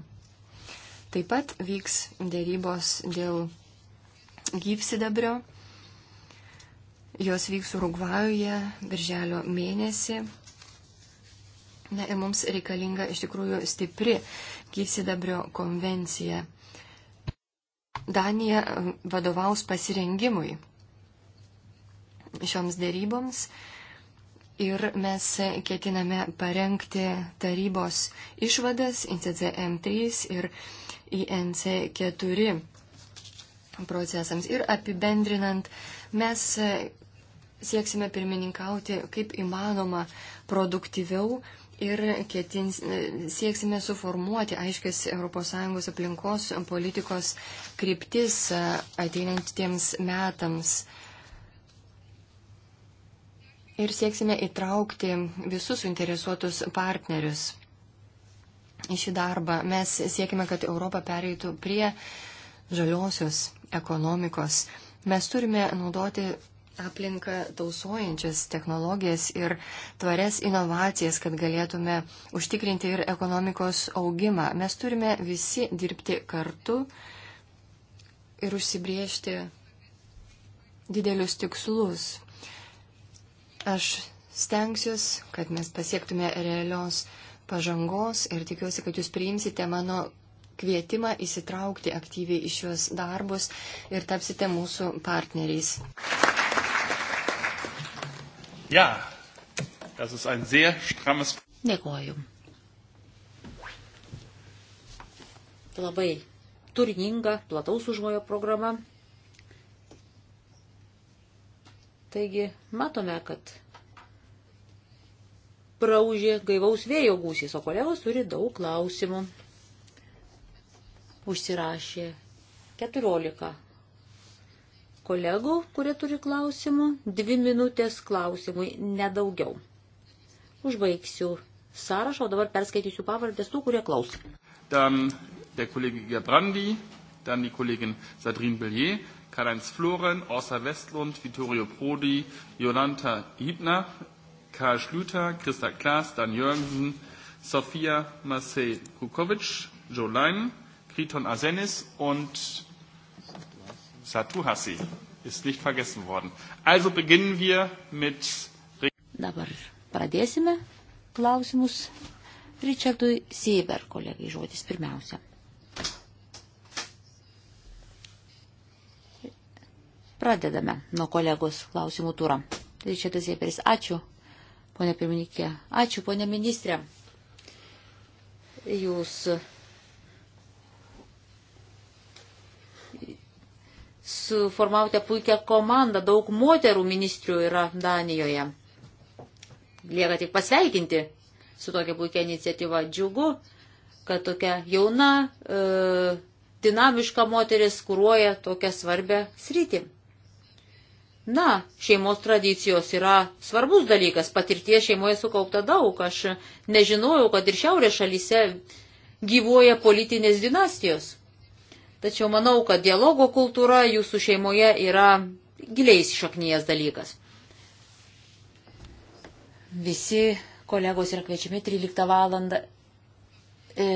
Taip pat vyks dėrybos dėl gyvsidabrio. Jos vyks Urugvajuje birželio mėnesį. Na ir mums reikalinga iš tikrųjų stipri gyvsidabrio konvencija. Danija vadovaus pasirengimui šioms dėryboms ir mes ketiname parengti tarybos išvadas INCCM3 ir INC4 procesams. Ir apibendrinant, mes sieksime pirmininkauti kaip įmanoma produktyviau ir ketins, sieksime suformuoti aiškės ES aplinkos politikos kryptis ateinantiems metams ir sieksime įtraukti visus suinteresuotus partnerius į šį darbą. Mes siekime, kad Europa pereitų prie žaliosios ekonomikos. Mes turime naudoti aplinką tausojančias technologijas ir tvarias inovacijas, kad galėtume užtikrinti ir ekonomikos augimą. Mes turime visi dirbti kartu ir užsibriežti didelius tikslus Aš stengsiuosi, kad mes pasiektume realios pažangos ir tikiuosi, kad jūs priimsite mano kvietimą įsitraukti aktyviai į šiuos darbus ir tapsite mūsų partneriais. Ja, das ist ein sehr strammes. Dėkoju. Labai turininga, plataus užmojo programa. Taigi matome, kad praužė gaivaus vėjo gūsys, o kolegos turi daug klausimų. Užsirašė 14 kolegų, kurie turi klausimų, dvi minutės klausimui, nedaugiau. Užbaigsiu sąrašą, o dabar perskaitysiu pavardės tų, kurie klausė. Dan der Kollege Gabrandi, dann die Kollegin Sadrin Bellier, Karl-Heinz Floren, Orsa Westlund, Vittorio Prodi, Jolanta Hiebner, Karl Schlüter, Christa Klaas, Dan Jörgensen, Sofia Marcel Kukovic, Joe Leinen, Kriton Arsenis und Satu Hassi. Ist nicht vergessen worden. Also beginnen wir mit. Dabar pradėsime klausimus. Richardui Sieber, kolegai, žodis pirmiausia. Pradedame nuo kolegos klausimų turą. Ričardas Jėperis, ačiū, ponė pirmininkė. Ačiū, ponė ministrė. Jūs suformavote puikią komandą, daug moterų ministrių yra Danijoje. Lieka tik pasveikinti su tokia puikia iniciatyva. Džiugu, kad tokia jauna, e, dinamiška moteris kūruoja tokią svarbę sritį. Na, šeimos tradicijos yra svarbus dalykas, patirties šeimoje sukaupta daug. Aš nežinojau, kad ir šiaurės šalyse gyvoja politinės dinastijos. Tačiau manau, kad dialogo kultūra jūsų šeimoje yra giliai išaknyjas dalykas. Visi kolegos yra kviečiami 13 valandą. E,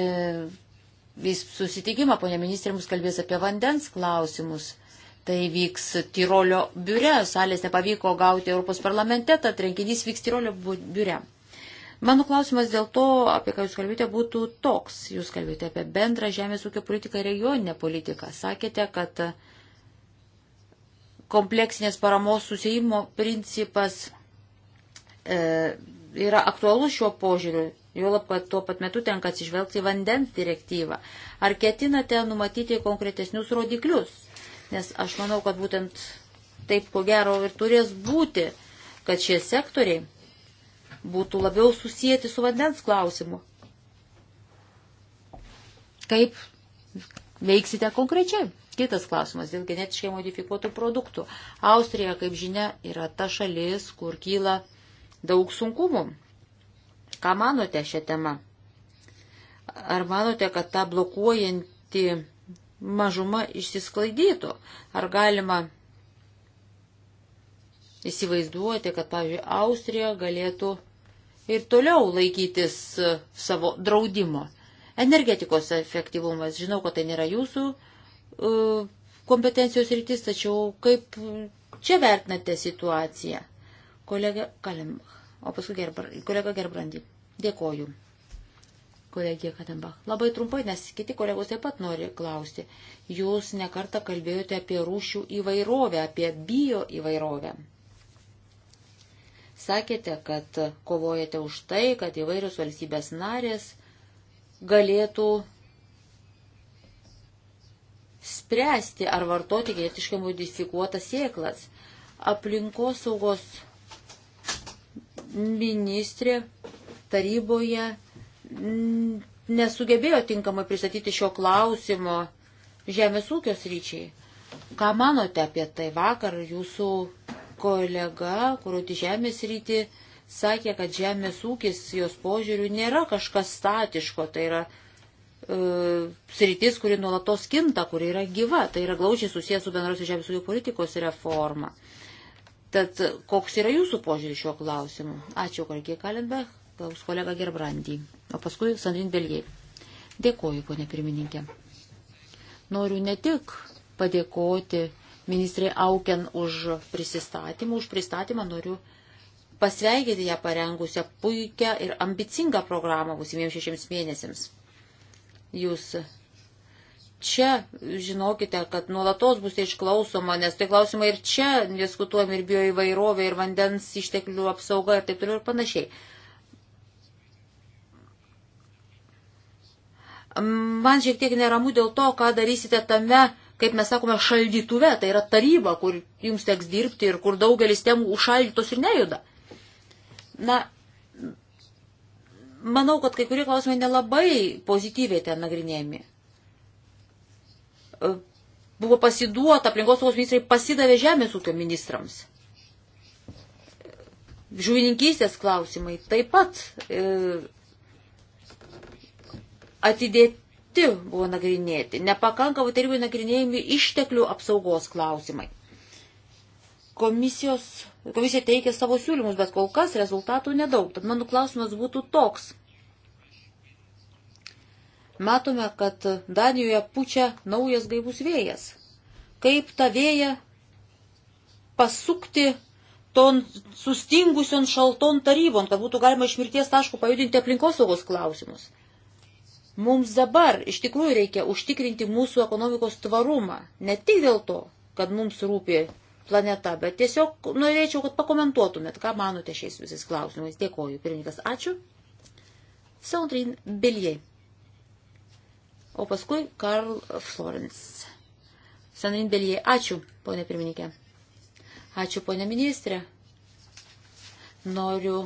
vis susitikimą, ponė ministrė, mus kalbės apie vandens klausimus. Tai vyks Tirolio biure, salės nepavyko gauti Europos parlamente, tad renginys vyks Tirolio biure. Mano klausimas dėl to, apie ką jūs kalbėjote, būtų toks. Jūs kalbėjote apie bendrą žemės ūkio politiką ir regioninę politiką. Sakėte, kad kompleksinės paramos susijimo principas e, yra aktualus šiuo požiūriu, jau lab, kad tuo pat metu tenka atsižvelgti į vandens direktyvą. Ar ketinate numatyti konkretesnius rodiklius Nes aš manau, kad būtent taip ko gero ir turės būti, kad šie sektoriai būtų labiau susijęti su vandens klausimu. Kaip veiksite konkrečiai? Kitas klausimas dėl genetiškai modifikuotų produktų. Austrija, kaip žinia, yra ta šalis, kur kyla daug sunkumų. Ką manote šią temą? Ar manote, kad ta blokuojanti mažuma išsisklaidytų. Ar galima įsivaizduoti, kad, pavyzdžiui, Austrija galėtų ir toliau laikytis e, savo draudimo. Energetikos efektyvumas, žinau, kad tai nėra jūsų e, kompetencijos rytis, tačiau kaip čia vertinate situaciją? Kolega Kalim, o paskui gerbar, kolega Gerbrandi, dėkoju kolegija Kadenbach. Labai trumpai, nes kiti kolegos taip pat nori klausti. Jūs nekartą kalbėjote apie rūšių įvairovę, apie bio įvairovę. Sakėte, kad kovojate už tai, kad įvairius valstybės narės galėtų spręsti ar vartoti genetiškai modifikuotas sėklas. Aplinkosaugos ministrė taryboje nesugebėjo tinkamai pristatyti šio klausimo žemės ūkio sryčiai. Ką manote apie tai vakar jūsų kolega, kuruoti žemės rytį, sakė, kad žemės ūkis jos požiūrių nėra kažkas statiško, tai yra e, sritis, kuri nuolatos kinta, kuri yra gyva, tai yra glaučiai susijęs su bendrosios žemės ūkio politikos reforma. Tad koks yra jūsų požiūris šiuo klausimu? Ačiū, kolegė Kalenbech klaus kolega Gerbrandį, o paskui Sandrin Belgiai. Dėkoju, ponė pirmininkė. Noriu ne tik padėkoti ministrė Auken už prisistatymą, už pristatymą noriu pasveikinti ją parengusią puikią ir ambicingą programą būsimiems šešiems mėnesiams. Jūs čia žinokite, kad nuolatos bus išklausoma, nes tai klausimai ir čia diskutuojam ir bioįvairovė, ir vandens išteklių apsauga ir taip toliau ir panašiai. Man šiek tiek neramu dėl to, ką darysite tame, kaip mes sakome, šaldytuve. Tai yra taryba, kur jums teks dirbti ir kur daugelis temų užšaldytos ir nejuda. Na, manau, kad kai kurie klausimai nelabai pozityviai ten nagrinėjami. E, buvo pasiduota, aplinkos saugos ministrai pasidavė žemės ūkio ministrams. Žuvininkystės klausimai taip pat. E, atidėti buvo nagrinėti, nepakankavo tarybai nagrinėjami išteklių apsaugos klausimai. Komisijos, komisija teikia savo siūlymus, bet kol kas rezultatų nedaug. Tad mano klausimas būtų toks. Matome, kad Danijoje pučia naujas gaivus vėjas. Kaip tą vėją pasukti ton sustingusion šalton tarybon, kad būtų galima iš mirties taškų pajudinti aplinkosaugos klausimus. Mums dabar iš tikrųjų reikia užtikrinti mūsų ekonomikos tvarumą. Ne tik dėl to, kad mums rūpi planeta, bet tiesiog norėčiau, kad pakomentuotumėt, ką manote šiais visais klausimais. Dėkoju, pirmininkas. Ačiū. Saundrin Biljai. O paskui Karl Florence. Saundrin Biljai. Ačiū, ponė pirmininkė. Ačiū, ponė ministrė. Noriu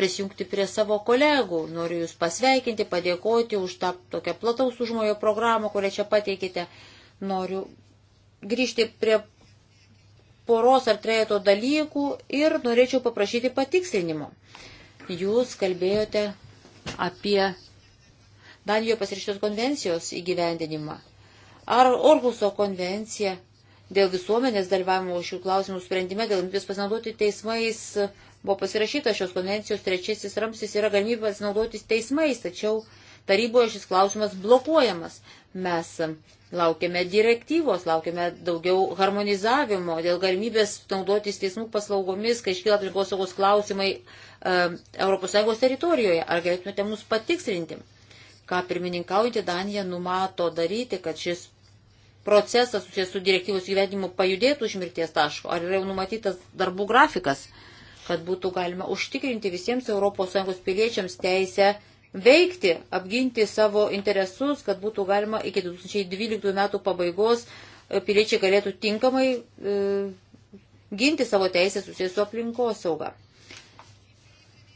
prisijungti prie savo kolegų. Noriu Jūs pasveikinti, padėkoti už tą tokią plataus užmojo programą, kurią čia pateikite. Noriu grįžti prie poros ar trejato dalykų ir norėčiau paprašyti patikslinimo. Jūs kalbėjote apie Danijoje pasirašytos konvencijos įgyvendinimą. Ar Orhuso konvencija dėl visuomenės dalyvavimo šių klausimų sprendime, dėl imtis pasinaudoti teismais, buvo pasirašyta šios konvencijos trečiasis ramsis, yra galimybė pasinaudoti teismais, tačiau taryboje šis klausimas blokuojamas. Mes laukiame direktyvos, laukiame daugiau harmonizavimo dėl galimybės naudotis teismų paslaugomis, kai iškyla aplinkos saugos klausimai uh, ES teritorijoje. Ar galėtumėte mus patikslinti, ką pirmininkaujantį Daniją numato daryti, kad šis procesas susijęs su direktyvos gyvenimu pajudėtų iš mirties taško? Ar yra jau numatytas darbų grafikas, kad būtų galima užtikrinti visiems ES piliečiams teisę veikti, apginti savo interesus, kad būtų galima iki 2012 metų pabaigos e, piliečiai galėtų tinkamai e, ginti savo teisę susijęs su aplinkos sauga.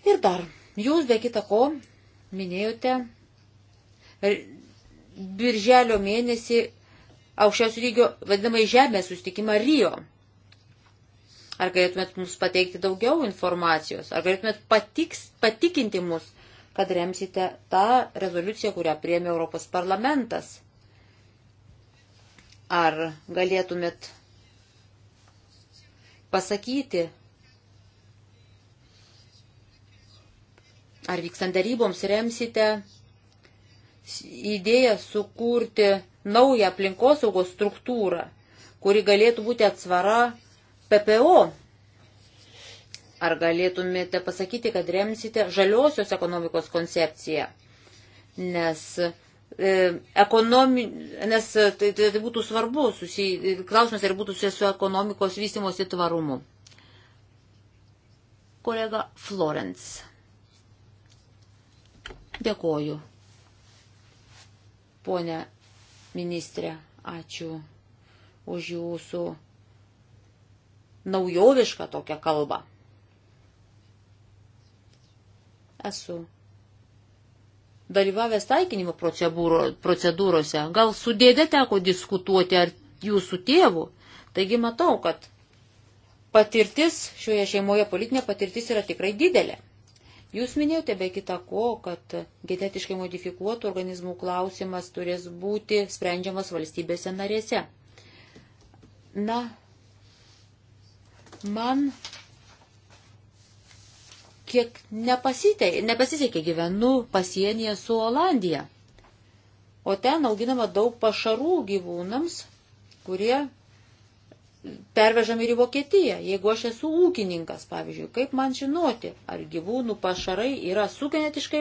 Ir dar, jūs be kita ko minėjote e, birželio mėnesį aukščiausių lygio vadinamai žemės sustikimą Rio. Ar galėtumėt mums pateikti daugiau informacijos? Ar galėtumėt patiks, patikinti mus, kad remsite tą rezoliuciją, kurią priemė Europos parlamentas? Ar galėtumėt pasakyti, ar vykstant daryboms remsite idėją sukurti naują aplinkosaugos struktūrą, kuri galėtų būti atsvara PPO. Ar galėtumėte pasakyti, kad remsite žaliosios ekonomikos koncepciją? Nes, e, ekonomi, nes tai, tai, tai būtų svarbu, susi, klausimas ir būtų susijęs su ekonomikos vystimosi tvarumu. Kolega Florence. Dėkoju. Pone ministrė. Ačiū už jūsų naujovišką tokią kalbą. Esu dalyvavęs taikinimo procedūrose. Gal su dėde teko diskutuoti ar jūsų tėvų. Taigi matau, kad patirtis šioje šeimoje politinė patirtis yra tikrai didelė. Jūs minėjote be kita ko, kad genetiškai modifikuotų organizmų klausimas turės būti sprendžiamas valstybėse narėse. Na, man kiek nepasitė, nepasisekė gyvenu pasienyje su Olandija. O ten auginama daug pašarų gyvūnams, kurie pervežami ir į Vokietiją. Jeigu aš esu ūkininkas, pavyzdžiui, kaip man žinoti, ar gyvūnų pašarai yra su genetiškai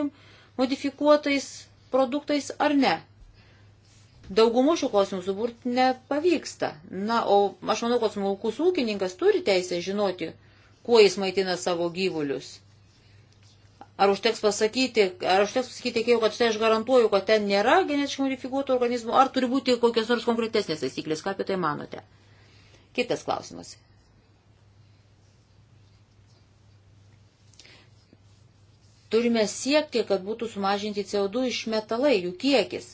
modifikuotais produktais ar ne. Daugumų šių klausimų suburti nepavyksta. Na, o aš manau, kad smulkus ūkininkas turi teisę žinoti, kuo jis maitina savo gyvulius. Ar užteks pasakyti, ar užteks pasakyti tiekėjų, kad štai aš garantuoju, kad ten nėra genetiškai modifikuotų organizmų, ar turi būti kokios nors konkretesnės taisyklės, ką apie tai manote? Kitas klausimas. Turime siekti, kad būtų sumažinti CO2 iš metalai, jų kiekis.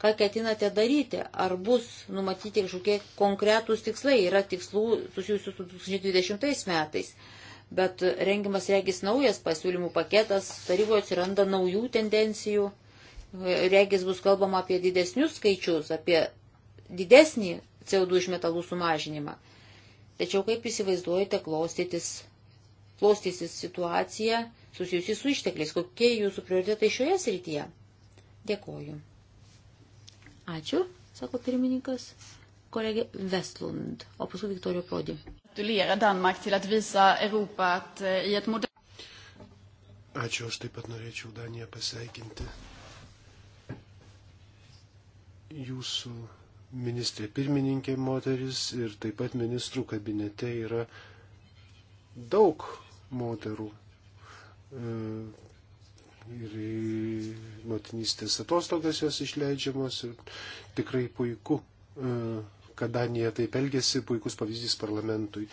Ką ketinate daryti? Ar bus numatyti kažkokie konkretūs tikslai? Yra tikslų susijusių su 2020 metais bet rengimas regis naujas pasiūlymų paketas, taryboje atsiranda naujų tendencijų, regis bus kalbama apie didesnius skaičius, apie didesnį CO2 iš metalų sumažinimą. Tačiau kaip įsivaizduojate klostytis, klostytis situacija susijusi su ištekliais, kokie jūsų prioritetai šioje srityje? Dėkoju. Ačiū, sako pirmininkas, kolegė Vestlund, o paskui Viktorijo Prodi. Eh, Ačiū, aš taip pat norėčiau Daniją pasveikinti jūsų ministrė pirmininkė moteris ir taip pat ministrų kabinete yra daug moterų. E, ir motinystės atostogas jos išleidžiamos ir tikrai puiku, e, kad Danija taip elgesi, puikus pavyzdys parlamentui.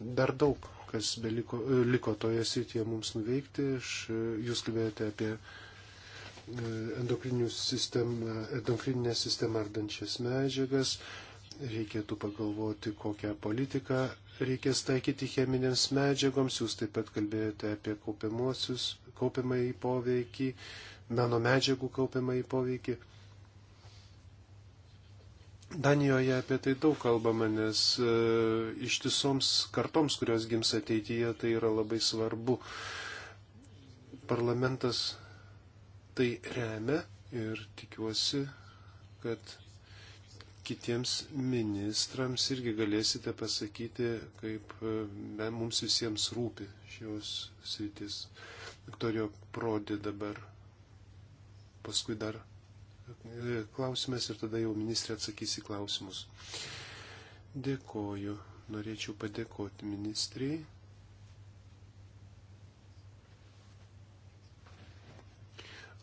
Dar daug kas beliko, e, liko toje srityje mums nuveikti. Aš, jūs kalbėjote apie sistemą, endokrininę sistemą ardančias medžiagas, reikėtų pagalvoti, kokią politiką reikės taikyti cheminėms medžiagoms, jūs taip pat kalbėjote apie kaupiamuosius, kaupiamąjį poveikį, nano medžiagų kaupiamąjį poveikį. Danijoje apie tai daug kalbama, nes e, ištisoms kartoms, kurios gims ateityje, tai yra labai svarbu. Parlamentas tai remia ir tikiuosi, kad kitiems ministrams irgi galėsite pasakyti, kaip e, me, mums visiems rūpi šios sritis. Viktorijo Prodi dabar, paskui dar e, klausimas ir tada jau ministrė atsakys į klausimus. Dėkoju, norėčiau padėkoti ministrijai.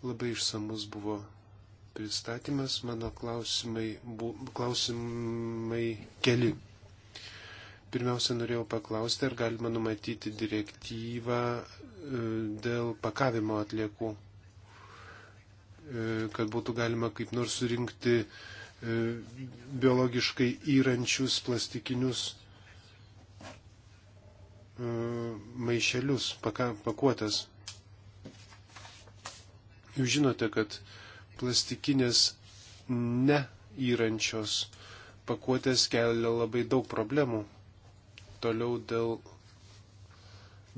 Labai išsamus buvo pristatymas, mano klausimai, bu, klausimai keli. Pirmiausia, norėjau paklausti, ar galima numatyti direktyvą e, dėl pakavimo atliekų, e, kad būtų galima kaip nors surinkti e, biologiškai įrančius plastikinius maišelius, pakuotas. Jūs žinote, kad plastikinės neįrančios pakuotės kelia labai daug problemų. Toliau dėl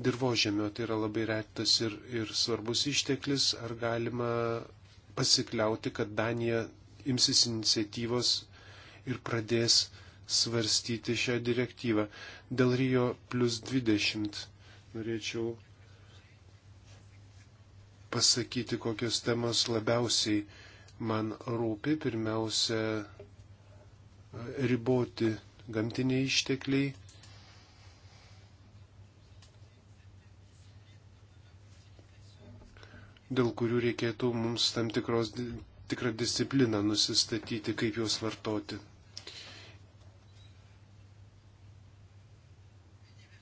dirbožėmio tai yra labai retas ir, ir svarbus išteklis. Ar galima pasikliauti, kad Danija imsis iniciatyvos ir pradės svarstyti šią direktyvą. Dėl Rio plus 20 norėčiau pasakyti, kokios temos labiausiai man rūpi. Pirmiausia, riboti gamtiniai ištekliai. dėl kurių reikėtų mums tam tikros, tikrą discipliną nusistatyti, kaip juos vartoti.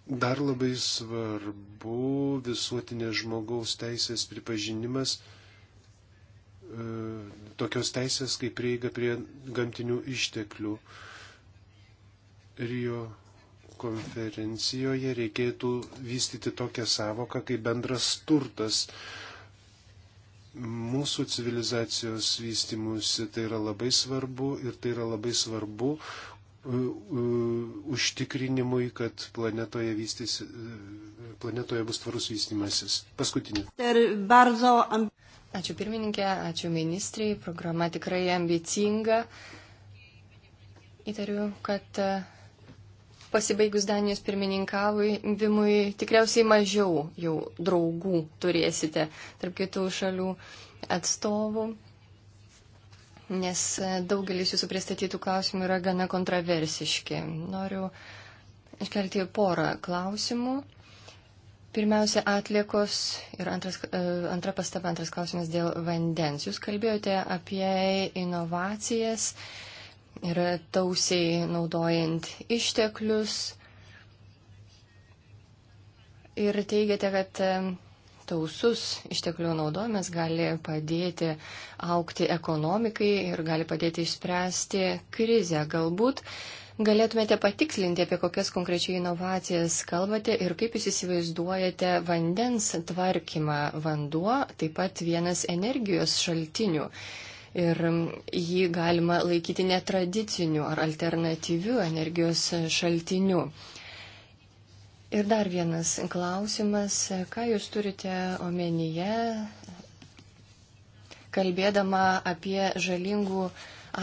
Dar labai svarbu visuotinės žmogaus teisės pripažinimas, e, tokios teisės kaip prieiga prie gamtinių išteklių. Rio konferencijoje reikėtų vystyti tokią savoką kaip bendras turtas. Mūsų civilizacijos vystimusi tai yra labai svarbu ir tai yra labai svarbu užtikrinimui, kad planetoje, vystys, e, planetoje bus tvarus vystimasis. Paskutinį. Ačiū pirmininkė, ačiū ministrai, programa tikrai ambicinga. Įtariu, kad e, pasibaigus Danijos pirmininkavimui tikriausiai mažiau jau draugų turėsite tarp kitų šalių atstovų nes e, daugelis jūsų pristatytų klausimų yra gana kontroversiški. Noriu iškelti porą klausimų. Pirmiausia, atliekos ir antras, e, antra pastaba, antras klausimas dėl vandens. Jūs kalbėjote apie inovacijas ir tausiai naudojant išteklius ir teigiate, kad e, tausus išteklių naudojimas gali padėti aukti ekonomikai ir gali padėti išspręsti krizę. Galbūt galėtumėte patikslinti, apie kokias konkrečiai inovacijas kalbate ir kaip jūs įsivaizduojate vandens tvarkymą. Vanduo taip pat vienas energijos šaltinių. Ir jį galima laikyti netradiciniu ar alternatyviu energijos šaltiniu. Ir dar vienas klausimas. Ką Jūs turite omenyje, kalbėdama apie žalingų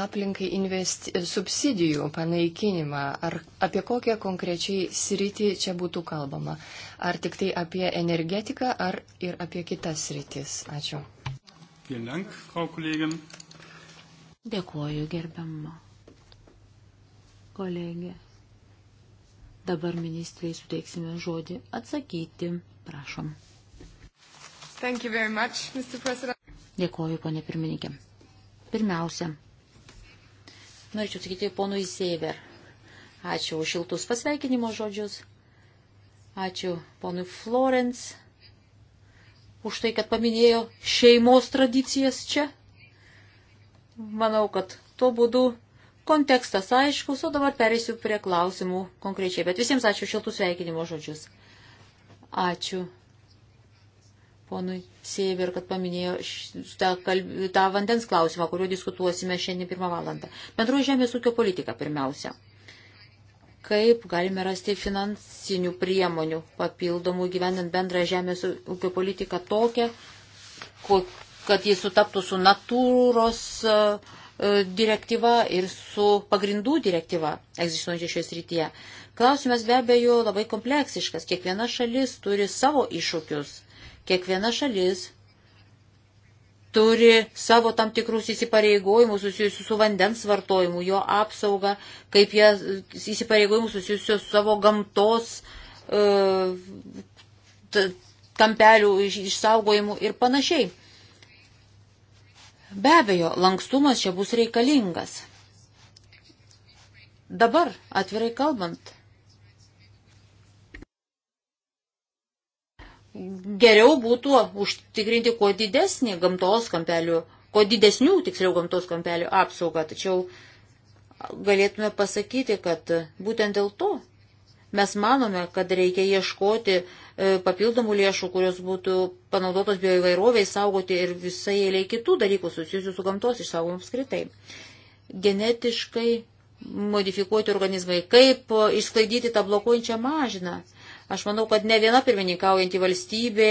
aplinkai investi... subsidijų panaikinimą? Ar apie kokią konkrečiai sritį čia būtų kalbama? Ar tik tai apie energetiką, ar ir apie kitas sritis? Ačiū. Dank, Dėkuoju, gerbiamą kolegė. Dabar ministrai suteiksime žodį atsakyti. Prašom. Much, Dėkuoju, ponė pirmininkė. Pirmiausia, norėčiau sakyti ponui Seiver. Ačiū už šiltus pasveikinimo žodžius. Ačiū ponui Florence už tai, kad paminėjo šeimos tradicijas čia. Manau, kad tuo būdu Kontekstas aiškus, o dabar perėsiu prie klausimų konkrečiai. Bet visiems ačiū šiltų sveikinimo žodžius. Ačiū ponui Sėber, kad paminėjo tą, kalb... tą vandens klausimą, kuriuo diskutuosime šiandien pirmą valandą. Bendro žemės ūkio politika pirmiausia. Kaip galime rasti finansinių priemonių papildomų gyvenant bendrą žemės ūkio politiką tokią, kad jis sutaptų su natūros uh, E, direktyva ir su pagrindų direktyva egzistuojančia šioje srityje. Klausimas be abejo labai kompleksiškas. Kiekviena šalis turi savo iššūkius. Kiekviena šalis turi savo tam tikrus įsipareigojimus susijusius su vandens vartojimu, jo apsauga, kaip jie įsipareigojimus susijusius su savo gamtos kampelių e, išsaugojimu ir panašiai. Be abejo, lankstumas čia bus reikalingas. Dabar, atvirai kalbant, geriau būtų užtikrinti kuo didesnį gamtos kampelių, kuo didesnių, tiksliau, gamtos kampelių apsaugą. Tačiau galėtume pasakyti, kad būtent dėl to Mes manome, kad reikia ieškoti e, papildomų lėšų, kurios būtų panaudotos bioįvairoviai saugoti ir visai eiliai kitų dalykų susijusių su gamtos išsaugomu apskritai. Genetiškai modifikuoti organizmai, kaip išsklaidyti tą blokuojančią mažiną. Aš manau, kad ne viena pirmininkaujanti valstybė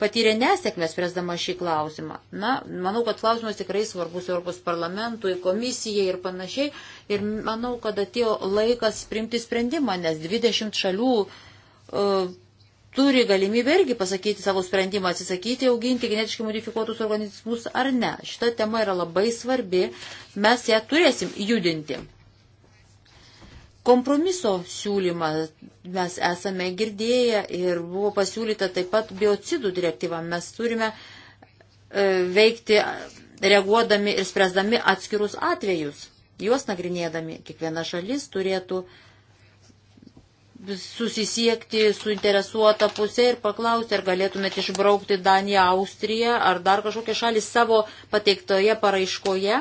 patyrė nesėkmės presdama šį klausimą. Na, manau, kad klausimas tikrai svarbus Europos parlamentui, komisijai ir panašiai. Ir manau, kad atėjo laikas priimti sprendimą, nes 20 šalių uh, turi galimybę irgi pasakyti savo sprendimą, atsisakyti auginti genetiškai modifikuotus organizmus ar ne. Šita tema yra labai svarbi, mes ją turėsim judinti kompromiso siūlymą. Mes esame girdėję ir buvo pasiūlyta taip pat biocidų direktyva. Mes turime e, veikti reaguodami ir spręsdami atskirus atvejus. Juos nagrinėdami kiekviena šalis turėtų susisiekti su interesuota pusė ir paklausti, ar galėtumėt išbraukti Daniją, Austriją ar dar kažkokią šalį savo pateiktoje paraiškoje.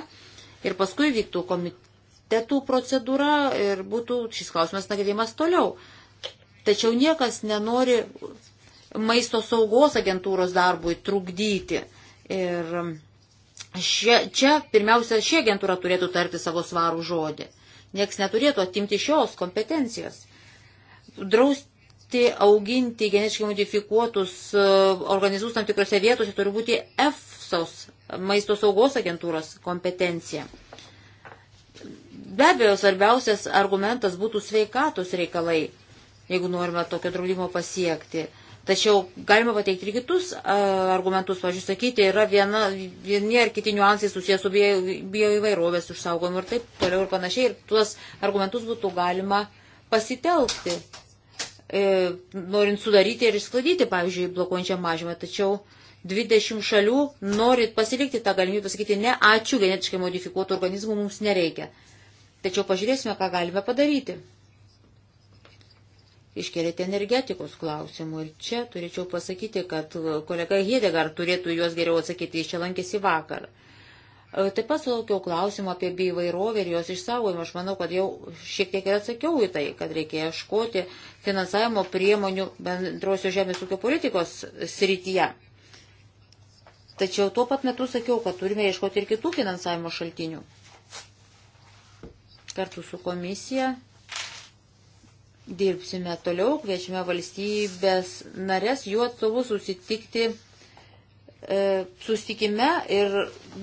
Ir paskui vyktų komit komitetų procedūra ir būtų šis klausimas nagrinėjimas toliau. Tačiau niekas nenori maisto saugos agentūros darbui trukdyti. Ir šie, čia pirmiausia, ši agentūra turėtų tarti savo svarų žodį. Niekas neturėtų atimti šios kompetencijos. Drausti auginti genetiškai modifikuotus e, organizus tam tikrose vietose turi būti EFSOS maisto saugos agentūros kompetencija. Be abejo, svarbiausias argumentas būtų sveikatos reikalai, jeigu norime tokio draudimo pasiekti. Tačiau galima pateikti ir kitus argumentus, pažiūrėjau, sakyti, yra viena, vieni ar kiti niuansai susijęs su bioįvairovės bio išsaugojimu ir taip toliau ir panašiai. Ir tuos argumentus būtų galima pasitelkti, e, norint sudaryti ir išsklaidyti, pavyzdžiui, blokuojančią mažymą. Tačiau 20 šalių norit pasilikti tą galimybę pasakyti, ne, ačiū, genetiškai modifikuotų organizmų mums nereikia. Tačiau pažiūrėsime, ką galime padaryti. Iškelėte energetikos klausimų ir čia turėčiau pasakyti, kad kolega Hiedegar turėtų juos geriau atsakyti, jis čia lankėsi vakar. E, taip pat sulaukiau klausimą apie bivairovę ir jos išsaugojimą. Aš manau, kad jau šiek tiek ir atsakiau į tai, kad reikia ieškoti finansavimo priemonių bendrosios žemės ūkio politikos srityje. Tačiau tuo pat metu sakiau, kad turime ieškoti ir kitų finansavimo šaltinių kartu su komisija dirbsime toliau, kviečiame valstybės narės jų atstovų susitikti e, susitikime ir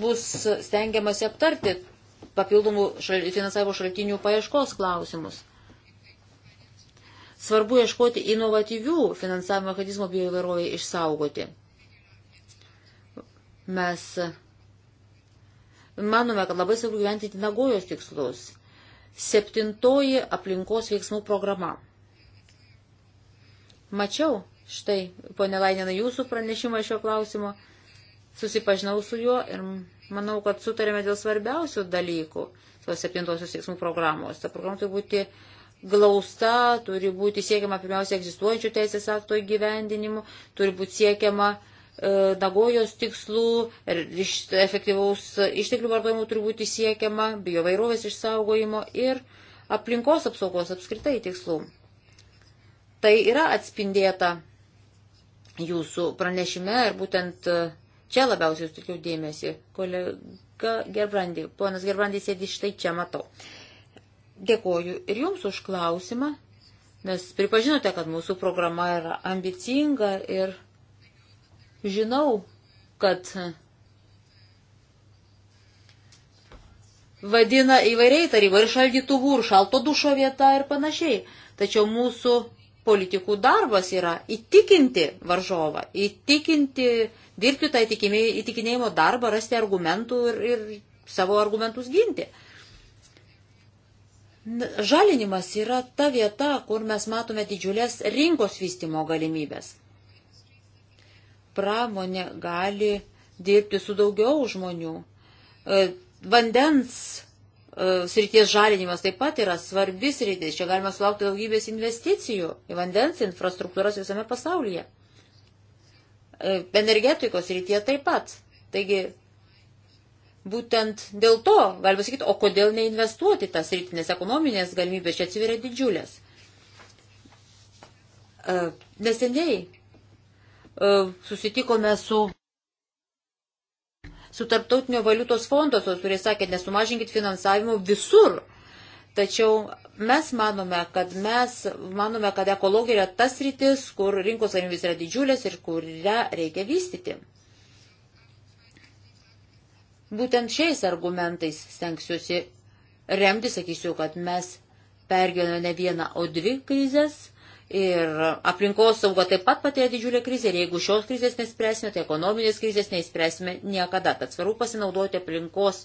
bus stengiamasi aptarti papildomų šal, finansavimo šaltinių paieškos klausimus. Svarbu ieškoti inovatyvių finansavimo mechanizmų bioįvairoviai išsaugoti. Mes manome, kad labai svarbu gyventi nagojos tikslus Septintoji aplinkos veiksmų programa. Mačiau, štai, ponė Lainina, jūsų pranešimą šio klausimo, susipažinau su juo ir manau, kad sutarėme dėl svarbiausių dalykų tos septintosios veiksmų programos. Ta programa turi būti glausta, turi būti siekiama pirmiausia egzistuojančių teisės akto įgyvendinimu, turi būti siekiama uh, E, Nagojos tikslų, er, efektyvaus išteklių vartojimo turi būti siekiama, biovairovės išsaugojimo ir aplinkos apsaugos apskritai tikslų. Tai yra atspindėta jūsų pranešime ir būtent e, čia labiausiai sutikiau dėmesį. Kolega Gerbrandi, ponas Gerbrandi sėdi štai čia, matau. Dėkoju ir jums už klausimą, nes pripažinote, kad mūsų programa yra ambicinga ir Žinau, kad vadina įvairiai taryba ir šaldytuvų, ir šalto dušo vieta ir panašiai. Tačiau mūsų politikų darbas yra įtikinti varžovą, įtikinti, dirbti tą įtikinėjimo darbą, rasti argumentų ir, ir savo argumentus ginti. Žalinimas yra ta vieta, kur mes matome didžiulės rinkos vystimo galimybės pramonė gali dirbti su daugiau žmonių. E, vandens e, srities žalinimas taip pat yra svarbis rytis. Čia galima sulaukti daugybės investicijų į vandens infrastruktūras visame pasaulyje. E, energetikos rytyje taip pat. Taigi, būtent dėl to, galima sakyti, o kodėl neinvestuoti tas rytinės ekonominės galimybės čia atsiveria didžiulės. Neseniai E, susitikome su su tarptautinio valiutos fondos, kurie sakė, nesumažinkit finansavimo visur. Tačiau mes manome, kad mes manome, kad ekologija yra tas rytis, kur rinkos galimybės yra didžiulės ir kurią reikia vystyti. Būtent šiais argumentais stengsiuosi remti, sakysiu, kad mes pergyvenome ne vieną, o dvi krizės Ir aplinkos sauga taip pat patiria didžiulę krizę ir jeigu šios krizės nespręsime, tai ekonominės krizės neįspręsime niekada. Tad svarbu pasinaudoti aplinkos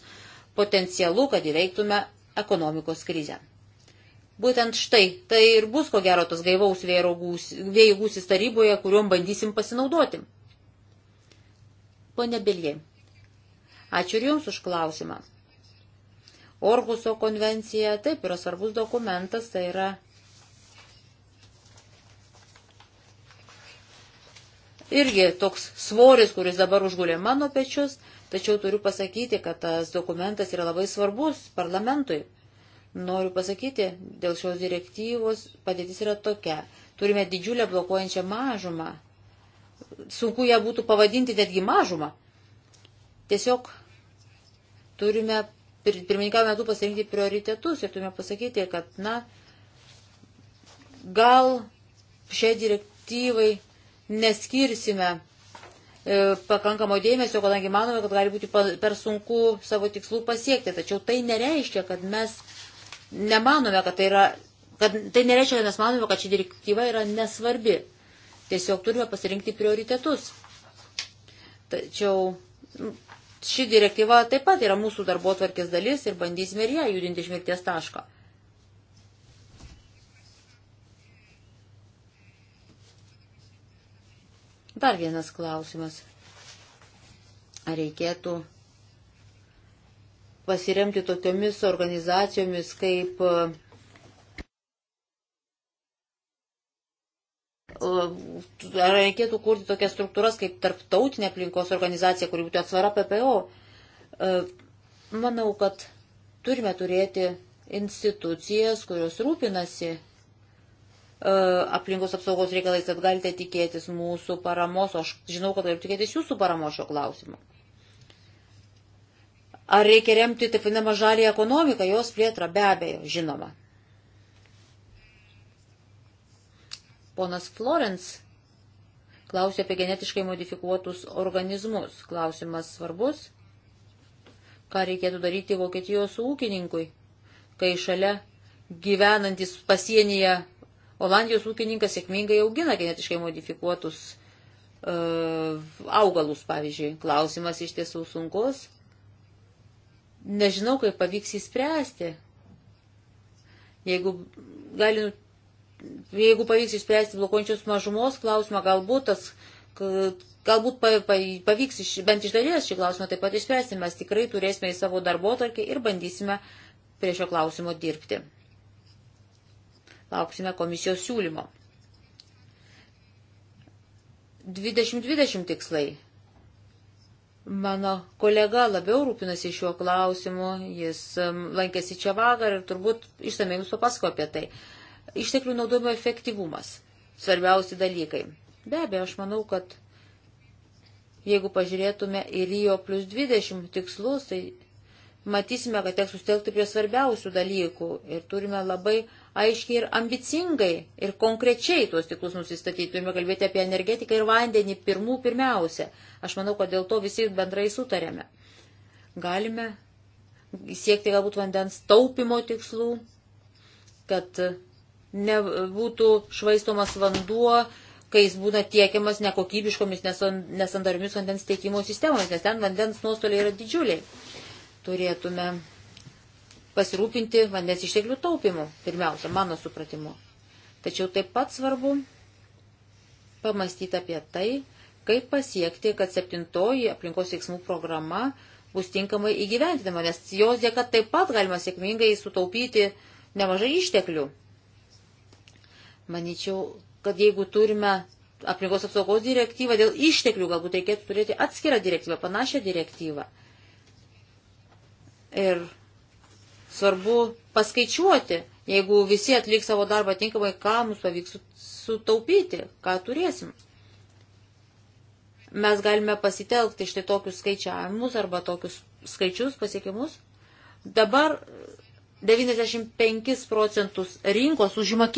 potencialu, kad įveiktume ekonomikos krizę. Būtent štai, tai ir bus ko gero tos gaivaus vėjo gūsis taryboje, kuriuom bandysim pasinaudoti. Pone Bilie, ačiū ir Jums už klausimą. Orguso konvencija taip yra svarbus dokumentas, tai yra irgi toks svoris, kuris dabar užgulė mano pečius, tačiau turiu pasakyti, kad tas dokumentas yra labai svarbus parlamentui. Noriu pasakyti, dėl šios direktyvos padėtis yra tokia. Turime didžiulę blokuojančią mažumą. Sunku ją būtų pavadinti netgi mažumą. Tiesiog turime pirmininkavimo metu pasirinkti prioritetus ir turime pasakyti, kad, na, gal šiai direktyvai neskirsime e, pakankamo dėmesio, kadangi manome, kad gali būti per sunku savo tikslų pasiekti. Tačiau tai nereiškia, kad mes nemanome, kad tai yra, kad tai nereiškia, kad mes manome, kad ši direktyva yra nesvarbi. Tiesiog turime pasirinkti prioritetus. Tačiau nu, ši direktyva taip pat yra mūsų darbo tvarkės dalis ir bandysime ir ją judinti iš mirties tašką. Dar vienas klausimas. Ar reikėtų pasiremti tokiomis organizacijomis kaip e, ar reikėtų kurti tokias struktūras kaip tarptautinė aplinkos organizacija, kuri būtų atsvara PPO. E, manau, kad turime turėti institucijas, kurios rūpinasi E, aplinkos apsaugos reikalais, kad galite tikėtis mūsų paramos, o aš žinau, kad galiu tikėtis jūsų paramos šio klausimu. Ar reikia remti taip vadinamą žalį ekonomiką, jos plėtrą be abejo, žinoma. Ponas Florence klausė apie genetiškai modifikuotus organizmus. Klausimas svarbus. Ką reikėtų daryti Vokietijos ūkininkui, kai šalia gyvenantis pasienyje Olandijos ūkininkas sėkmingai augina genetiškai modifikuotus uh, augalus, pavyzdžiui. Klausimas iš tiesų sunkus. Nežinau, kaip pavyks įspręsti. Jeigu, gali, nu, jeigu pavyks išspręsti blokuojančios mažumos klausimą, galbūt tas galbūt pavyks iš, bent iš dalies šį klausimą taip pat išspręsti, mes tikrai turėsime į savo darbo tarkį ir bandysime prie šio klausimo dirbti. Lauksime komisijos siūlymo. 2020 tikslai. Mano kolega labiau rūpinasi šiuo klausimu, jis um, lankėsi čia vakar ir turbūt išsamei jums papasako apie tai. Išteklių naudojimo efektyvumas. Svarbiausi dalykai. Be abejo, aš manau, kad jeigu pažiūrėtume į Rio plus 20 tikslus, tai matysime, kad teks sustelkti prie svarbiausių dalykų ir turime labai aiškiai ir ambicingai ir konkrečiai tuos tiklus nusistatyti. Turime kalbėti apie energetiką ir vandenį pirmų pirmiausia. Aš manau, kad dėl to visi bendrai sutarėme. Galime siekti galbūt vandens taupimo tikslų, kad nebūtų švaistomas vanduo, kai jis būna tiekiamas nekokybiškomis, nesandariomis vandens tiekimo sistemomis, nes ten vandens nuostoliai yra didžiuliai. Turėtume pasirūpinti vandens išteklių taupimu, pirmiausia, mano supratimu. Tačiau taip pat svarbu pamastyti apie tai, kaip pasiekti, kad septintoji aplinkos veiksmų programa bus tinkamai įgyventinama, nes jos dėka taip pat galima sėkmingai sutaupyti nemažai išteklių. Manyčiau, kad jeigu turime aplinkos apsaugos direktyvą, dėl išteklių galbūt reikėtų turėti atskirą direktyvą, panašią direktyvą. Ir Svarbu paskaičiuoti, jeigu visi atliks savo darbą tinkamai, ką mums pavyks sutaupyti, ką turėsim. Mes galime pasitelkti štai tokius skaičiavimus arba tokius skaičius pasiekimus. Dabar 95 procentus rinkos užima.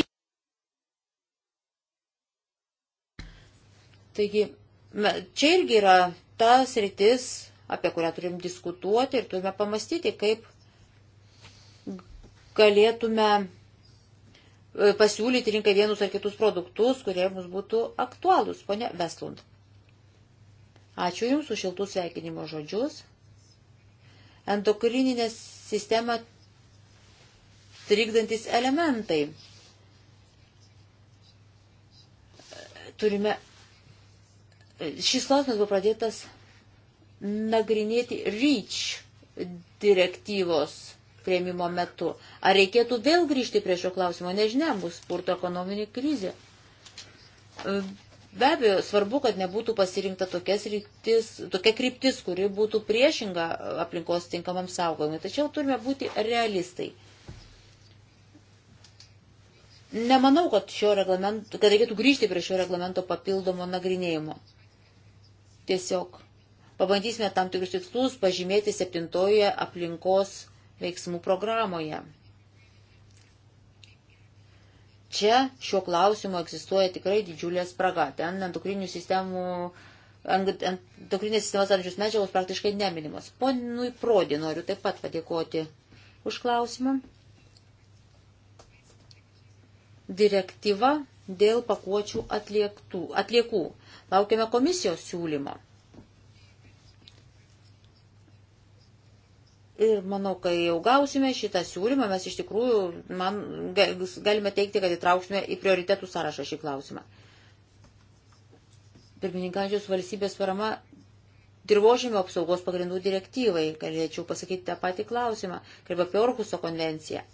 Taigi, čia irgi yra tas rytis, apie kurią turim diskutuoti ir turime pamastyti, kaip galėtume e, pasiūlyti rinkai vienus ar kitus produktus, kurie mums būtų aktualūs, ponė Veslund. Ačiū Jums už šiltus sveikinimo žodžius. Endokrininė sistema trikdantis elementai. Turime. E, šis klausimas buvo pradėtas nagrinėti REACH direktyvos prieimimo metu. Ar reikėtų vėl grįžti prie šio klausimo, nežinia, bus spurto ekonominė krizė. E, be abejo, svarbu, kad nebūtų pasirinkta rytis, tokia kryptis, kuri būtų priešinga aplinkos tinkamam saugojimui. Tačiau turime būti realistai. Nemanau, kad, kad reikėtų grįžti prie šio reglamento papildomo nagrinėjimo. Tiesiog pabandysime tam tikrus tikslus pažymėti septintoje aplinkos veiksmų programoje. Čia šiuo klausimu egzistuoja tikrai didžiulė spraga. Ten endokrinių sistemų, endokrinės sistemas amžiaus medžiagos praktiškai neminimas. Ponui Prodi noriu taip pat padėkoti už klausimą. Direktyva dėl pakuočių atliektų, atliekų. Laukiame komisijos siūlymo. Ir manau, kai jau gausime šitą siūlymą, mes iš tikrųjų man, galime teikti, kad įtrauksime į prioritetų sąrašą šį klausimą. Pirmininkančios valstybės parama dirbožėmio apsaugos pagrindų direktyvai, galėčiau pasakyti tą patį klausimą, kaip apie Orkuso konvenciją.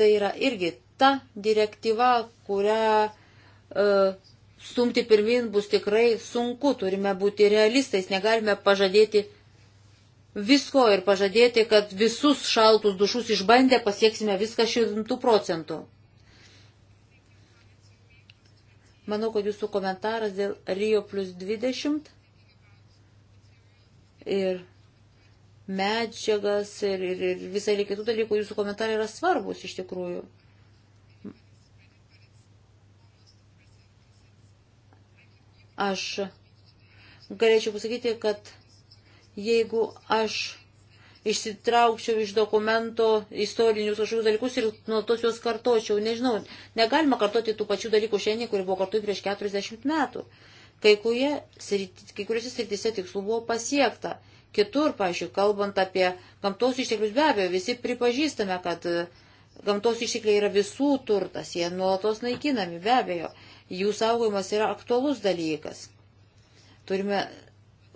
Tai yra irgi ta direktyva, kurią uh, stumti pirmin bus tikrai sunku, turime būti realistais, negalime pažadėti visko ir pažadėti, kad visus šaltus dušus išbandę pasieksime viską šimtų procentų. Manau, kad jūsų komentaras dėl Rio plus 20 ir medžiagas ir, ir, ir visai kitų dalykų jūsų komentarai yra svarbus iš tikrųjų. Aš galėčiau pasakyti, kad jeigu aš išsitraukčiau iš dokumento istorinius kažkokius dalykus ir nuolatos juos kartočiau. Nežinau, negalima kartoti tų pačių dalykų šiandien, kurie buvo kartu prieš 40 metų. Kai, kurie, kai kuriuose srityse tikslų buvo pasiekta. Kitur, pažiūrėjau, kalbant apie gamtos išteklius, be abejo, visi pripažįstame, kad e, gamtos ištekliai yra visų turtas, jie nuolatos naikinami, be abejo. Jų saugojimas yra aktualus dalykas. Turime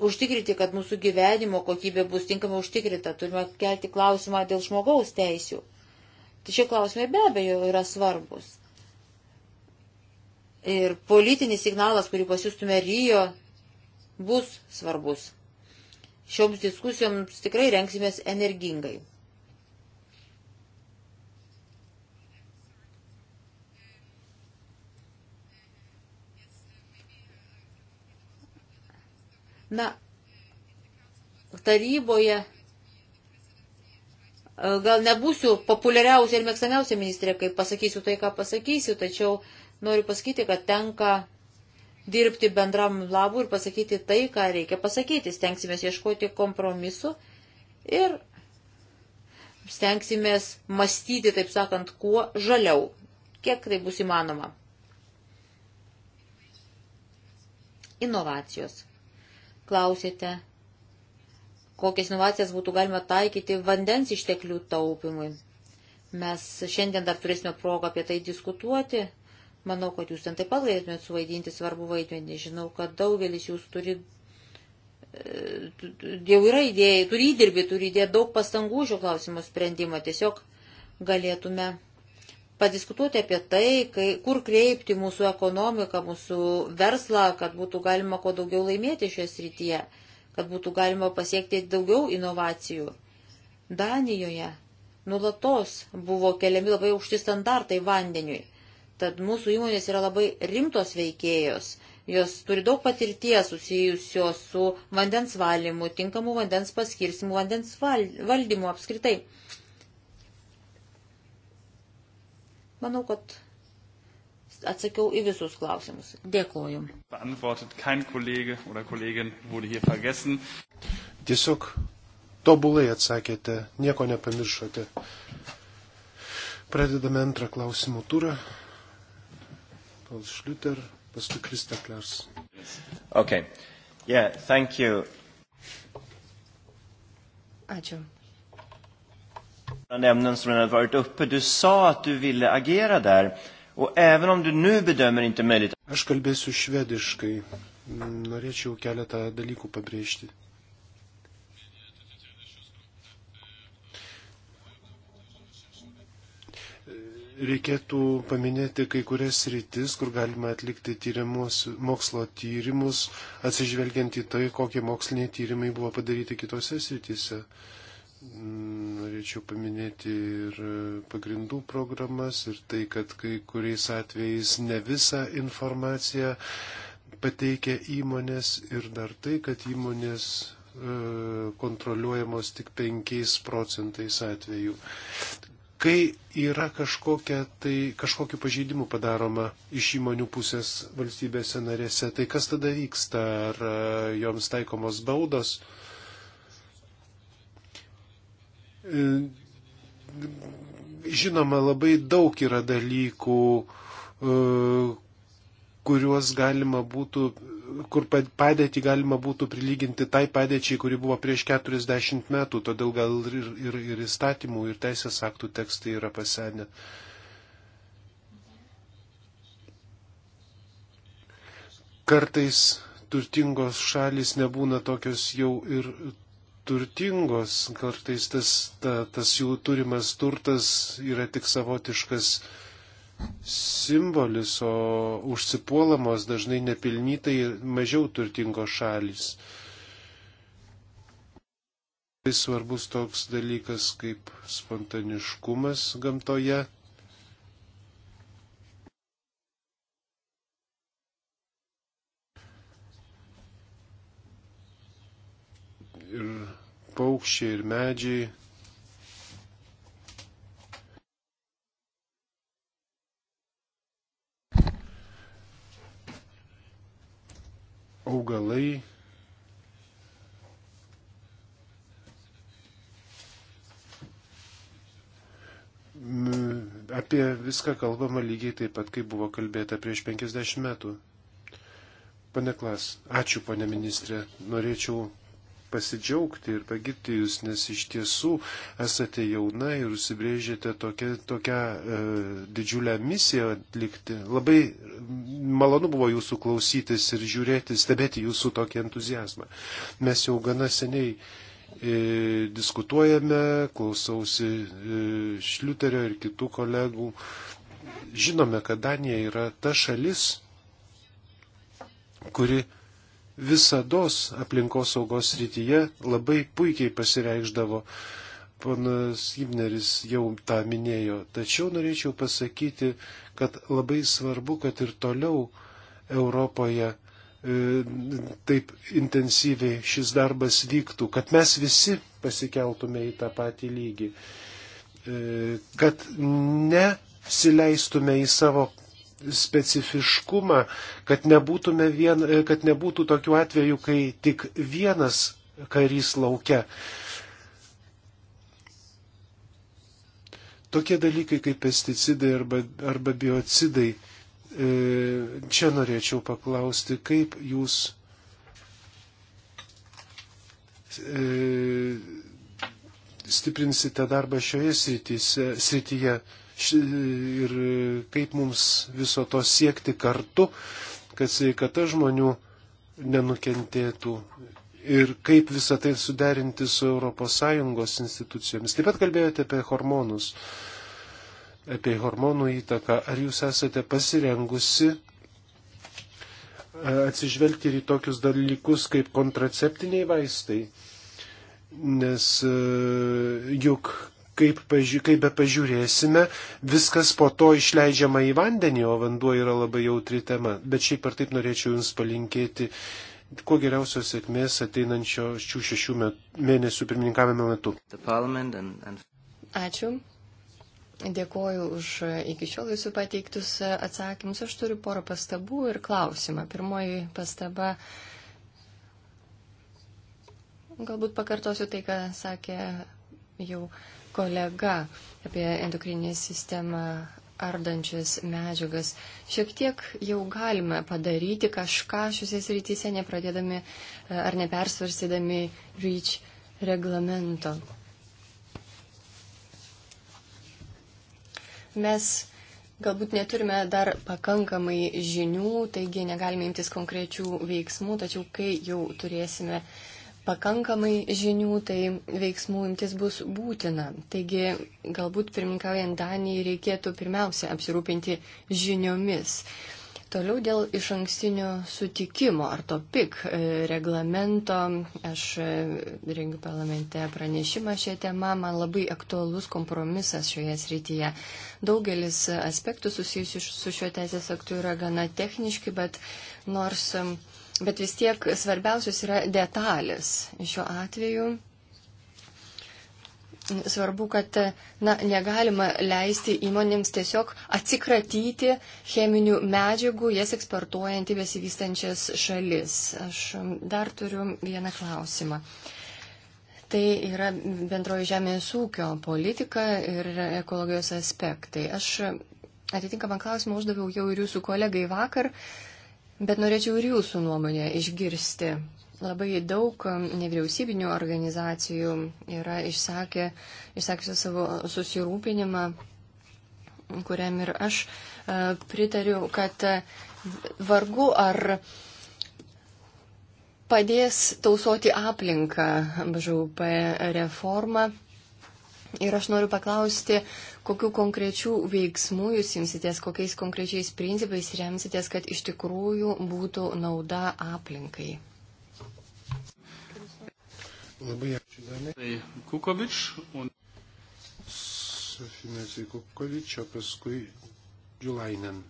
užtikrinti, kad mūsų gyvenimo kokybė bus tinkamai užtikrinta. Turime kelti klausimą dėl žmogaus teisių. Tai šie klausimai be abejo yra svarbus. Ir politinis signalas, kurį pasiūstume Rijo, bus svarbus. Šioms diskusijoms tikrai renksimės energingai. Na, taryboje e, gal nebūsiu populiariausia ir mėgstamiausia ministrė, kai pasakysiu tai, ką pasakysiu, tačiau noriu pasakyti, kad tenka dirbti bendram labui ir pasakyti tai, ką reikia pasakyti. Stengsimės ieškoti kompromisu ir stengsimės mąstyti, taip sakant, kuo žaliau, kiek tai bus įmanoma. Inovacijos klausėte, kokias inovacijas būtų galima taikyti vandens išteklių taupimui. Mes šiandien dar turėsime progą apie tai diskutuoti. Manau, kad jūs ten taip pat galėtumėte suvaidinti svarbu vaidmenį. Žinau, kad daugelis jūs turi, e, jau yra idėjai, turi įdirbį, turi įdėti daug pastangų šio klausimo sprendimo. Tiesiog galėtume padiskutuoti apie tai, kai, kur kreipti mūsų ekonomiką, mūsų verslą, kad būtų galima kuo daugiau laimėti šioje srityje, kad būtų galima pasiekti daugiau inovacijų. Danijoje nulatos buvo keliami labai aukšti standartai vandeniui, tad mūsų įmonės yra labai rimtos veikėjos. Jos turi daug patirties susijusios su vandens valymu, tinkamu vandens paskirsimu, vandens valdymu apskritai. Manau, kad atsakiau į visus klausimus. Dėkoju. Tiesiog tobulai atsakėte, nieko nepamiršote. Pradedame antrą klausimų turą. Paul Schlitter, paskui Krista Klers. Okay. Yeah, thank you. Ačiū nämnden som redan varit uppe. Du sa att du ville agera där. Och även om du nu bedömer inte möjligt... Aš kalbėsiu švediškai. Norėčiau keletą dalykų pabrėžti. Reikėtų paminėti kai kurias rytis, kur galima atlikti tyrimus, mokslo tyrimus, atsižvelgiant į tai, kokie moksliniai tyrimai buvo padaryti kitose srityse. Uh, Norėčiau paminėti ir pagrindų programas ir tai, kad kai kuriais atvejais ne visą informaciją pateikia įmonės ir dar tai, kad įmonės e, kontroliuojamos tik 5 procentais atvejų. Kai yra kažkokia, tai kažkokiu pažeidimu padaroma iš įmonių pusės valstybėse narėse, tai kas tada vyksta? Ar e, joms taikomos baudos? E, žinoma, labai daug yra dalykų, e, kuriuos galima būtų, kur padėtį galima būtų prilyginti tai padėčiai, kuri buvo prieš 40 metų, todėl gal ir, ir, ir įstatymų, ir teisės aktų tekstai yra pasenę. Kartais turtingos šalis nebūna tokios jau ir turtingos, kartais tas, ta, tas jų turimas turtas yra tik savotiškas simbolis, o užsipuolamos dažnai nepilnytai mažiau turtingos šalis. Tai svarbus toks dalykas kaip spontaniškumas gamtoje. ir paukščiai ir medžiai. Augalai. Apie viską kalbama lygiai taip pat, kaip buvo kalbėta prieš 50 metų. Pane Klas, ačiū, pane ministrė. Norėčiau pasidžiaugti ir pagirti jūs, nes iš tiesų esate jauna ir užsibrėžėte tokią, tokią e, didžiulę misiją atlikti. Labai malonu buvo jūsų klausytis ir žiūrėti, stebėti jūsų tokį entuzijazmą. Mes jau gana seniai e, diskutuojame, klausausi e, Šliuterio ir kitų kolegų. Žinome, kad Danija yra ta šalis, kuri visados aplinkos saugos rytyje labai puikiai pasireikždavo. Ponas Gibneris jau tą minėjo, tačiau norėčiau pasakyti, kad labai svarbu, kad ir toliau Europoje e, taip intensyviai šis darbas vyktų, kad mes visi pasikeltume į tą patį lygį, e, kad nesileistume į savo specifiškumą, kad, vien, kad nebūtų tokių atvejų, kai tik vienas karys laukia. Tokie dalykai kaip pesticidai arba, arba biocidai. E, čia norėčiau paklausti, kaip jūs e, stiprinsite darbą šioje srityse, srityje. srityje ir kaip mums viso to siekti kartu, kad sveikata žmonių nenukentėtų ir kaip visą tai suderinti su ES institucijomis. Taip pat kalbėjote apie hormonus, apie hormonų įtaką. Ar jūs esate pasirengusi e, atsižvelgti ir į tokius dalykus kaip kontraceptiniai vaistai? Nes e, juk kaip, paži kaip be pažiūrėsime, viskas po to išleidžiama į vandenį, o vanduo yra labai jautri tema. Bet šiaip ar taip norėčiau Jums palinkėti kuo geriausios sėkmės ateinančio šių šešių met, mėnesių pirmininkavimo metu. Ačiū. Dėkoju už iki šiol jūsų pateiktus atsakymus. Aš turiu porą pastabų ir klausimą. Pirmoji pastaba. Galbūt pakartosiu tai, ką sakė jau kolega apie endokrininę sistemą ardančias medžiagas. Šiek tiek jau galime padaryti kažką šiuose srityse, nepradėdami e, ar nepersvarstydami REACH reglamento. Mes galbūt neturime dar pakankamai žinių, taigi negalime imtis konkrečių veiksmų, tačiau kai jau turėsime uh, pakankamai žinių, tai veiksmų imtis bus būtina. Taigi, galbūt pirmininkaujant Danijai reikėtų pirmiausia apsirūpinti žiniomis. Toliau dėl iš ankstinio sutikimo ar to PIK e, reglamento. Aš e, rengiu parlamente pranešimą šią temą. Man labai aktualus kompromisas šioje srityje. Daugelis aspektų susijusių su šiuo teisės aktu yra gana techniški, bet nors Bet vis tiek svarbiausios yra detalės šiuo atveju. Svarbu, kad na, negalima leisti įmonėms tiesiog atsikratyti cheminių medžiagų, jas eksportuojant į besivystančias šalis. Aš dar turiu vieną klausimą. Tai yra bendroji žemės ūkio politika ir ekologijos aspektai. Aš atitinkamą klausimą uždaviau jau ir jūsų kolegai vakar. Uh, Bet norėčiau ir jūsų nuomonę išgirsti. Labai daug um, nevyriausybinių organizacijų yra išsakę, išsakę savo susirūpinimą, kuriam ir aš e, pritariu, kad e, vargu ar padės tausoti aplinką BŽUP reformą Ir aš noriu paklausti, kokiu konkrečiu veiksmu jūs imsitės, kokiais konkrečiais principais remsitės, kad iš tikrųjų būtų nauda aplinkai. Labai ačiū, Danai. Tai Kukovič. Un... Sofinazai Kukovič, o paskui Džiulainen.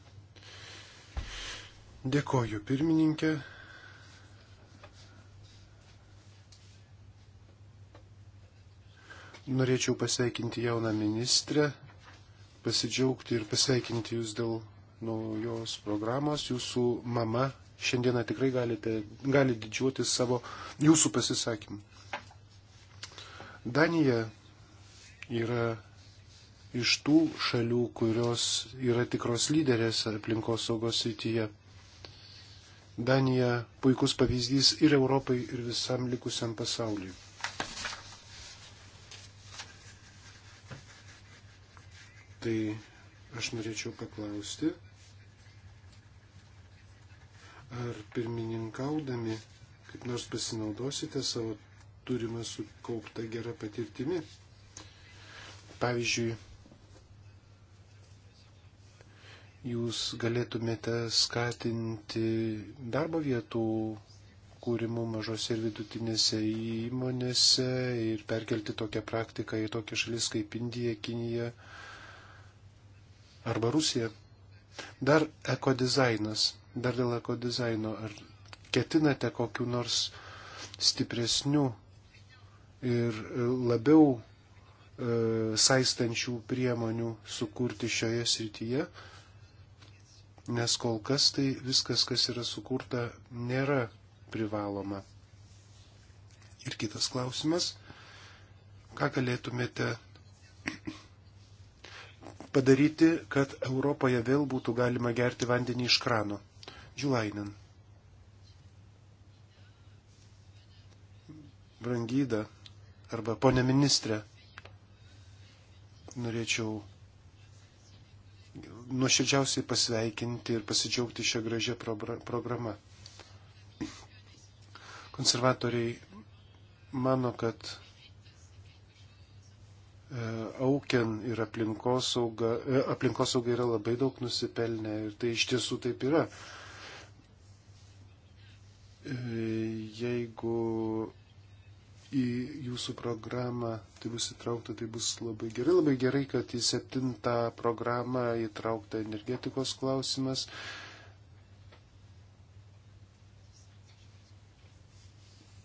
Dėkoju, pirmininkė. Norėčiau pasveikinti jauną ministrę, pasidžiaugti ir pasveikinti jūs dėl naujos programos. Jūsų mama šiandieną tikrai galite, gali didžiuotis savo jūsų pasisakymu. Danija yra iš tų šalių, kurios yra tikros lyderės aplinkos saugos srityje. Danija puikus pavyzdys ir Europai, ir visam likusiam pasauliui. Tai aš norėčiau paklausti, ar pirmininkaudami kaip nors pasinaudosite savo turimą sukauptą gerą patirtimį. Pavyzdžiui, jūs galėtumėte skatinti darbo vietų kūrimų mažose ir vidutinėse įmonėse ir perkelti tokią praktiką į tokias šalis kaip Indija, Kinija, arba Rusija. Dar ekodizainas, dar dėl ekodizaino, ar ketinate kokiu nors stipresniu ir labiau e, saistančių priemonių sukurti šioje srityje, nes kol kas tai viskas, kas yra sukurta, nėra privaloma. Ir kitas klausimas, ką galėtumėte padaryti, kad Europoje vėl būtų galima gerti vandenį iš krano. Džiulainen. Brangyda arba ponė ministrė, norėčiau nuoširdžiausiai pasveikinti ir pasidžiaugti šią gražią programą. Konservatoriai mano, kad E, Auken ir aplinkosauga, e, aplinkosauga yra labai daug nusipelnę ir tai iš tiesų taip yra. E, jeigu į jūsų programą tai bus įtraukta, tai bus labai gerai. Labai gerai, kad į septintą programą įtraukta energetikos klausimas. E,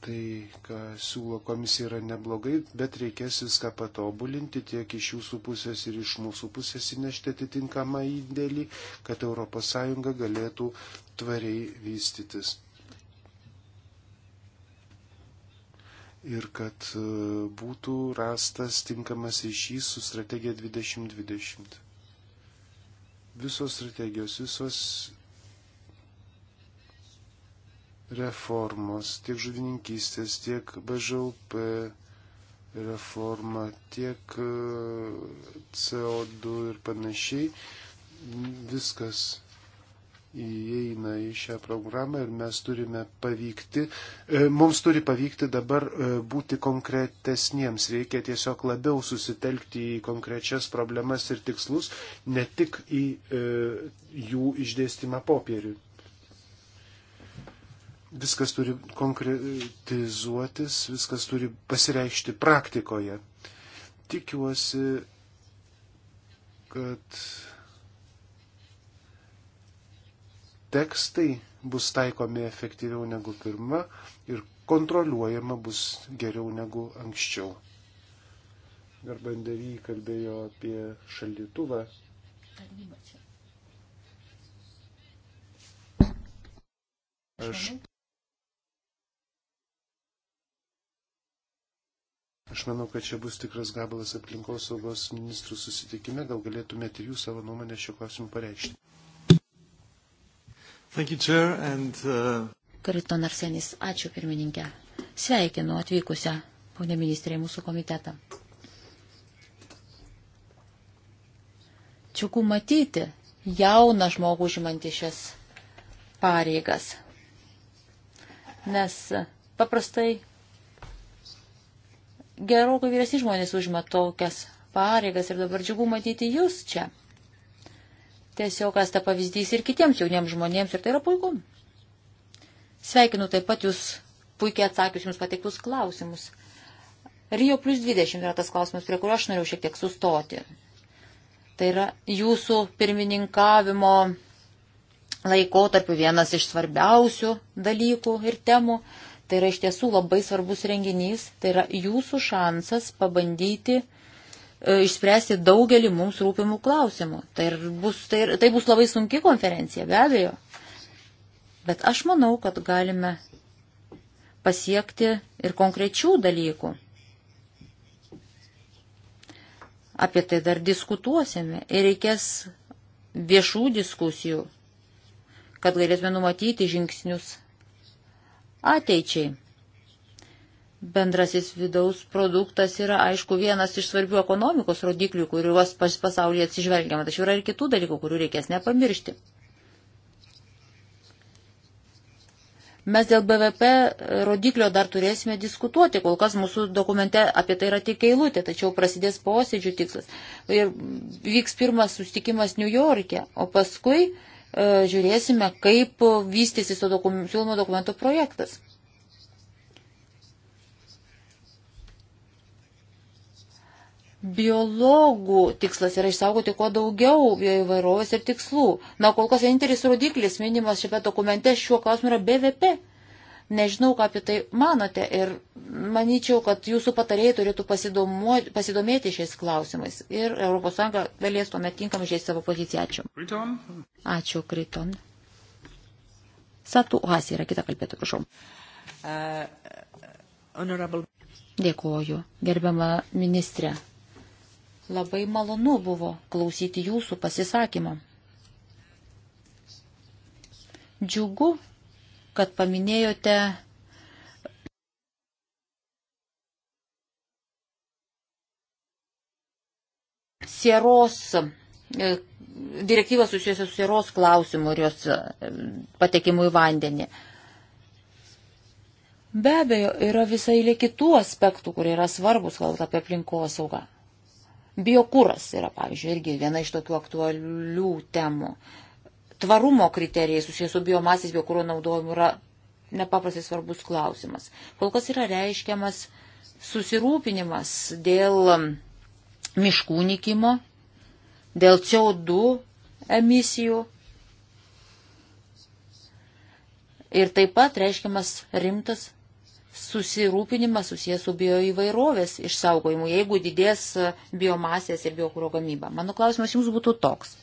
Tai, ką siūlo komisija, yra neblogai, bet reikės viską patobulinti tiek iš jūsų pusės ir iš mūsų pusės įnešti atitinkamą įdėlį, kad ES galėtų tvariai vystytis. Ir kad e, būtų rastas tinkamas ryšys su strategija 2020 visos strategijos, visos reformos, tiek žuvininkystės, tiek BŽUP reforma, tiek e, CO2 ir panašiai, viskas įeina į šią programą ir mes turime pavykti, e, mums turi pavykti dabar e, būti konkretesniems, reikia tiesiog labiau susitelkti į konkrečias problemas ir tikslus, ne tik į jų išdėstymą popieriui. Viskas turi konkretizuotis, viskas turi pasireikšti praktikoje. Tikiuosi, kad tekstai bus taikomi efektyviau negu pirma ir kontroliuojama bus geriau negu anksčiau. Garbandavy kalbėjo apie šaldytuvą. Aš Aš manau, kad čia bus tikras gabalas aplinkos saugos ministrų susitikime, gal galėtumėte ir jūs savo nuomonę šio klausimu pareikšti. You, Chair, and, uh... Kariton Arsenis, ačiū pirmininkė. Sveikinu atvykusią, ponė ministrė, į mūsų komitetą. Čiuku matyti jauną žmogų žimantį šias pareigas. Nes paprastai gerokai vyresni žmonės užima tokias pareigas ir dabar džiugu matyti jūs čia. Tiesiog esate pavyzdys ir kitiems jauniems žmonėms ir tai yra puiku. Sveikinu taip pat jūs puikiai atsakius jums pateiktus klausimus. Rio plus 20 yra tas klausimas, prie kurio aš norėjau šiek tiek sustoti. Tai yra jūsų pirmininkavimo laikotarpiu vienas iš svarbiausių dalykų ir temų. Uh, Tai yra iš tiesų labai svarbus renginys, tai yra jūsų šansas pabandyti e, išspręsti daugelį mums rūpimų klausimų. Tai bus, tai, tai bus labai sunki konferencija, be abejo. Bet aš manau, kad galime pasiekti ir konkrečių dalykų. Apie tai dar diskutuosime ir reikės viešų diskusijų, kad galėtume numatyti žingsnius ateičiai. Bendrasis vidaus produktas yra, aišku, vienas iš svarbių ekonomikos rodiklių, kuriuos pasaulyje atsižvelgiama, tačiau yra ir kitų dalykų, kurių reikės nepamiršti. Mes dėl BVP rodiklio dar turėsime diskutuoti, kol kas mūsų dokumente apie tai yra tik eilutė, tačiau prasidės posėdžių tikslas. Ir vyks pirmas sustikimas New York'e, o paskui uh, E, žiūrėsime, kaip vystysis to dokum, filmo dokumento projektas. Biologų tikslas yra išsaugoti kuo daugiau bioįvairovės ir tikslų. Na, kol kas vienintelis rodiklis minimas šiame dokumente šiuo klausimu yra BVP Nežinau, ką apie tai manote ir manyčiau, kad jūsų patarėjai turėtų pasidomėti šiais klausimais ir ES galės tuomet tinkamai žaisti savo poziciją. Ačiū. Kriton. Ačiū, Kriton. Satu Oasi yra kita kalbėtų, prašau. Uh, honorable... Dėkuoju, gerbiama ministrė. Labai malonu buvo klausyti jūsų pasisakymą. Džiugu, kad paminėjote sieros e, direktyvą susijusią su sieros klausimu ir jos e, patekimu į vandenį. Be abejo, yra visai lė kitų aspektų, kurie yra svarbus, kalbant apie aplinkosaugą. Biokūras yra, pavyzdžiui, irgi viena iš tokių aktualių temų tvarumo kriterijai susijęs su biomasės biokūro naudojimu yra nepaprastai svarbus klausimas. Kol kas yra reiškiamas susirūpinimas dėl um, miškų nikimo, dėl CO2 emisijų ir taip pat reiškiamas rimtas susirūpinimas susijęs su bioįvairovės išsaugojimu, jeigu didės uh, biomasės ir biokūro gamyba. Mano klausimas jums būtų toks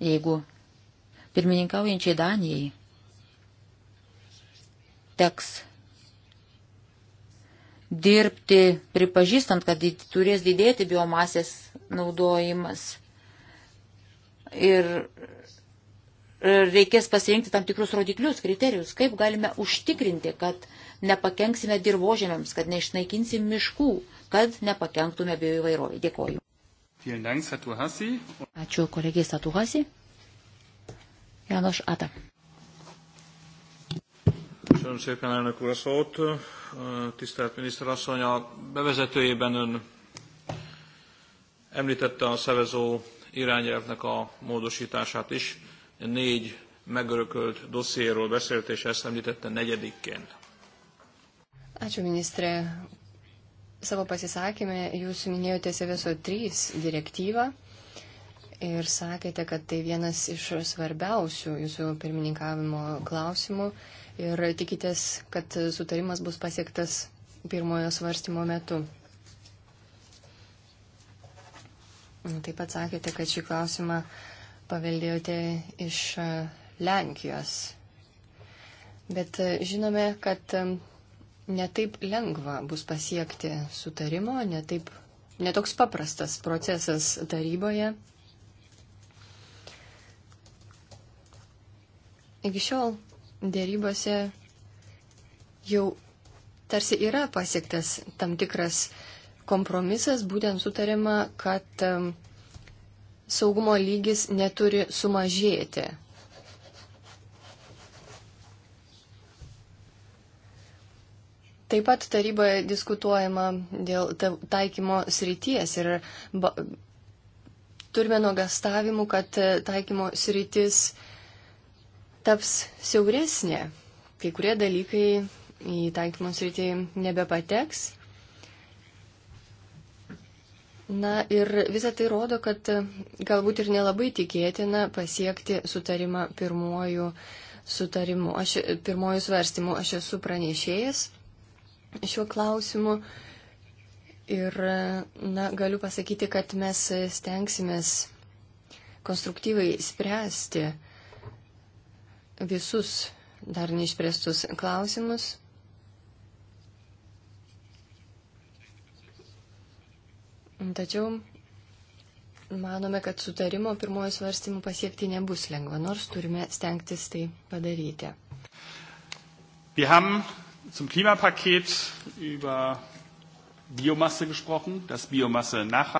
jeigu pirmininkaujančiai Danijai teks dirbti, pripažįstant, kad turės didėti biomasės naudojimas. Ir reikės pasirinkti tam tikrus rodiklius, kriterijus, kaip galime užtikrinti, kad nepakenksime dirbožėmiams, kad neišnaikinsim miškų, kad nepakenktume bioįvairovį. Dėkoju. Ačiū kolegijai Satuhasi. János Ata. Köszönöm szépen, elnök úr, a szót. Tisztelt miniszterasszony, a bevezetőjében ön említette a szevezó irányelvnek a módosítását is. Négy megörökölt dossziéről beszélt, és ezt említette negyedikként. Ačiū ministrė savo pasisakymę jūs minėjote Seveso 3 direktyvą ir sakėte, kad tai vienas iš svarbiausių jūsų pirmininkavimo klausimų ir tikitės, kad sutarimas bus pasiektas pirmojo svarstymo metu. Taip pat sakėte, kad šį klausimą paveldėjote iš Lenkijos. Bet e, žinome, kad e, netaip lengva bus pasiekti sutarimo, netaip, netoks paprastas procesas taryboje. Iki šiol dėrybose jau tarsi yra pasiektas tam tikras kompromisas, būtent sutarima, kad um, saugumo lygis neturi sumažėti Taip pat taryboje diskutuojama dėl taikymo srities ir ba, turime nuogastavimų, kad e, taikymo sritis taps siauresnė. Kai kurie dalykai į taikymo sritį nebepateks. Na ir visą tai rodo, kad e, galbūt ir nelabai tikėtina pasiekti sutarimą pirmojų sutarimų. Aš pirmojų svarstymų aš esu pranešėjęs šiuo klausimu. Ir na, galiu pasakyti, kad mes stengsimės konstruktyvai spręsti visus dar neišspręstus klausimus. Tačiau manome, kad sutarimo pirmojo svarstymų pasiekti nebus lengva, nors turime stengtis tai padaryti. Wir haben zum Klimapaket über Biomasse gesprochen, dass Biomasse nachhaltig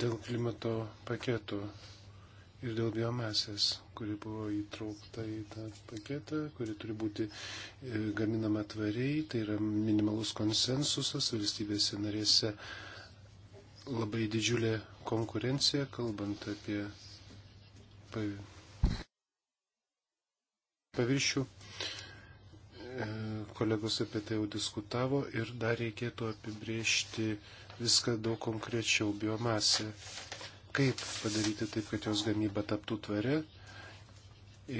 Dėl klimato paketo ir dėl biomasės, kuri buvo įtraukta į tą paketą, kuri turi būti e, gaminama tvariai, tai yra minimalus konsensusas valstybėse narėse labai didžiulė konkurencija, kalbant apie paviršių kolegos apie tai jau diskutavo ir dar reikėtų apibriežti viską daug konkrečiau - biomasę. Kaip padaryti taip, kad jos gamyba taptų tvari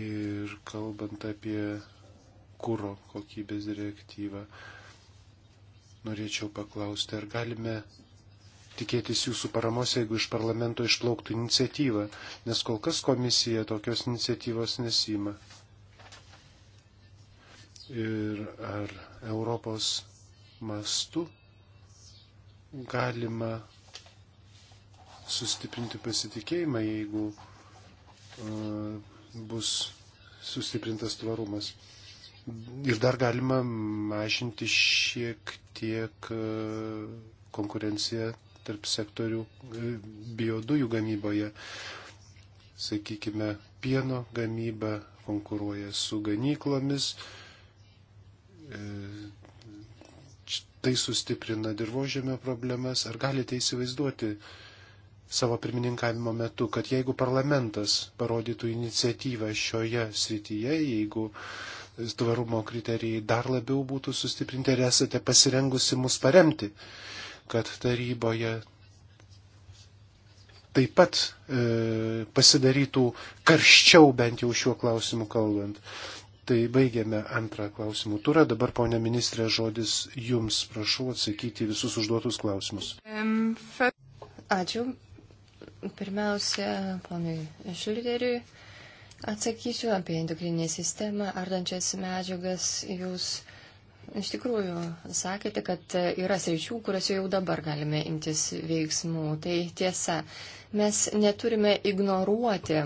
ir kalbant apie kūro kokybės direktyvą, norėčiau paklausti, ar galime tikėtis jūsų paramos, jeigu iš parlamento išplauktų iniciatyva, nes kol kas komisija tokios iniciatyvos nesima ir ar Europos mastu galima sustiprinti pasitikėjimą, jeigu uh, bus sustiprintas tvarumas. Ir dar galima mažinti šiek tiek uh, konkurenciją tarp sektorių uh, biodujų gamyboje. Sakykime, pieno gamyba konkuruoja su ganyklomis, uh, E, tai sustiprina dirbožėmio problemas. Ar galite įsivaizduoti savo pirmininkavimo metu, kad jeigu parlamentas parodytų iniciatyvą šioje srityje, jeigu tvarumo kriterijai dar labiau būtų sustiprinti ir esate pasirengusi mus paremti, kad taryboje taip pat e, pasidarytų karščiau bent jau šiuo klausimu kalbant. Tai baigėme antrą klausimų turą. Dabar, ponė ministrė, žodis jums. Prašau atsakyti visus užduotus klausimus. Ačiū. Pirmiausia, ponui Šilderiui atsakysiu apie endokrininę sistemą, ardančias medžiagas. Jūs iš tikrųjų sakėte, kad yra sričių, kuriuose jau dabar galime imtis veiksmų. Tai tiesa, mes neturime ignoruoti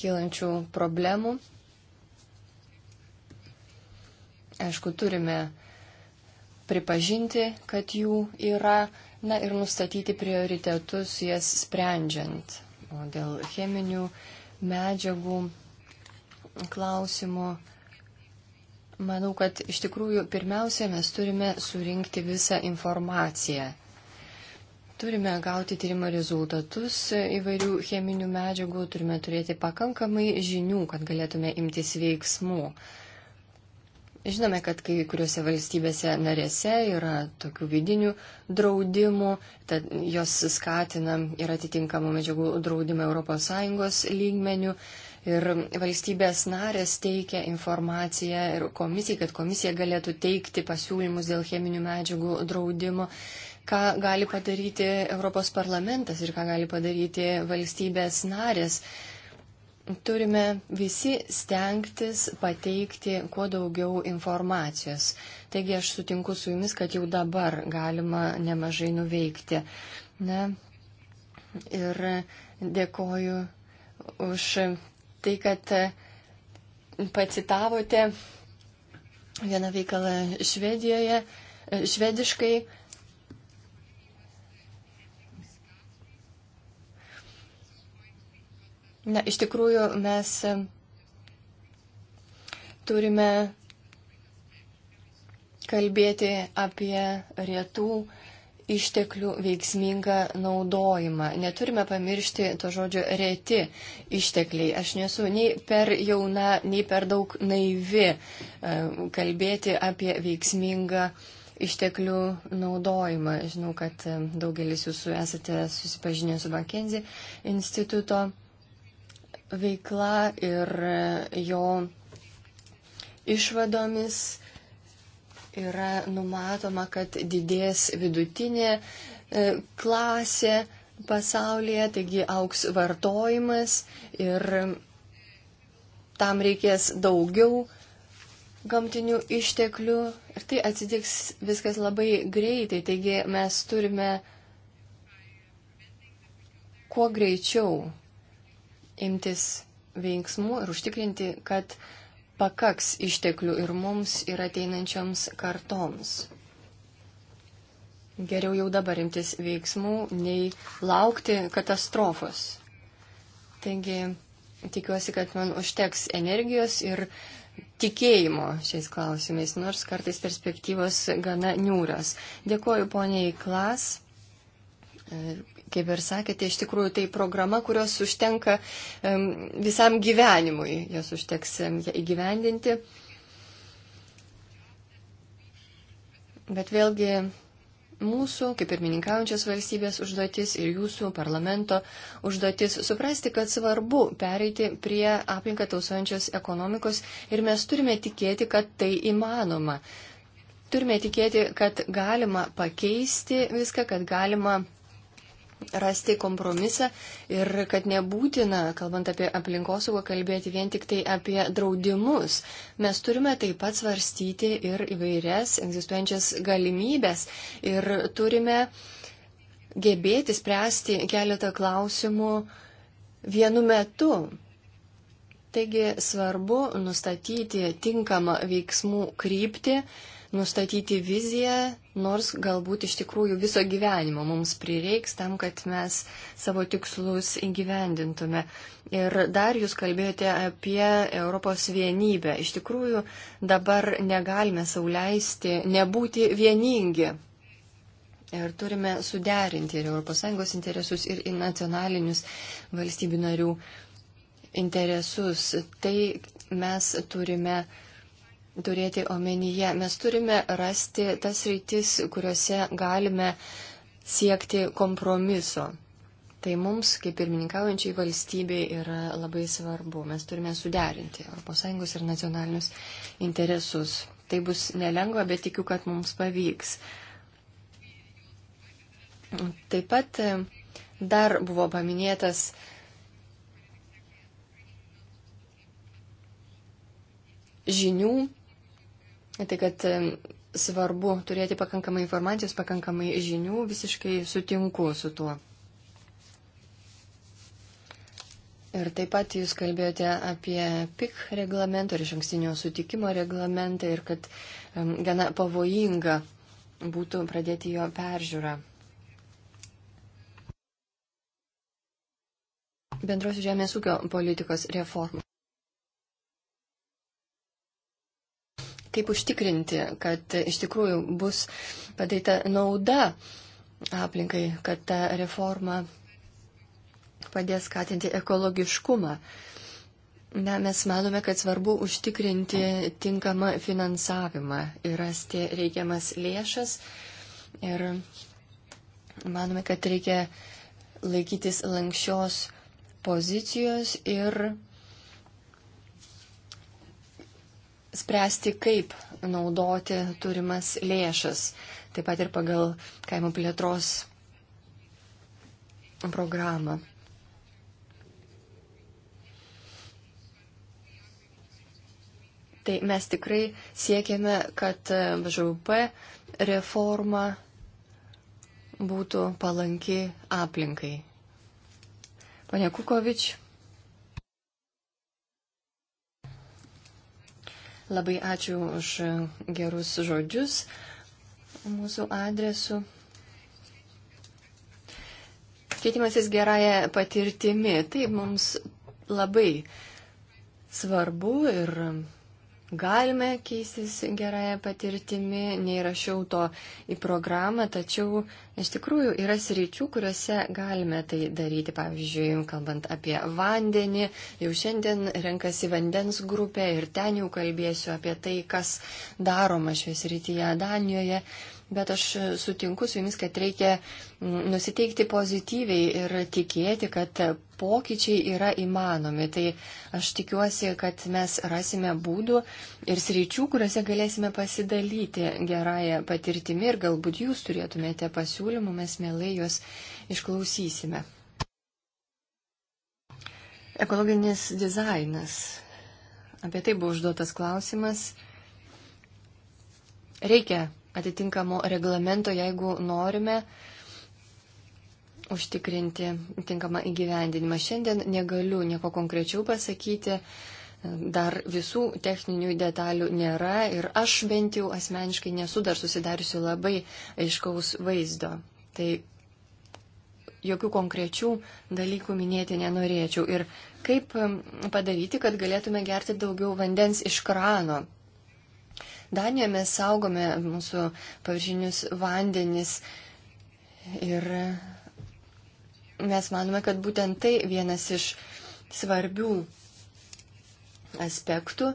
kylančių problemų. Aišku, turime pripažinti, kad jų yra, na ir nustatyti prioritetus jas sprendžiant. O dėl cheminių medžiagų klausimų, manau, kad iš tikrųjų pirmiausia mes turime surinkti visą informaciją Turime gauti tyrimo rezultatus įvairių cheminių medžiagų, turime turėti pakankamai žinių, kad galėtume imtis veiksmų. Žinome, kad kai kuriuose valstybėse narėse yra tokių vidinių draudimų, tad jos skatina ir atitinkamų medžiagų draudimą ES lygmenių. Ir valstybės narės teikia informaciją ir komisijai, kad komisija galėtų teikti pasiūlymus dėl cheminių medžiagų draudimo ką gali padaryti Europos parlamentas ir ką gali padaryti valstybės narės. Turime visi stengtis pateikti kuo daugiau informacijos. Taigi aš sutinku su jumis, kad jau dabar galima nemažai nuveikti. Na, ir dėkoju už tai, kad pacitavote vieną veikalą Švedijoje, švediškai. Na, iš tikrųjų, mes e, turime kalbėti apie rietų išteklių veiksmingą naudojimą. Neturime pamiršti to žodžio reti ištekliai. Aš nesu nei per jauna, nei per daug naivi e, kalbėti apie veiksmingą išteklių naudojimą. Žinau, kad e, daugelis jūsų esate susipažinę su McKenzie instituto veikla ir e, jo išvadomis yra numatoma, kad didės vidutinė e, klasė pasaulyje, taigi auks vartojimas ir tam reikės daugiau gamtinių išteklių ir tai atsitiks viskas labai greitai, taigi mes turime kuo greičiau imtis veiksmų ir užtikrinti, kad pakaks išteklių ir mums ir ateinančioms kartoms. Geriau jau dabar imtis veiksmų, nei laukti katastrofos. Taigi tikiuosi, kad man užteks energijos ir tikėjimo šiais klausimais, nors kartais perspektyvos gana niūras. Dėkoju poniai Klas kaip ir sakėte, iš tikrųjų tai programa, kurios užtenka visam gyvenimui, jos užteks ją įgyvendinti. Bet vėlgi mūsų, kaip ir mininkaujančios valstybės užduotis ir jūsų parlamento užduotis suprasti, kad svarbu pereiti prie aplinką tausojančios ekonomikos ir mes turime tikėti, kad tai įmanoma. Turime tikėti, kad galima pakeisti viską, kad galima rasti kompromisą ir kad nebūtina, kalbant apie aplinkosaugą, kalbėti vien tik tai apie draudimus. Mes turime taip pat svarstyti ir įvairias egzistuojančias galimybės ir turime gebėti spręsti keletą klausimų vienu metu. Taigi svarbu nustatyti tinkamą veiksmų kryptį, nustatyti viziją, nors galbūt iš tikrųjų viso gyvenimo mums prireiks tam, kad mes savo tikslus įgyvendintume. Ir dar jūs kalbėjote apie Europos vienybę. Iš tikrųjų dabar negalime sauliaisti nebūti vieningi. Ir turime suderinti ir ES interesus, ir nacionalinius valstybių narių interesus. Tai mes turime uh, turėti omenyje. Mes turime rasti tas rytis, kuriuose galime siekti kompromiso. Tai mums, kaip pirmininkaujančiai valstybei, yra labai svarbu. Mes turime suderinti ES ir nacionalinius interesus. Tai bus nelengva, bet tikiu, kad mums pavyks. Taip pat e, dar buvo paminėtas žinių Tai kad svarbu turėti pakankamai informacijos, pakankamai žinių, visiškai sutinku su tuo. Ir taip pat jūs kalbėjote apie PIK reglamentą ir iš ankstinio sutikimo reglamentą ir kad gana pavojinga būtų pradėti jo peržiūrą. Bendrosios žemės ūkio politikos reformų. kaip užtikrinti, kad iš tikrųjų bus padaryta nauda aplinkai, kad ta reforma padės skatinti ekologiškumą. Na, mes manome, kad svarbu užtikrinti tinkamą finansavimą ir rasti reikiamas lėšas. Ir manome, kad reikia laikytis lankščios pozicijos ir spręsti, kaip naudoti turimas lėšas, taip pat ir pagal kaimo plėtros programą. Tai mes tikrai siekiame, kad BŽUP reforma būtų palanki aplinkai. Pane Kukovič. Labai ačiū už gerus žodžius mūsų adresu. Keitimasis gerąją patirtimi. Taip, mums labai svarbu ir galime keistis gerąją patirtimį, neįrašiau to į programą, tačiau iš tikrųjų yra sričių, kuriuose galime tai daryti. Pavyzdžiui, kalbant apie vandenį, jau šiandien renkasi vandens grupė ir ten jau kalbėsiu apie tai, kas daroma šioje srityje Danijoje bet aš sutinku su jumis, kad reikia nusiteikti pozityviai ir tikėti, kad pokyčiai yra įmanomi. Tai aš tikiuosi, kad mes rasime būdų ir sreičių, kuriuose galėsime pasidalyti gerąją patirtimį ir galbūt jūs turėtumėte pasiūlymų, mes mielai juos išklausysime. Ekologinis dizainas. Apie tai buvo užduotas klausimas. Reikia atitinkamo reglamento, jeigu norime užtikrinti tinkamą įgyvendinimą. Šiandien negaliu nieko konkrečiau pasakyti, dar visų techninių detalių nėra ir aš bent jau asmeniškai nesu dar susidariusi labai aiškaus vaizdo. Tai jokių konkrečių dalykų minėti nenorėčiau. Ir kaip padaryti, kad galėtume gerti daugiau vandens iš krano? Danijoje mes saugome mūsų paviršinius vandenis ir mes manome, kad būtent tai vienas iš svarbių aspektų,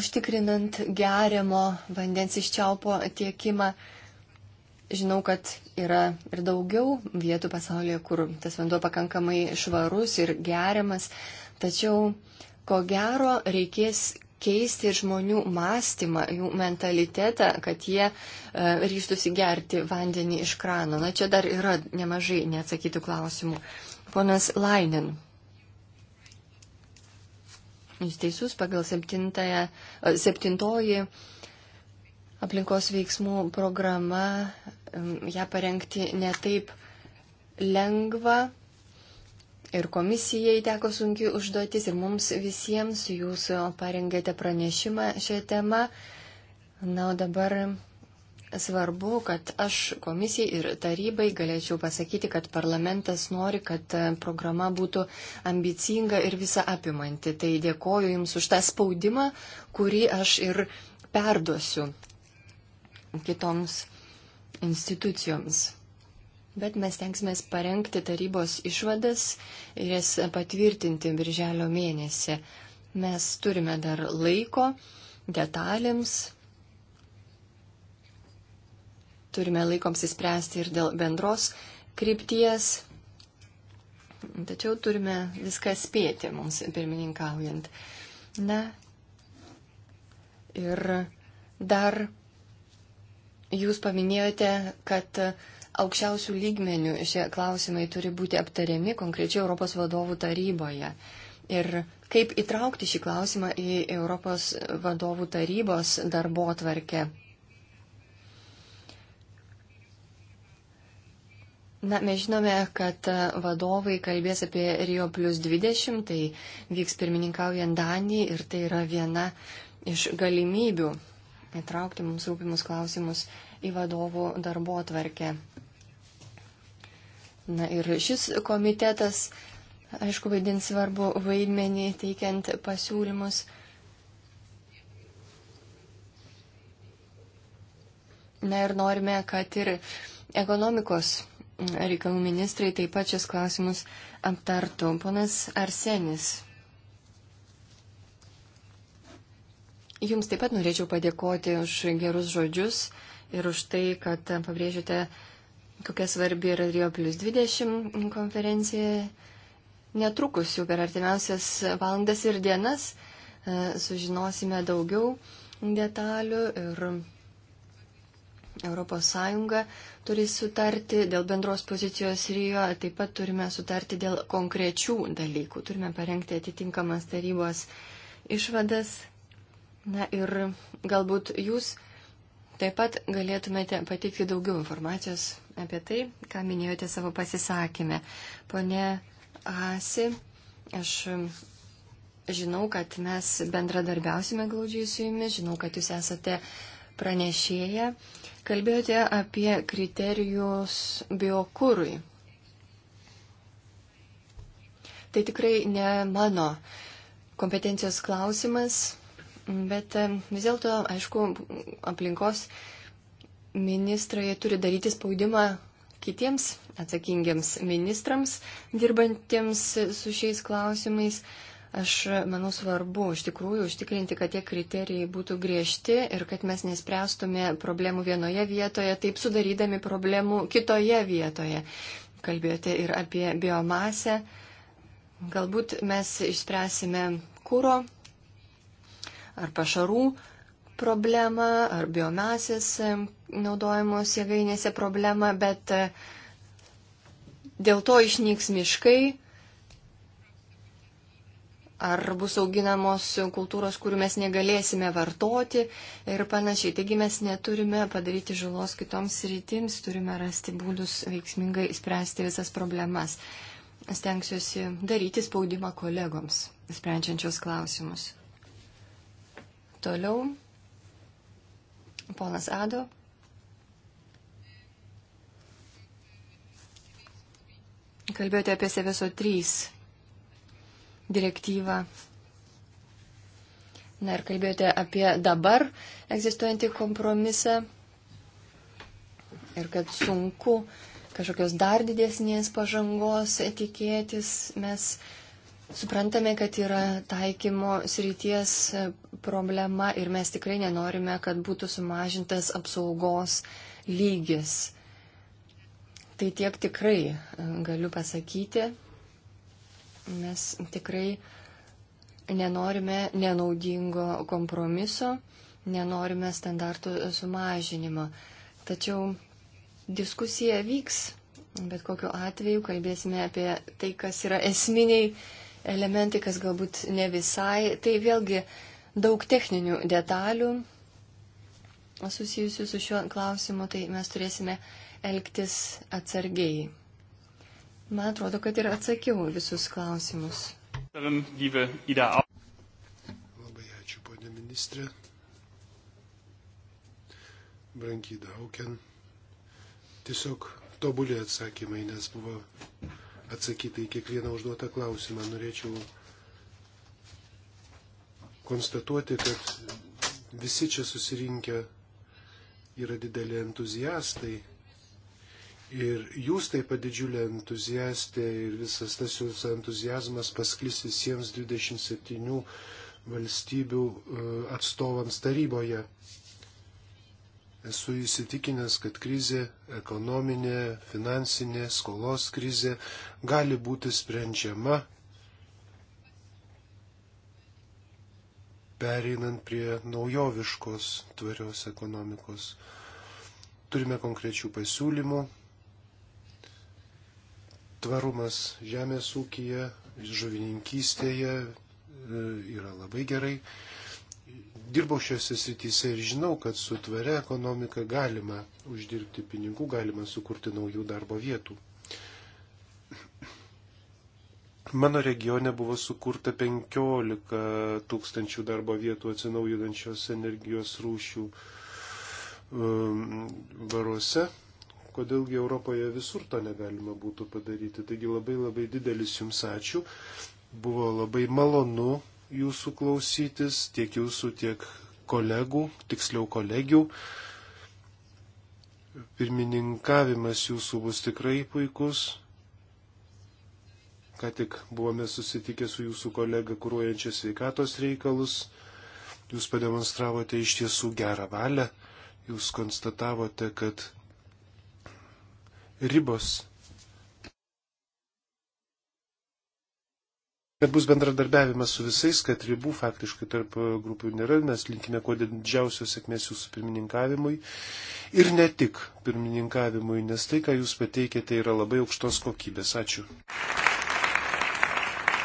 užtikrinant geriamo vandens iš čiaupo tiekimą. Žinau, kad yra ir daugiau vietų pasaulyje, kur tas vanduo pakankamai švarus ir geriamas, tačiau ko gero reikės keisti žmonių mąstymą, jų mentalitetą, kad jie e, ryštųsi gerti vandenį iš krano. Na, čia dar yra nemažai neatsakytų klausimų. Ponas Lainin. Jūs teisus pagal septintoje, septintoji aplinkos veiksmų programa, ją parengti netaip lengva, Ir komisijai teko sunki užduotis ir mums visiems jūs parengėte pranešimą šią temą. Na, o dabar svarbu, kad aš komisijai ir tarybai galėčiau pasakyti, kad parlamentas nori, kad programa būtų ambicinga ir visą apimanti. Tai dėkoju Jums už tą spaudimą, kurį aš ir perduosiu kitoms institucijoms. Bet mes tenksimės parengti tarybos išvadas ir jas patvirtinti birželio mėnesį. Mes turime dar laiko detalėms, turime laiko apsispręsti ir dėl bendros krypties, tačiau turime viską spėti mums pirmininkaujant. Na ir dar jūs paminėjote, kad uh, aukščiausių lygmenių šie klausimai turi būti aptariami konkrečiai Europos vadovų taryboje. Ir kaip įtraukti šį klausimą į Europos vadovų tarybos darbo tvarkę. Na, mes žinome, kad vadovai kalbės apie Rio plus 20, tai vyks pirmininkaujant Danijai ir tai yra viena iš galimybių įtraukti mums rūpimus klausimus į vadovų darbo tvarkę. Na ir šis komitetas, aišku, vaidins svarbu vaidmenį teikiant pasiūlymus. Na ir norime, kad ir ekonomikos reikalų ministrai taip pat šios klausimus aptartų. Ponas Arsenis. Jums taip pat norėčiau padėkoti už gerus žodžius ir už tai, kad pabrėžėte kokia svarbi yra Rio plus 20 konferencija. Netrukus jau per artimiausias valandas ir dienas e, sužinosime daugiau detalių ir ES turi sutarti dėl bendros pozicijos Rijo, taip pat turime sutarti dėl konkrečių dalykų, turime parengti atitinkamas tarybos išvadas. Na ir galbūt jūs Taip pat galėtumėte pateikti daugiau informacijos apie tai, ką minėjote savo pasisakymę. Pone Asi, aš žinau, kad mes bendradarbiausime glaudžiai su jumis, žinau, kad jūs esate pranešėja. Kalbėjote apie kriterijus biokūrui. Tai tikrai ne mano kompetencijos klausimas Bet vis dėlto, aišku, aplinkos ministrai turi daryti spaudimą kitiems atsakingiems ministrams, dirbantiems su šiais klausimais. Aš manau svarbu iš tikrųjų užtikrinti, kad tie kriterijai būtų griežti ir kad mes nespręstume problemų vienoje vietoje, taip sudarydami problemų kitoje vietoje. Kalbėjote ir apie biomasę. Galbūt mes išspręsime kūro ar pašarų problemą, ar biomasės naudojamos jėgainėse problemą, bet e, dėl to išnyks miškai, ar bus auginamos kultūros, kurių mes negalėsime vartoti ir panašiai. Taigi mes neturime padaryti žalos kitoms rytims, turime rasti būdus veiksmingai spręsti visas problemas. Stengsiuosi daryti spaudimą kolegoms, sprendžiančios klausimus. Toliau ponas Ado. Kalbėjote apie Seveso 3 direktyvą. Na ir kalbėjote apie dabar egzistuojantį kompromisą ir kad sunku kažkokios dar didesnės pažangos tikėtis. Mes suprantame, kad yra taikymo srities problema ir mes tikrai nenorime, kad būtų sumažintas apsaugos lygis. Tai tiek tikrai e, galiu pasakyti. Mes tikrai nenorime nenaudingo kompromiso, nenorime standartų sumažinimo. Tačiau diskusija vyks, bet kokiu atveju kalbėsime apie tai, kas yra esminiai elementai, kas galbūt ne visai. Tai vėlgi daug techninių detalių susijusių su šiuo klausimu, tai mes turėsime elgtis atsargiai. Man atrodo, kad ir atsakiau visus klausimus. Labai ačiū, ponė ministrė. Brankyda Auken. Tiesiog tobulė atsakymai, nes buvo atsakyta į kiekvieną užduotą klausimą. Norėčiau konstatuoti, kad visi čia susirinkę yra dideli entuziastai. Ir jūs taip pat didžiulė entuziastė ir visas tas jūsų entuzijazmas pasklis visiems 27 valstybių e, atstovams taryboje. Esu įsitikinęs, kad krizė, ekonominė, finansinė, skolos krizė gali būti sprendžiama pereinant prie naujoviškos tvarios ekonomikos. Turime konkrečių pasiūlymų. Tvarumas žemės ūkija, žuvininkystėje e, yra labai gerai. Dirbau šiuose srityse ir žinau, kad su tvaria ekonomika galima uždirbti pinigų, galima sukurti naujų darbo vietų. Mano regione buvo sukurta 15 tūkstančių darbo vietų atsinaujinančios energijos rūšių varuose. Um, Kodėlgi Europoje visur to negalima būtų padaryti. Taigi labai labai didelis jums ačiū. Buvo labai malonu jūsų klausytis, tiek jūsų, tiek kolegų, tiksliau kolegių. Pirmininkavimas jūsų bus tikrai puikus Ką tik buvome susitikę su jūsų kolega kūruojančia sveikatos reikalus. Jūs pademonstravote iš tiesų gerą valią. Jūs konstatavote, kad ribos kad bus bendradarbiavimas su visais, kad ribų faktiškai tarp grupių nėra, mes linkime kuo didžiausios sėkmės jūsų pirmininkavimui ir ne tik pirmininkavimui, nes tai, ką jūs pateikėte, yra labai aukštos kokybės. Ačiū.